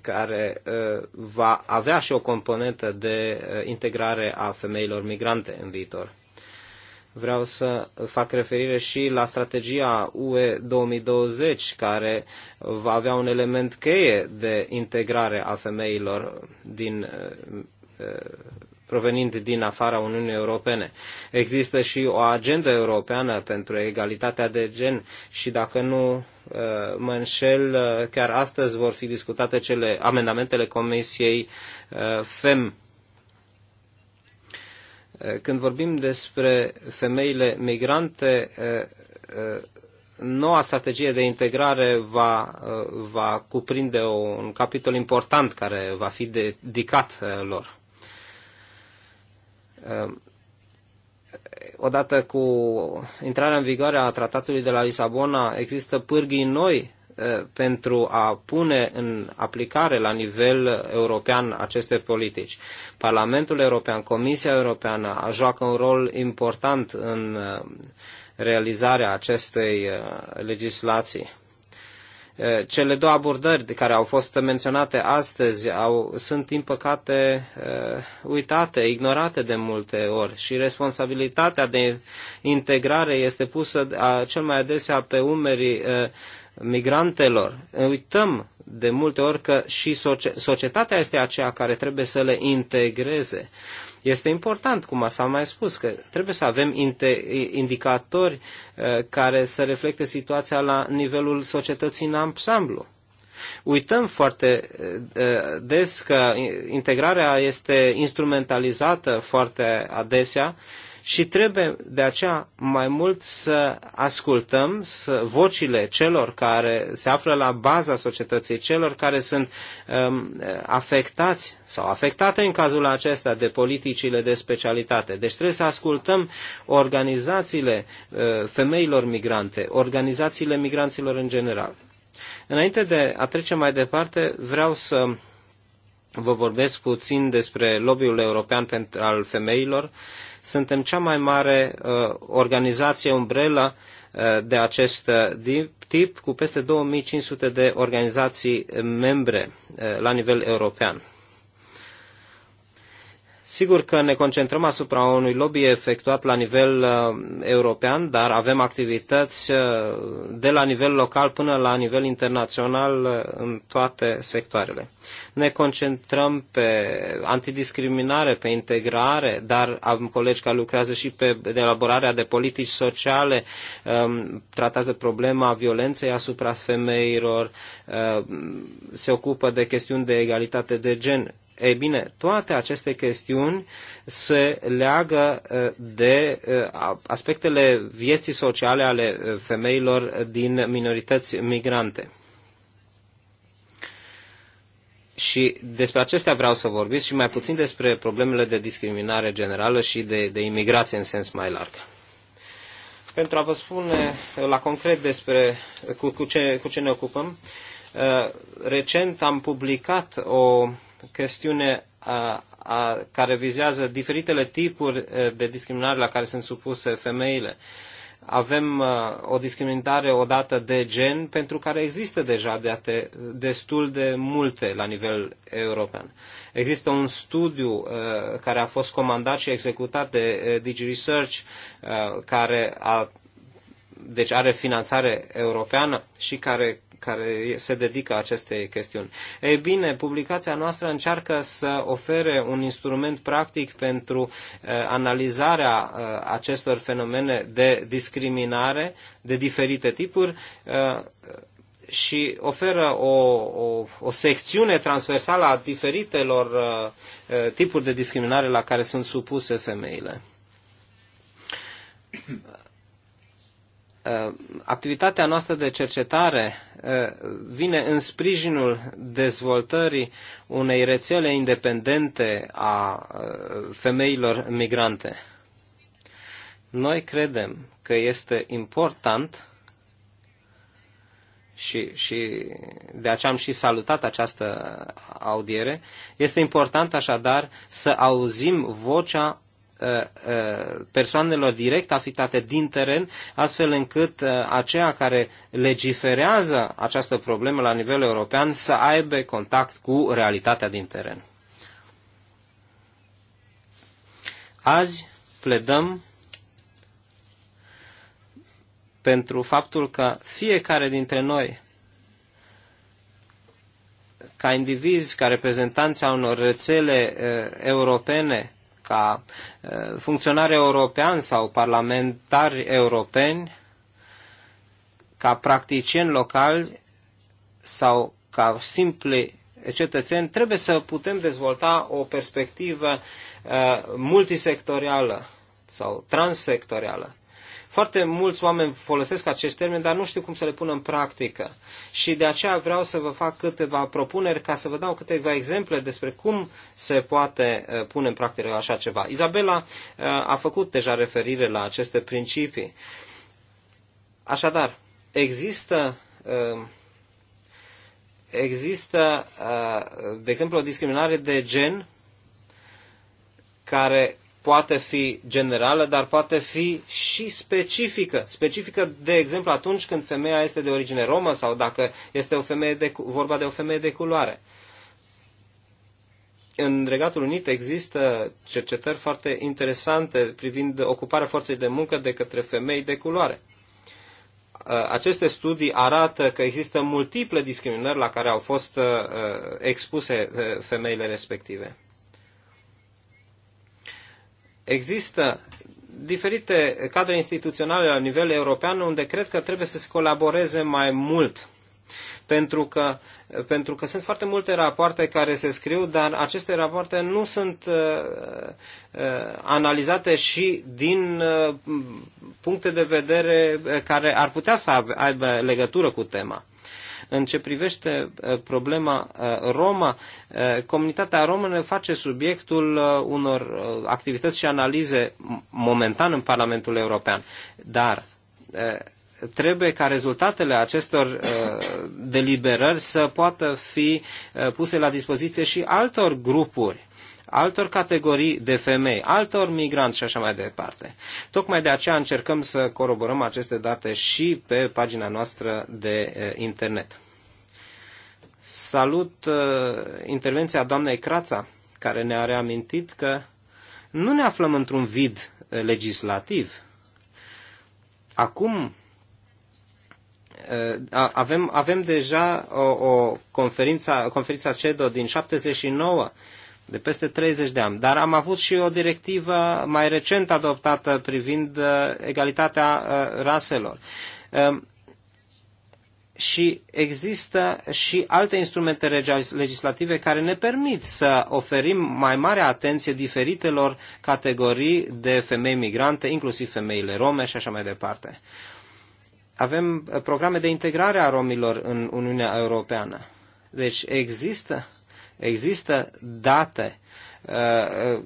care eh, va avea și o componentă de eh, integrare a femeilor migrante în viitor. Vreau să fac referire și la strategia UE 2020, care va avea un element cheie de integrare a femeilor din provenind din afara Uniunii Europene. Există și o agendă europeană pentru egalitatea de gen și dacă nu mă înșel, uh, chiar astăzi vor fi discutate cele amendamentele Comisiei uh, FEM. Uh, când vorbim despre femeile migrante, noua strategie de integrare va, va cuprinde un capitol important care va fi dedicat lor odată cu intrarea în vigoare a tratatului de la Lisabona, există pârghii noi pentru a pune în aplicare la nivel european aceste politici. Parlamentul European, Comisia Europeană joacă un rol important în realizarea acestei legislații. Eh, cele două abordări care au fost menționate astăzi au, sunt, din păcate, eh, uitate, ignorate de multe ori și responsabilitatea de integrare este pusă cel mai adesea pe umerii eh, migrantelor. Uităm de multe ori că și societatea este aceea care trebuie să le integreze. Uh, este important, cum s-a mai spus, că trebuie să avem indicatori uh, care să reflecte situația la nivelul societății în ansamblu. Uităm foarte uh, uh, des că integrarea este instrumentalizată foarte adesea și trebuie de aceea mai mult să ascultăm să vocile celor care se află la baza societății, celor care sunt um, afectați sau afectate în cazul acesta de politicile de specialitate. Deci trebuie să ascultăm organizațiile uh, femeilor migrante, organizațiile migranților în general. Înainte de a trece mai departe, vreau să vă vorbesc puțin despre lobby-ul european pentru al femeilor suntem cea mai mare uh, organizație umbrelă uh, de acest uh, tip, cu peste 2500 de organizații membre la nivel european. Sigur că ne concentrăm asupra unui lobby efectuat la nivel uh, european, dar avem activități uh, de la nivel local până la nivel internațional uh, în toate sectoarele. Ne concentrăm pe antidiscriminare, pe integrare, dar am colegi care lucrează și pe elaborarea de politici sociale, uh, tratează problema violenței asupra femeilor, uh, se ocupă de chestiuni de egalitate de gen ei bine, toate aceste chestiuni se leagă de aspectele vieții sociale ale femeilor din minorități migrante. Și despre acestea vreau să vorbesc și mai puțin despre problemele de discriminare generală și de, de imigrație în sens mai larg. Pentru a vă spune la concret despre cu, cu, ce, cu ce ne ocupăm, recent am publicat o chestiune a, a, care vizează diferitele tipuri de discriminare la care sunt supuse femeile. Avem o discriminare odată de gen, pentru care există deja de ate, destul de multe la nivel european. Există un studiu care a fost comandat și executat de DigiResearch, care a deci are finanțare europeană și care care se dedică acestei chestiuni. Ei bine, publicația noastră încearcă să ofere un instrument practic pentru eh, analizarea eh, acestor fenomene de discriminare de diferite tipuri eh, și oferă o, o, o secțiune transversală a diferitelor uh, tipuri de discriminare la care sunt supuse femeile. Uh, activitatea noastră de cercetare uh, vine în sprijinul dezvoltării unei rețele independente a uh, femeilor migrante. Noi credem că este important și, și de aceea am și salutat această audiere. Este important așadar să auzim vocea Uh, uh, persoanelor direct afectate din teren, astfel încât uh, aceia care legiferează această problemă la nivel european să aibă contact cu realitatea din teren. Azi pledăm pentru faptul că fiecare dintre noi, ca indivizi, ca reprezentanți a unor rețele uh, europene, ca uh, funcționari europeani sau parlamentari europeni, ca practicieni locali sau ca simpli cetățeni, trebuie să putem dezvolta o perspectivă uh, multisectorială sau transsectorială. Foarte mulți oameni folosesc acest termen, dar nu știu cum să le pună în practică. Și de aceea vreau să vă fac câteva propuneri ca să vă dau câteva exemple despre cum se poate uh, pune în practică așa ceva. Izabela uh, a făcut deja referire la aceste principii. Așadar, există uh, există, de exemplu, o discriminare de gen care poate fi generală, dar poate fi și specifică. Specifică, de exemplu, atunci când femeia este de origine romă sau dacă este o femeie de, vorba de o femeie de culoare. În Regatul Unit există cercetări foarte interesante privind ocuparea forței de muncă de către femei de culoare. Aceste studii arată că există multiple discriminări la care au fost expuse femeile respective există diferite cadre instituționale la nivel european unde cred că trebuie să se colaboreze mai mult. Pentru că, pentru că sunt foarte multe rapoarte care se scriu, dar aceste rapoarte nu sunt uh, uh analizate și din uh, puncte de vedere care ar putea să aibă legătură cu tema. Uh, în ce privește problema Roma, comunitatea română face subiectul unor activități și analize momentan în Parlamentul European. Dar trebuie ca rezultatele acestor deliberări să poată fi puse la dispoziție și altor grupuri altor categorii de femei, altor migranți și așa mai departe. Tocmai de aceea încercăm să coroborăm aceste date și pe pagina noastră de eh, internet. Salut eh, intervenția doamnei Crața, care ne-a reamintit că nu ne aflăm într-un vid eh, legislativ. Acum avem, avem deja o, o conferință, conferința CEDO din 79 de peste 30 de ani. Dar am avut și o directivă mai recent adoptată privind uh, egalitatea uh, raselor. Um, și există și alte instrumente legislative care ne permit să oferim mai mare atenție diferitelor categorii de femei migrante, inclusiv femeile rome și așa mai departe. Avem uh, programe de integrare a romilor în Uniunea Europeană. Deci există Există date uh, uh,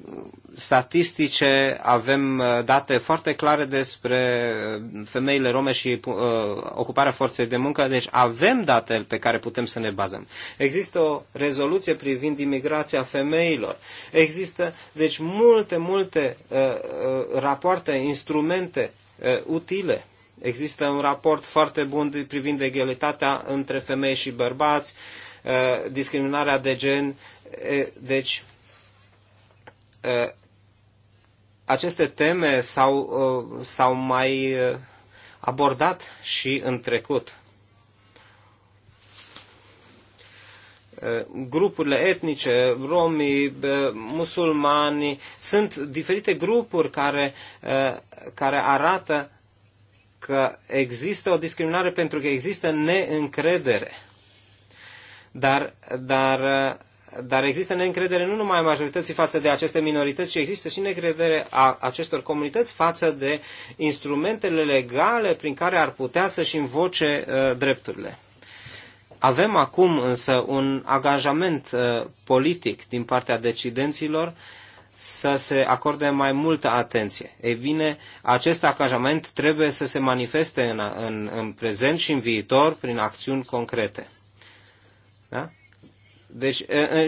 statistice, avem uh, date foarte clare despre femeile rome și ocuparea forței de muncă, deci avem date pe care putem să ne bazăm. Există o rezoluție privind imigrația femeilor. Există, deci, multe, multe rapoarte, instrumente utile. Există un raport foarte bun privind egalitatea între femei și bărbați. Uh, discriminarea de gen. Uh, deci, uh, aceste teme s-au, s-au mai abordat și în trecut. grupurile etnice, romii, musulmani, sunt diferite grupuri care, care arată că există o discriminare pentru că există neîncredere dar, dar, dar există neîncredere nu numai a majorității față de aceste minorități, ci există și neîncredere a acestor comunități față de instrumentele legale prin care ar putea să-și invoce uh, drepturile. Avem acum însă un angajament uh, politic din partea decidenților să se acorde mai multă atenție. Ei bine, acest angajament trebuie să se manifeste în, în, în prezent și în viitor prin acțiuni concrete. Da? Deci,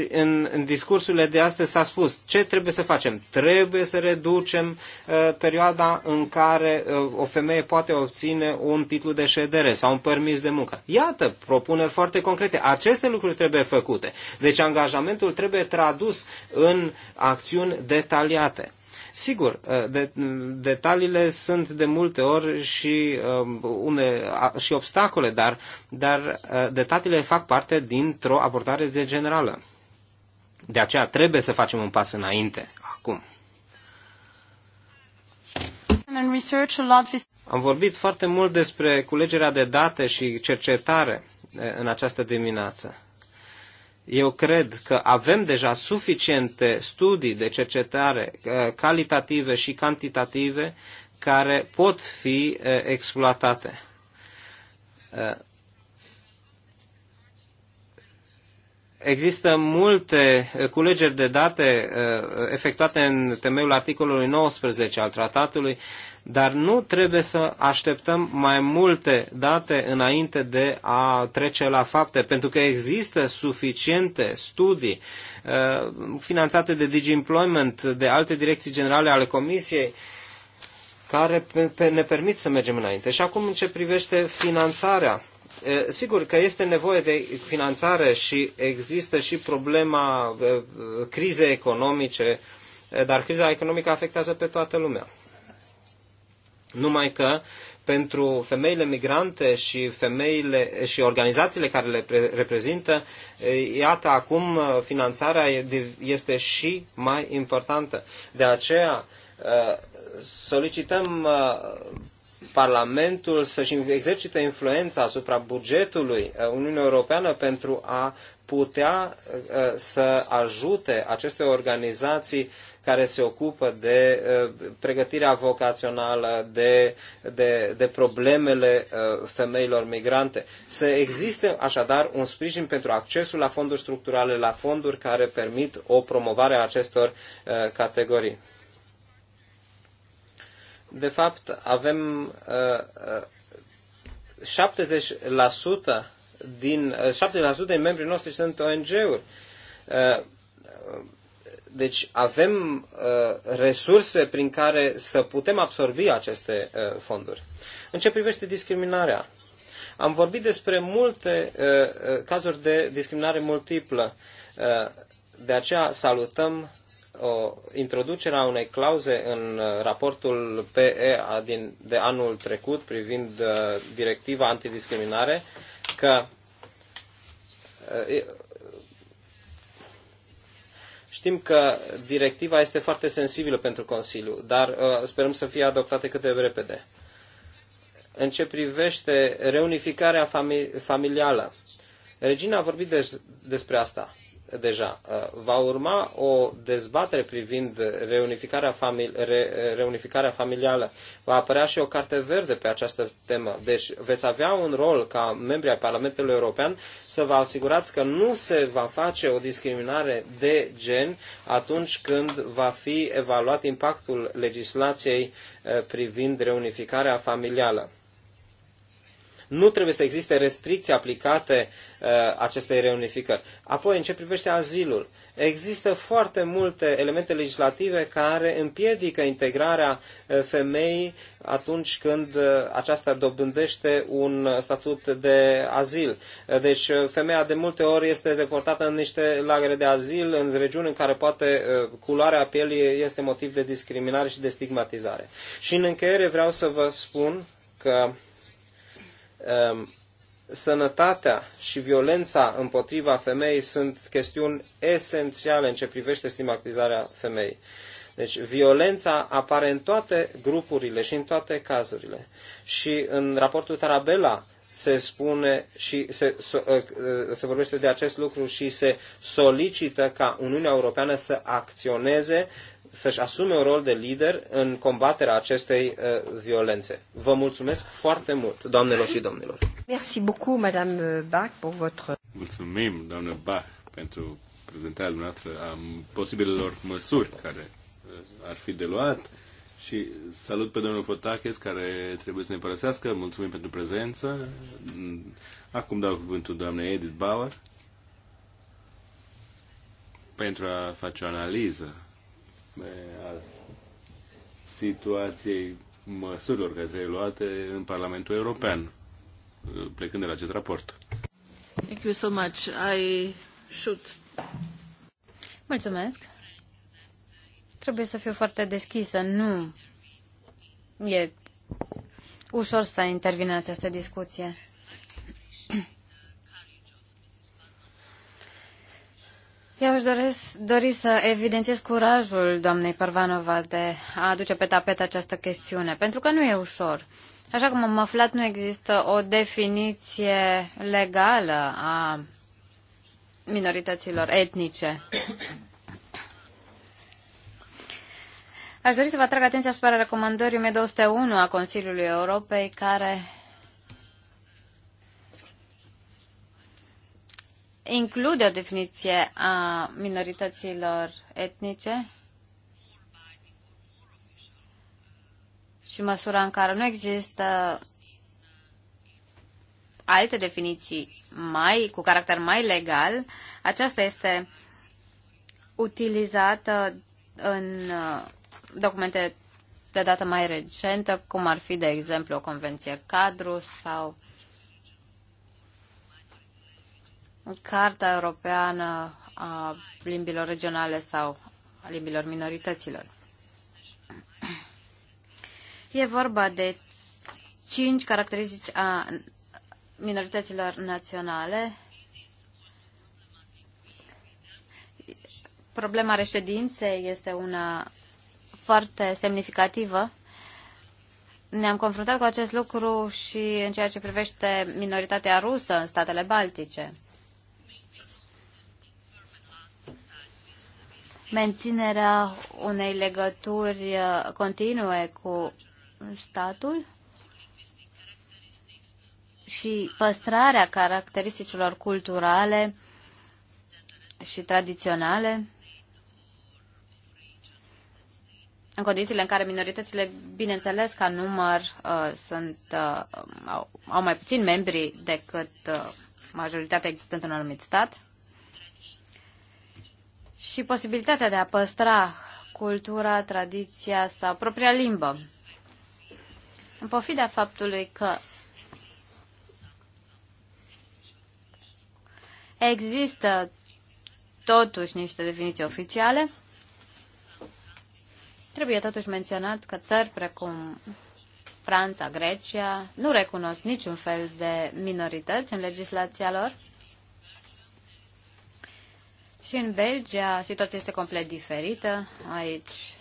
în, în discursurile de astăzi s-a spus ce trebuie să facem. Trebuie să reducem uh, perioada în care uh, o femeie poate obține un titlu de ședere sau un permis de muncă. Iată, propuneri foarte concrete. Aceste lucruri trebuie făcute. Deci, angajamentul trebuie tradus în acțiuni detaliate. Sigur, uh, de, detaliile sunt de multe ori și, um, une, și obstacole, dar, dar uh, detaliile fac parte dintr-o abordare de generală. De aceea trebuie să facem un pas înainte acum. Am vorbit foarte mult despre culegerea de date și cercetare uh, în această dimineață. Eu cred că avem deja suficiente studii de cercetare uh, calitative și cantitative care pot fi uh, exploatate. Uh, există multe culegeri de date efectuate în temeiul articolului 19 al tratatului dar nu trebuie să așteptăm mai multe date înainte de a trece la fapte, pentru că există suficiente studii uh, finanțate de Digi Employment, de alte direcții generale ale Comisiei, care ne permit să mergem înainte. Și acum în ce privește finanțarea. Uh, sigur că este nevoie de finanțare și există și problema uh, crizei economice, uh, dar criza economică afectează pe toată lumea. Numai că pentru femeile migrante și femeile și organizațiile care le reprezintă, eh, iată acum eh, finanțarea este și mai importantă. De aceea eh, solicităm Parlamentul să-și exercite influența asupra bugetului Uniunii Europeană pentru a putea uh, să ajute aceste organizații care se ocupă de uh, pregătirea vocațională, de, de, de problemele uh, femeilor migrante. Să existe așadar un sprijin pentru accesul la fonduri structurale, la fonduri care permit o promovare a acestor categorii. De fapt, avem 70% din 7% eh, din membrii noștri sunt ONG-uri. Eh, deci avem eh, resurse prin care să putem absorbi aceste fonduri. În ce privește discriminarea, am vorbit despre multe cazuri de discriminare multiplă. de aceea salutăm o introducerea unei clauze în raportul PE din, de anul trecut privind uh, directiva antidiscriminare că Știm că directiva este foarte sensibilă pentru Consiliu, dar uh, sperăm să fie adoptată cât de repede. În ce privește reunificarea familială, Regina a vorbit despre asta deja. Uh, va urma o dezbatere privind reunificarea, famili- re- uh, reunificarea familială. Va apărea și o carte verde pe această temă. Deci veți avea un rol ca membri ai Parlamentului European să vă asigurați că nu se va face o discriminare de gen atunci când va fi evaluat impactul legislației uh, privind reunificarea familială nu trebuie să existe restricții aplicate uh, acestei reunificări. Apoi, în ce privește azilul, există foarte multe elemente legislative care împiedică integrarea uh, femeii atunci când uh, aceasta dobândește un statut de azil. Uh, deci, femeia de multe ori este deportată în niște lagere de azil, în regiuni în care poate culoarea pielii este motiv de discriminare și de stigmatizare. Și în încheiere vreau să vă spun că Um, sănătatea și violența împotriva femeii sunt chestiuni esențiale în ce privește stigmatizarea femeii. Deci violența apare în toate grupurile și în toate cazurile. Și în raportul Tarabella se spune și se, uh, uh, se vorbește de acest lucru și se solicită ca Uniunea Europeană să acționeze să-și asume un rol de lider în combaterea acestei uh, violențe. Vă mulțumesc foarte mult, doamnelor și domnilor. Merci beaucoup, madame Bach, pour votre... Mulțumim, doamnă Bach, pentru prezentarea dumneavoastră a posibilelor măsuri care uh, ar fi de luat și salut pe domnul Fotaches care trebuie să ne părăsească. Mulțumim pentru prezență. Acum dau cuvântul doamnei Edith Bauer pentru a face o analiză a situației măsurilor care trebuie luate în Parlamentul European, plecând de la acest raport. Thank you so much. I should... Mulțumesc. Trebuie să fiu foarte deschisă. Nu e ușor să intervin în această discuție. Eu aș doresc, dori să evidențiez curajul doamnei Parvanova de a aduce pe tapet această chestiune, pentru că nu e ușor. Așa cum am aflat, nu există o definiție legală a minorităților etnice. Aș dori să vă atrag atenția asupra recomandării 1201 a Consiliului Europei, care include o definiție a minorităților etnice și măsura în care nu există alte definiții mai, cu caracter mai legal, aceasta este utilizată în uh, documente de dată mai recentă, cum ar fi, de exemplu, o convenție cadru sau Carta Europeană a Limbilor Regionale sau a Limbilor Minorităților. E vorba de cinci caracteristici a minorităților naționale. Problema reședinței este una foarte semnificativă. Ne-am confruntat cu acest lucru și în ceea ce privește minoritatea rusă în statele baltice. menținerea unei legături uh, continue cu statul și păstrarea caracteristicilor culturale și tradiționale în condițiile în care minoritățile, bineînțeles, ca număr uh, sunt, uh, au, au mai puțin membri decât uh, majoritatea existentă în un anumit stat și posibilitatea de a păstra cultura, tradiția sau propria limbă. În pofida faptului că există totuși niște definiții oficiale, trebuie totuși menționat că țări precum Franța, Grecia nu recunosc niciun fel de minorități în legislația lor și în Belgia situația este complet diferită. Aici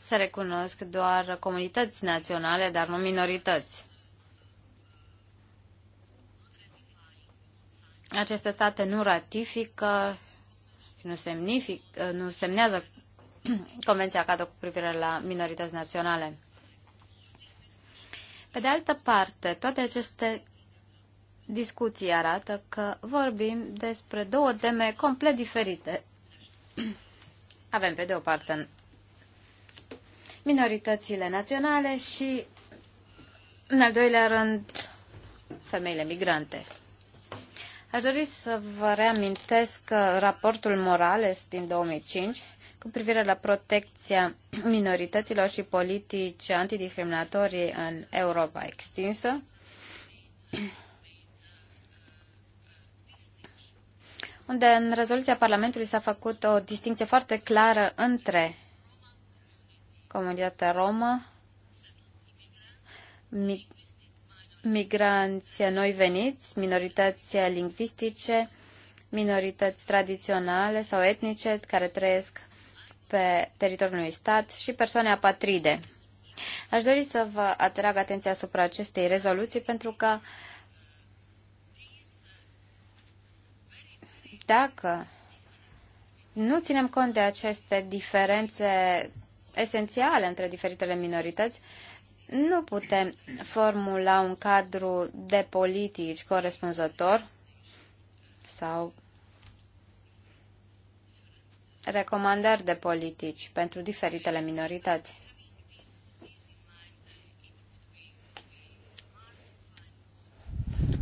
se recunosc doar comunități naționale, dar nu minorități. Aceste state nu ratifică și nu, semnific, nu semnează Convenția Cadă cu privire la minorități naționale. Pe de altă parte, toate aceste discuții arată că vorbim despre două teme complet diferite. Avem pe de o parte minoritățile naționale și, în al doilea rând, femeile migrante. Aș dori să vă reamintesc raportul Morales din 2005 cu privire la protecția minorităților și politici antidiscriminatorii în Europa extinsă, unde în rezoluția Parlamentului s-a făcut o distinție foarte clară între comunitatea romă, mi- migranți noi veniți, minorități lingvistice, minorități tradiționale sau etnice care trăiesc pe teritoriul unui stat și persoane apatride. Aș dori să vă atrag atenția asupra acestei rezoluții pentru că uh, Dacă nu ținem cont de aceste diferențe esențiale între diferitele minorități, nu putem formula un cadru de politici corespunzător sau recomandări de politici pentru diferitele minorități.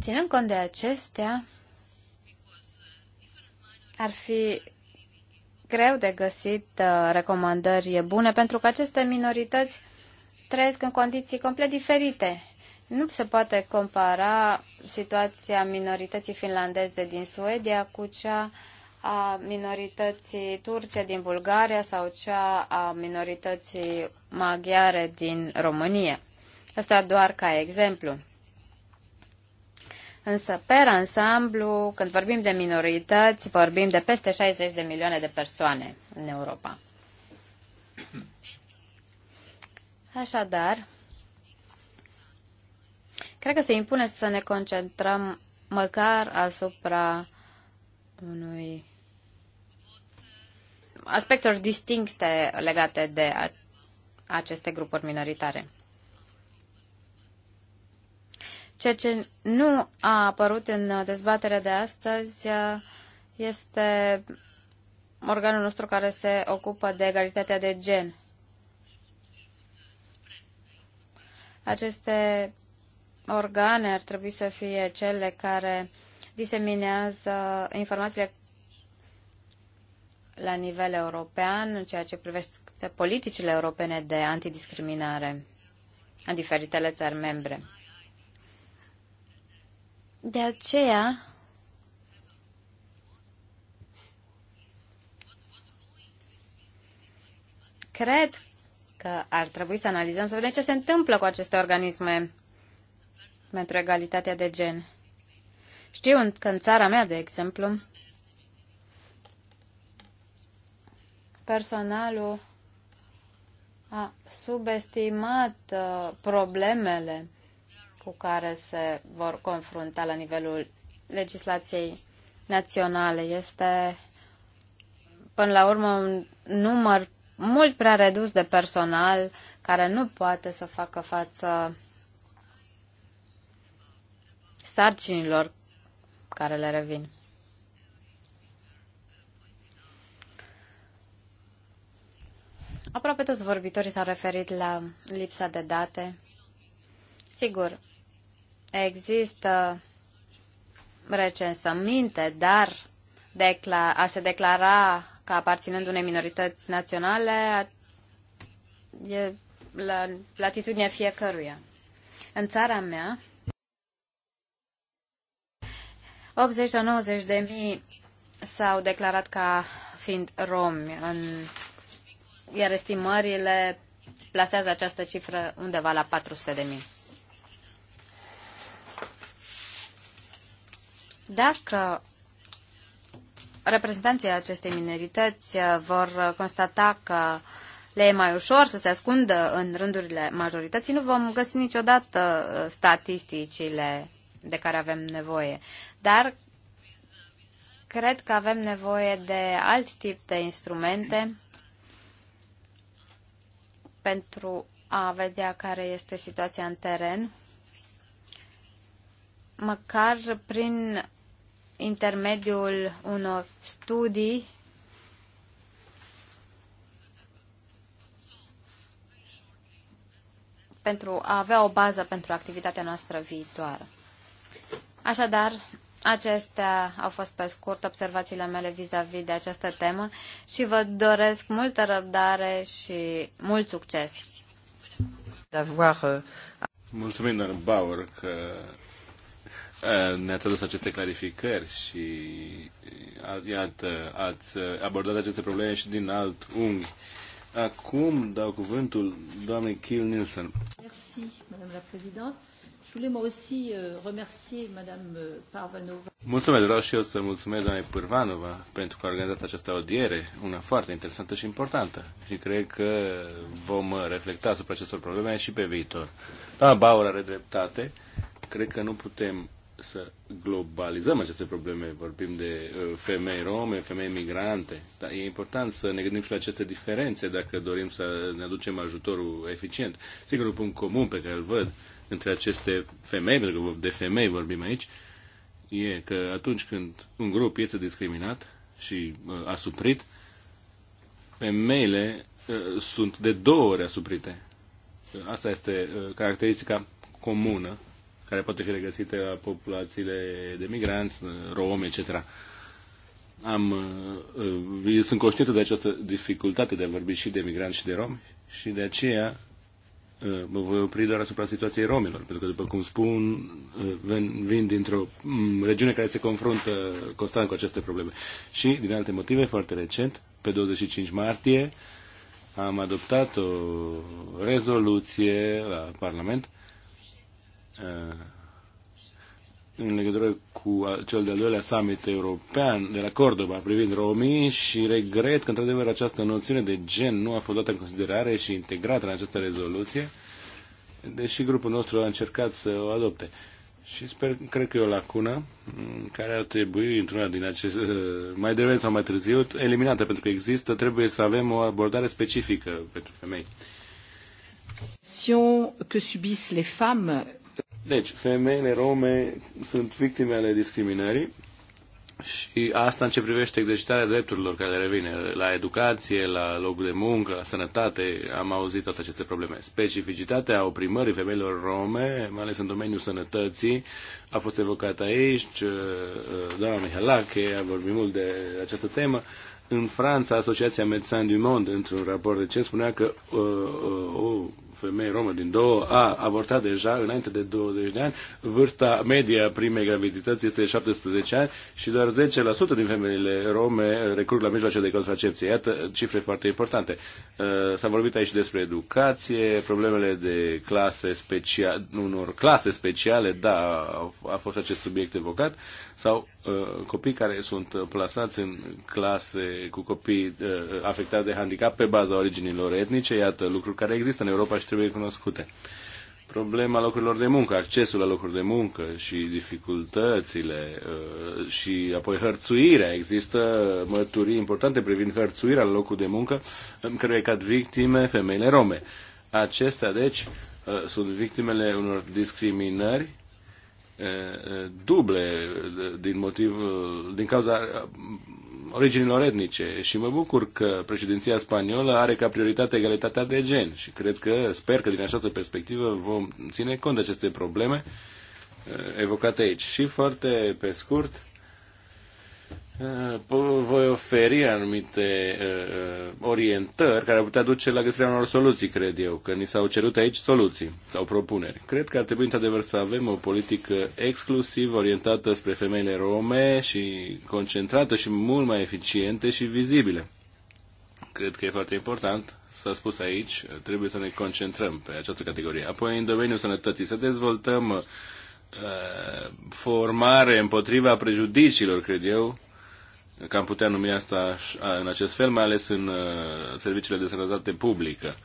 Ținând cont de acestea, ar fi greu de găsit uh, recomandări bune pentru că aceste minorități trăiesc în condiții complet diferite. Nu se poate compara situația minorității finlandeze din Suedia cu cea a minorității turce din Bulgaria sau cea a minorității maghiare din România. Asta doar ca exemplu. Însă, per ansamblu, când vorbim de minorități, vorbim de peste 60 de milioane de persoane în Europa. Așadar, cred că se impune să ne concentrăm măcar asupra unui aspectelor distincte legate de aceste grupuri minoritare. Ceea ce nu a apărut în dezbaterea de astăzi uh, este organul nostru care se ocupă de egalitatea de gen. Aceste organe ar trebui să fie cele care diseminează informațiile la nivel european în ceea ce privește politicile europene de antidiscriminare în diferitele țări membre. De aceea, cred că ar trebui să analizăm, să vedem ce se întâmplă cu aceste organisme pentru egalitatea de gen. Știu că în țara mea, de exemplu, personalul a subestimat uh, problemele cu care se vor confrunta la nivelul legislației naționale. Este, până la urmă, un număr mult prea redus de personal care nu poate să facă față sarcinilor care le revin. Aproape toți vorbitorii s-au referit la lipsa de date. Sigur, Există recensăminte, dar a se declara ca aparținând unei minorități naționale e la latitudinea fiecăruia. În țara mea, 80 90 de mii s-au declarat ca fiind romi, în, iar estimările plasează această cifră undeva la 400 de mii. Dacă reprezentanții acestei minorități uh, vor constata că le e mai ușor să se ascundă în rândurile majorității, nu vom găsi niciodată uh, statisticile de care avem nevoie. Dar cred că avem nevoie de alt tip de instrumente pentru a vedea care este situația în teren, măcar prin intermediul unor studii pentru a avea o bază pentru activitatea noastră viitoare. Așadar, acestea au fost pe scurt observațiile mele vis-a-vis -vis de această temă și vă doresc multă răbdare și mult succes. Euh, Mulțumim, Bauer, că Eh, ne-ați adus aceste clarificări și eh, iată, ați eh, abordat aceste probleme și din alt unghi. Acum dau cuvântul doamnei Kiel Nielsen. Merci, Madame la Présidente. Je voulais moi aussi euh, remercier Madame euh, Parvanova. Mulțumesc, vreau și eu să mulțumesc doamnei Pârvanova pentru că a organizat această audiere, una foarte interesantă și importantă. Și cred că vom reflecta asupra acestor probleme și pe viitor. Doamna Bauer are dreptate. Cred că nu putem să globalizăm aceste probleme. Vorbim de uh, femei rome, femei migrante, dar e important să ne gândim și la aceste diferențe dacă dorim să ne aducem ajutorul eficient. Sigur, un punct comun pe care îl văd între aceste femei, pentru că de femei vorbim aici, e că atunci când un grup este discriminat și uh, asuprit, femeile uh, sunt de două ori asuprite. Asta este uh, caracteristica comună care poate fi regăsită la populațiile de migranți, romi, etc. Am, uh, eu sunt conștient de această dificultate de a vorbi și de migranți și de romi și de aceea uh, mă voi opri doar asupra situației romilor, pentru că, după cum spun, uh, vin, vin dintr-o mm, regiune care se confruntă constant cu aceste probleme. Și, din alte motive, foarte recent, pe 25 martie, am adoptat o rezoluție la Parlament Uh, în legătură cu cel de-al doilea summit european de la Cordoba privind romii și regret că, într-adevăr, această noțiune de gen nu a fost dată în considerare și integrată în această rezoluție, deși grupul nostru a încercat să o adopte. Și sper, cred că e o lacună mm, care ar trebui, într-una din acest, uh, mai devreme sau mai târziu, eliminată, pentru că există, trebuie să avem o abordare specifică pentru femei. Que subissent les femmes deci, femeile rome sunt victime ale discriminării și asta în ce privește exercitarea drepturilor care le revine, la educație, la locul de muncă, la sănătate, am auzit toate aceste probleme. Specificitatea oprimării femeilor rome, mai ales în domeniul sănătății, a fost evocată aici, doamna Mihalache a vorbit mult de această temă, în Franța, Asociația Médecins du Monde, într-un raport recent, spunea că uh, uh, femei romă din două a avortat deja înainte de 20 de ani, vârsta media primei gravidități este de 17 ani și doar 10% din femeile rome recurg la mijloace de contracepție. Iată cifre foarte importante. Uh, s-a vorbit aici despre educație, problemele de clase speciale, unor clase speciale, da, a fost acest subiect evocat, sau Uh, copii care sunt plasați în clase cu copii uh, afectați de handicap pe baza originilor etnice, iată lucruri care există în Europa și trebuie cunoscute. Problema locurilor de muncă, accesul la locuri de muncă și dificultățile uh, și apoi hărțuirea. Există mărturii importante privind hărțuirea la locul de muncă în care cad victime femeile rome. Acestea, deci, sunt victimele unor discriminări duble din motiv, din cauza originilor etnice și mă bucur că președinția spaniolă are ca prioritate egalitatea de gen și cred că, sper că din această perspectivă vom ține cont de aceste probleme evocate aici. Și foarte pe scurt, voi oferi anumite uh, orientări care ar putea duce la găsirea unor soluții, cred eu, că ni s-au cerut aici soluții sau propuneri. Cred că ar trebui, într-adevăr, să avem o politică exclusiv orientată spre femeile rome și concentrată și mult mai eficiente și vizibile. Cred că e foarte important, s-a spus aici, trebuie să ne concentrăm pe această categorie. Apoi, în domeniul sănătății, să dezvoltăm uh, formare împotriva prejudiciilor, cred eu, că am putea numi asta în acest fel, mai ales în uh, serviciile de sănătate publică.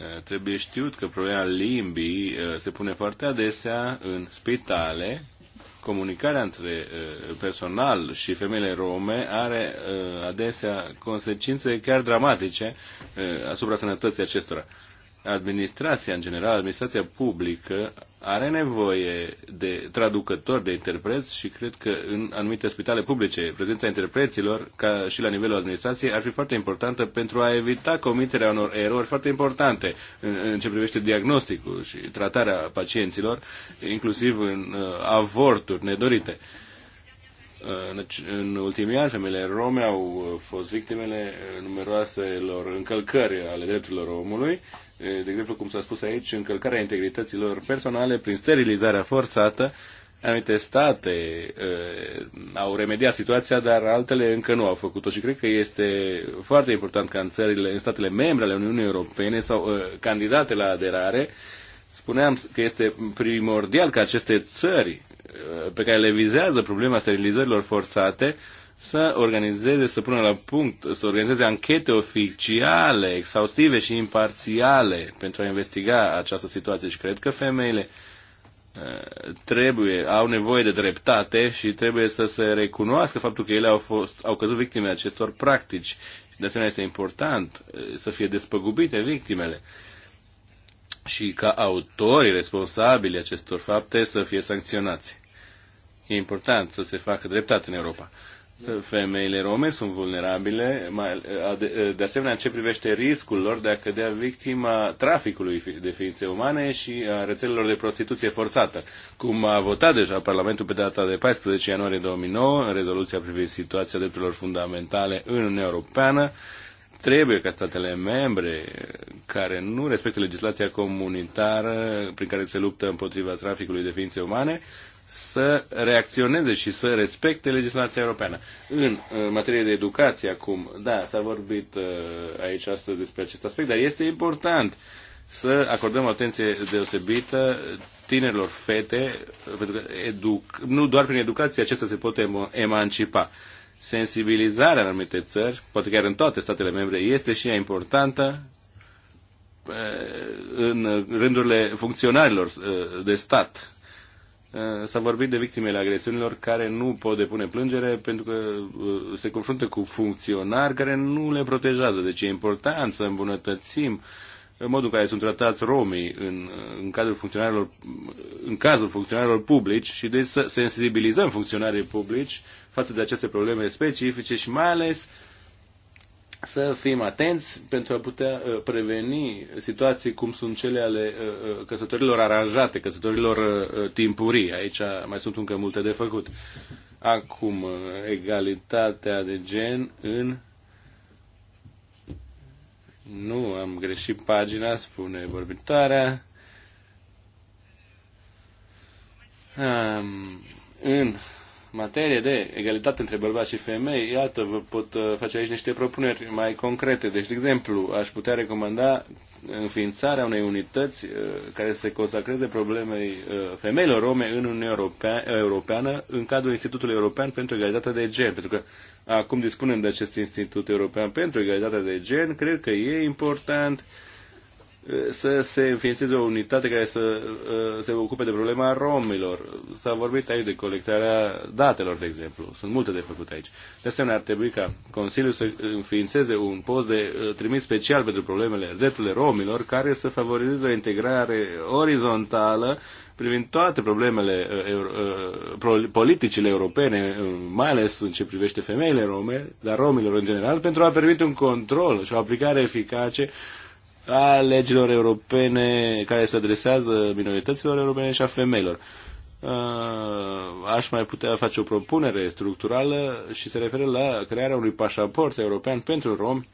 Uh, trebuie știut că problema limbii uh, se pune foarte adesea în spitale. Comunicarea între personal și femeile rome are adesea consecințe chiar dramatice asupra sănătății acestora administrația în general, administrația publică, are nevoie de traducători, de interpreți și cred că în anumite spitale publice prezența interpreților, ca și la nivelul administrației, ar fi foarte importantă pentru a evita comiterea unor erori foarte importante în, în ce privește diagnosticul și tratarea pacienților, inclusiv în uh, avorturi nedorite. Uh, în, în ultimii ani, femeile rome au fost victimele numeroaselor încălcări ale drepturilor omului de exemplu, cum s-a spus aici, încălcarea integrităților personale prin sterilizarea forțată. Anumite state uh, au remediat situația, dar altele încă nu au făcut-o și cred că este foarte important ca în țările, în statele membre ale Uniunii Europene sau uh, candidate la aderare, spuneam că este primordial ca aceste țări uh, pe care le vizează problema sterilizărilor forțate să organizeze, să pună la punct, să organizeze anchete oficiale, exhaustive și imparțiale pentru a investiga această situație și cred că femeile uh, trebuie, au nevoie de dreptate și trebuie să se recunoască faptul că ele au, fost, au căzut victime acestor practici. De asemenea, este important uh, să fie despăgubite victimele și ca autorii responsabili acestor fapte să fie sancționați. E important să se facă dreptate în Europa femeile rome sunt vulnerabile, de asemenea în ce privește riscul lor de a cădea victima traficului de ființe umane și a rețelelor de prostituție forțată. Cum a votat deja Parlamentul pe data de 14 ianuarie 2009 în rezoluția privind situația drepturilor fundamentale în Uniunea Europeană, trebuie ca statele membre care nu respectă legislația comunitară prin care se luptă împotriva traficului de ființe umane să reacționeze și să respecte legislația europeană. În materie de educație acum, da, s-a vorbit uh, aici astăzi despre acest aspect, dar este important să acordăm atenție deosebită tinerilor fete, pentru că educ, nu doar prin educație acestea se pot emancipa. Sensibilizarea în anumite țări, poate chiar în toate statele membre, este și ea importantă uh, în rândurile funcționarilor uh, de stat Eh, s-a vorbit de victimele agresiunilor care nu pot depune plângere pentru că eh, se confruntă cu funcționari care nu le protejează. Deci e important să îmbunătățim eh, modul în care sunt tratați romii în, în, cadrul funcționarilor, în cazul funcționarilor publici și deci să sensibilizăm funcționarii publici față de aceste probleme specifice și mai ales să fim atenți pentru a putea uh, preveni situații cum sunt cele ale uh, uh, căsătorilor aranjate, căsătorilor timpurii. Aici mai sunt încă multe de făcut. Acum, egalitatea de gen în. Nu, am greșit pagina, spune vorbitoarea. Um, în materie de egalitate între bărbați și femei, iată, vă pot uh, face aici niște propuneri mai concrete. Deci, de exemplu, aș putea recomanda înființarea unei unități uh, care se consacreze problemei uh, femeilor rome în Uniunea Europeană în cadrul Institutului European pentru Egalitatea de Gen, pentru că acum dispunem de acest Institut European pentru Egalitatea de Gen, cred că e important uh, să se înființeze o unitate care să uh, se ocupe de problema romilor. S-a vorbit aici de colectarea datelor, de exemplu. Sunt multe de făcut aici. De asemenea, ar trebui ca Consiliul să înființeze un post de uh, trimis special pentru problemele drepturile romilor, care să favorizeze o integrare orizontală privind toate problemele uh, politicile europene, mai ales în ce privește femeile rome, dar romilor în general, pentru a permite un control și o aplicare eficace a legilor europene care se adresează minorităților europene și a femeilor. Aș mai putea face o propunere structurală și se referă la crearea unui pașaport european pentru romi,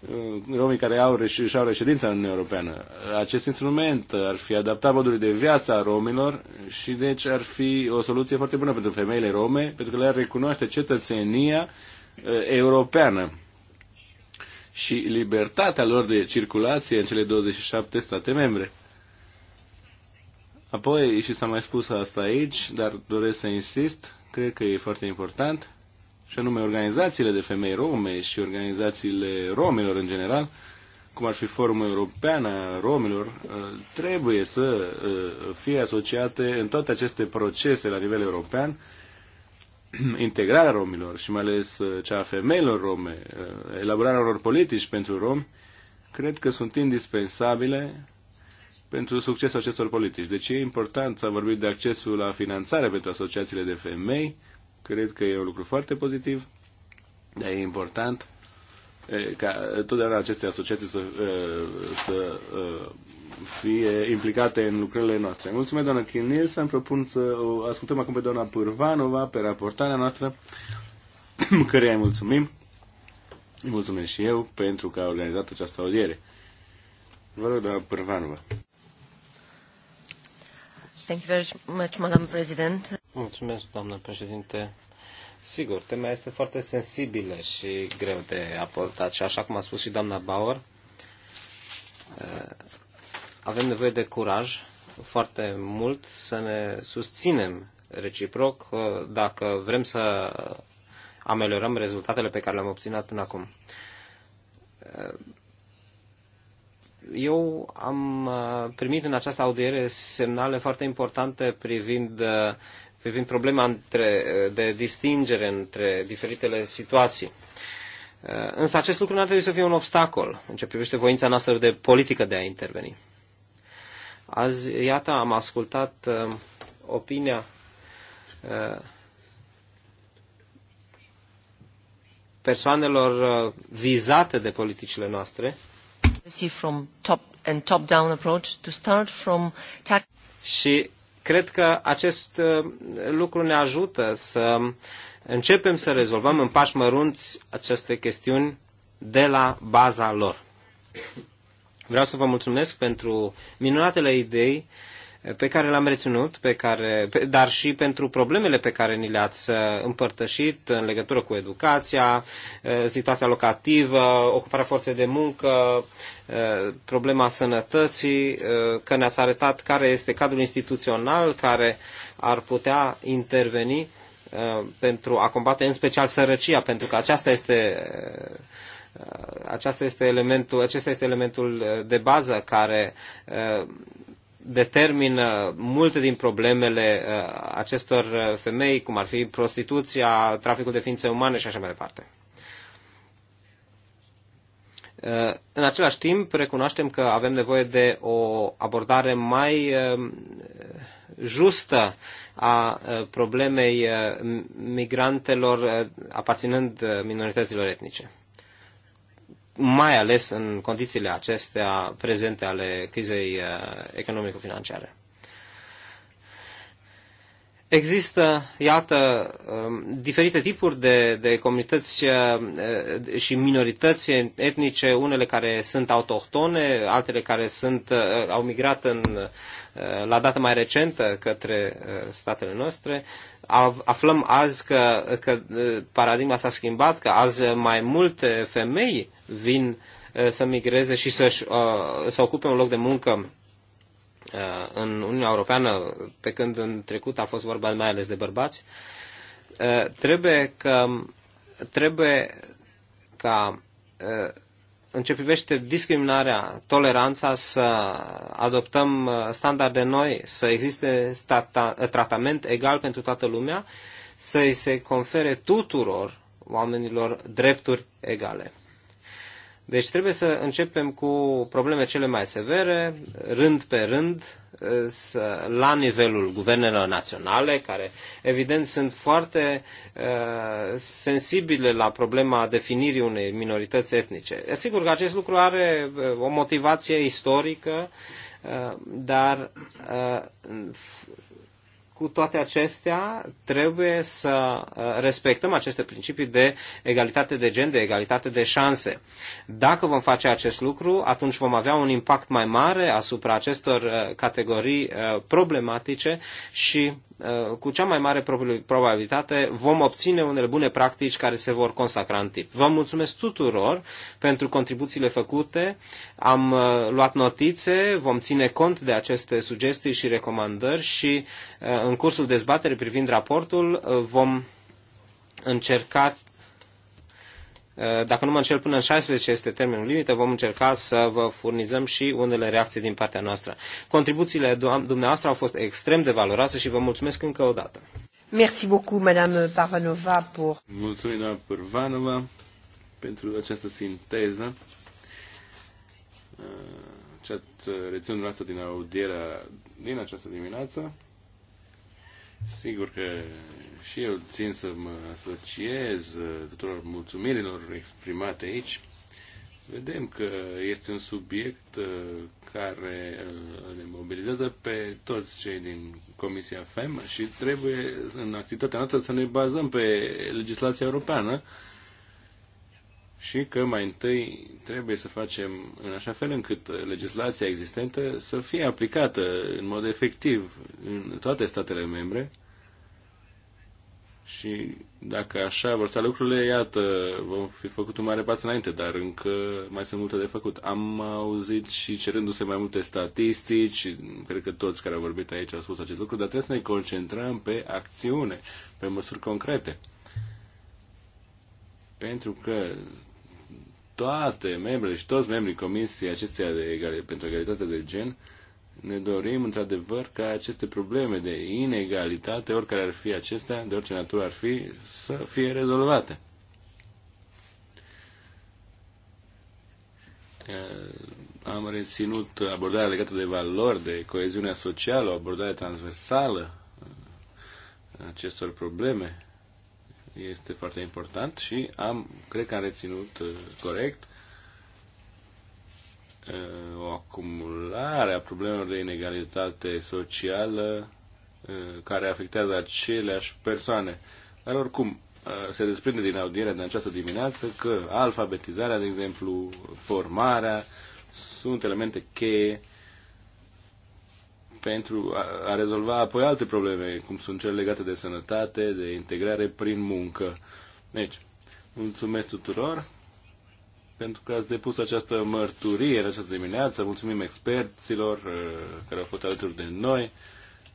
uh, romii care au, și au reședința în Europeană. Acest instrument ar fi adaptat modului de viață a romilor și deci ar fi o soluție foarte bună pentru femeile rome, pentru că le-ar recunoaște cetățenia uh, europeană și libertatea lor de circulație în cele 27 state membre. Apoi, și s-a mai spus asta aici, dar doresc să insist, cred că e foarte important, și anume organizațiile de femei rome și organizațiile romilor în general, cum ar fi Forumul European a Romilor, uh, trebuie să uh, fie asociate în toate aceste procese la nivel european integrarea romilor și mai ales uh, cea a femeilor rome, uh, elaborarea unor politici pentru romi, cred că sunt indispensabile pentru succesul acestor politici. Deci e important să vorbim de accesul la finanțare pentru asociațiile de femei. Cred că e un lucru foarte pozitiv, dar e important ca totdeauna aceste asociații să, uh, să fie implicate în lucrările noastre. Mulțumesc, doamna Chinil, să-mi propun să o ascultăm acum pe doamna Pârvanova, pe raportarea noastră, căreia îi mulțumim. Îi mulțumesc și eu pentru că a organizat această audiere. Vă rog, doamna Pârvanova. Thank you very much, Madam President. Mulțumesc, doamnă președinte. Sigur, tema este foarte sensibilă și greu de aportat și așa cum a spus și doamna Bauer, avem nevoie de curaj foarte mult să ne susținem reciproc uh, dacă vrem să ameliorăm rezultatele pe care le-am obținut până acum. Uh, eu am uh, primit în această audiere semnale foarte importante privind, privind problema între, de distingere între diferitele situații. Însă acest lucru nu ar trebui să fie un obstacol în ce privește voința noastră de politică de a interveni. Azi, iată, am ascultat uh, opinia uh, persoanelor uh, vizate de politicile noastre. From top and top down approach to start from și cred că acest uh, lucru ne ajută să începem să rezolvăm în pași mărunți aceste chestiuni de la baza lor. Vreau să vă mulțumesc pentru minunatele idei pe care le-am reținut, pe care, dar și pentru problemele pe care ni le-ați uh, împărtășit în legătură cu educația, uh, situația locativă, ocuparea forței de muncă, uh, problema sănătății, că ne-ați arătat care este cadrul instituțional care ar putea interveni pentru a combate în special sărăcia, pentru că aceasta este aceasta este elementul, acesta este elementul uh, de bază care uh, determină multe din problemele uh, acestor femei, cum ar fi prostituția, traficul de ființe umane și așa mai departe. În același timp, recunoaștem că avem nevoie de o abordare mai justă a problemei migrantelor aparținând minorităților etnice mai ales în condițiile acestea prezente ale crizei uh, economico-financiare. Există, iată, um, diferite tipuri de, de comunități uh, uh, și minorități etnice, unele care sunt autohtone, altele care sunt, au migrat în, la dată mai recentă către statele noastre aflăm azi că, că uh, paradigma s-a schimbat, că azi mai multe femei vin uh, să migreze și să-și, uh, să ocupe un loc de muncă în Uniunea Europeană, pe când în trecut a fost vorba mai ales de bărbați, trebuie că trebuie ca în ce privește discriminarea, toleranța, să adoptăm uh, standarde noi, să existe stata, uh, tratament egal pentru toată lumea, să îi se confere tuturor oamenilor drepturi egale. Deci trebuie să începem cu probleme cele mai severe, rând pe rând, la nivelul guvernelor naționale, care evident sunt foarte uh, sensibile la problema definirii unei minorități etnice. E sigur că acest lucru are uh, o motivație istorică, uh, dar uh, cu toate acestea, trebuie să uh, respectăm aceste principii de egalitate de gen, de egalitate de șanse. Dacă vom face acest lucru, atunci vom avea un impact mai mare asupra acestor uh, categorii uh, problematice și Uh, cu cea mai mare probabilitate vom obține unele bune practici care se vor consacra în timp. Vă mulțumesc tuturor pentru contribuțiile făcute, am uh, luat notițe, vom ține cont de aceste sugestii și recomandări și uh, în cursul dezbaterii privind raportul vom încerca Eh, dacă nu mă înșel, până în 16 este termenul limită, vom încerca să vă furnizăm și unele reacții din partea noastră. Contribuțiile dumneavoastră au fost extrem de valoroase și vă mulțumesc încă o dată. Merci beaucoup, Madame Parvanova, pour... Mulțumim, doamna Parvanova, pentru această sinteză. Eh, ce ați eh, reținut din audierea din această dimineață. Sigur că și eu țin să mă asociez tuturor mulțumirilor exprimate aici. Vedem că este un subiect uh, care uh, ne mobilizează pe toți cei din Comisia FEM și trebuie în activitatea noastră să ne bazăm pe legislația europeană și că mai întâi trebuie să facem în așa fel încât legislația existentă să fie aplicată în mod efectiv în toate statele membre și dacă așa vor sta lucrurile, iată, vom fi făcut un mare pas înainte, dar încă mai sunt multe de făcut. Am auzit și cerându-se mai multe statistici, cred că toți care au vorbit aici au spus acest lucru, dar trebuie să ne concentrăm pe acțiune, pe măsuri concrete. Pentru că toate membrele și toți membrii Comisiei acesteia de egal, pentru egalitate de gen uh, ne dorim într-adevăr ca aceste probleme de inegalitate, oricare ar fi acestea, de orice natură ar fi, să fie rezolvate. Eh, am reținut abordarea legată de valori, de coeziunea socială, o abordare transversală eh, acestor probleme. Este foarte important și am, cred că am reținut eh, corect, Eh, o acumulare a problemelor de inegalitate socială eh, care afectează aceleași persoane. Dar oricum, eh, se desprinde din audierea de această dimineață că alfabetizarea, de exemplu, formarea, sunt elemente cheie pentru a, rezolva apoi alte probleme, cum sunt cele legate de sănătate, de integrare prin muncă. Deci, mulțumesc tuturor pentru că ați depus această mărturie în această dimineață. Mulțumim experților uh, care au fost alături de noi.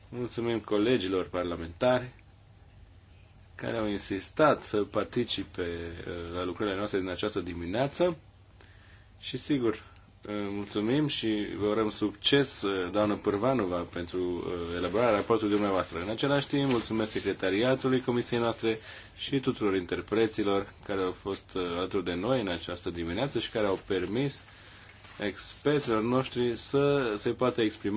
Mulțumim colegilor parlamentari care au insistat să participe uh, la lucrările noastre din această dimineață. Și sigur, Uh, mulțumim și vă urăm succes, uh, doamnă Pârvanova, pentru uh, elaborarea raportului dumneavoastră. În același timp, mulțumesc secretariatului Comisiei noastre și tuturor interpreților care au fost alături de noi în această dimineață și care au permis experților noștri să se poată exprima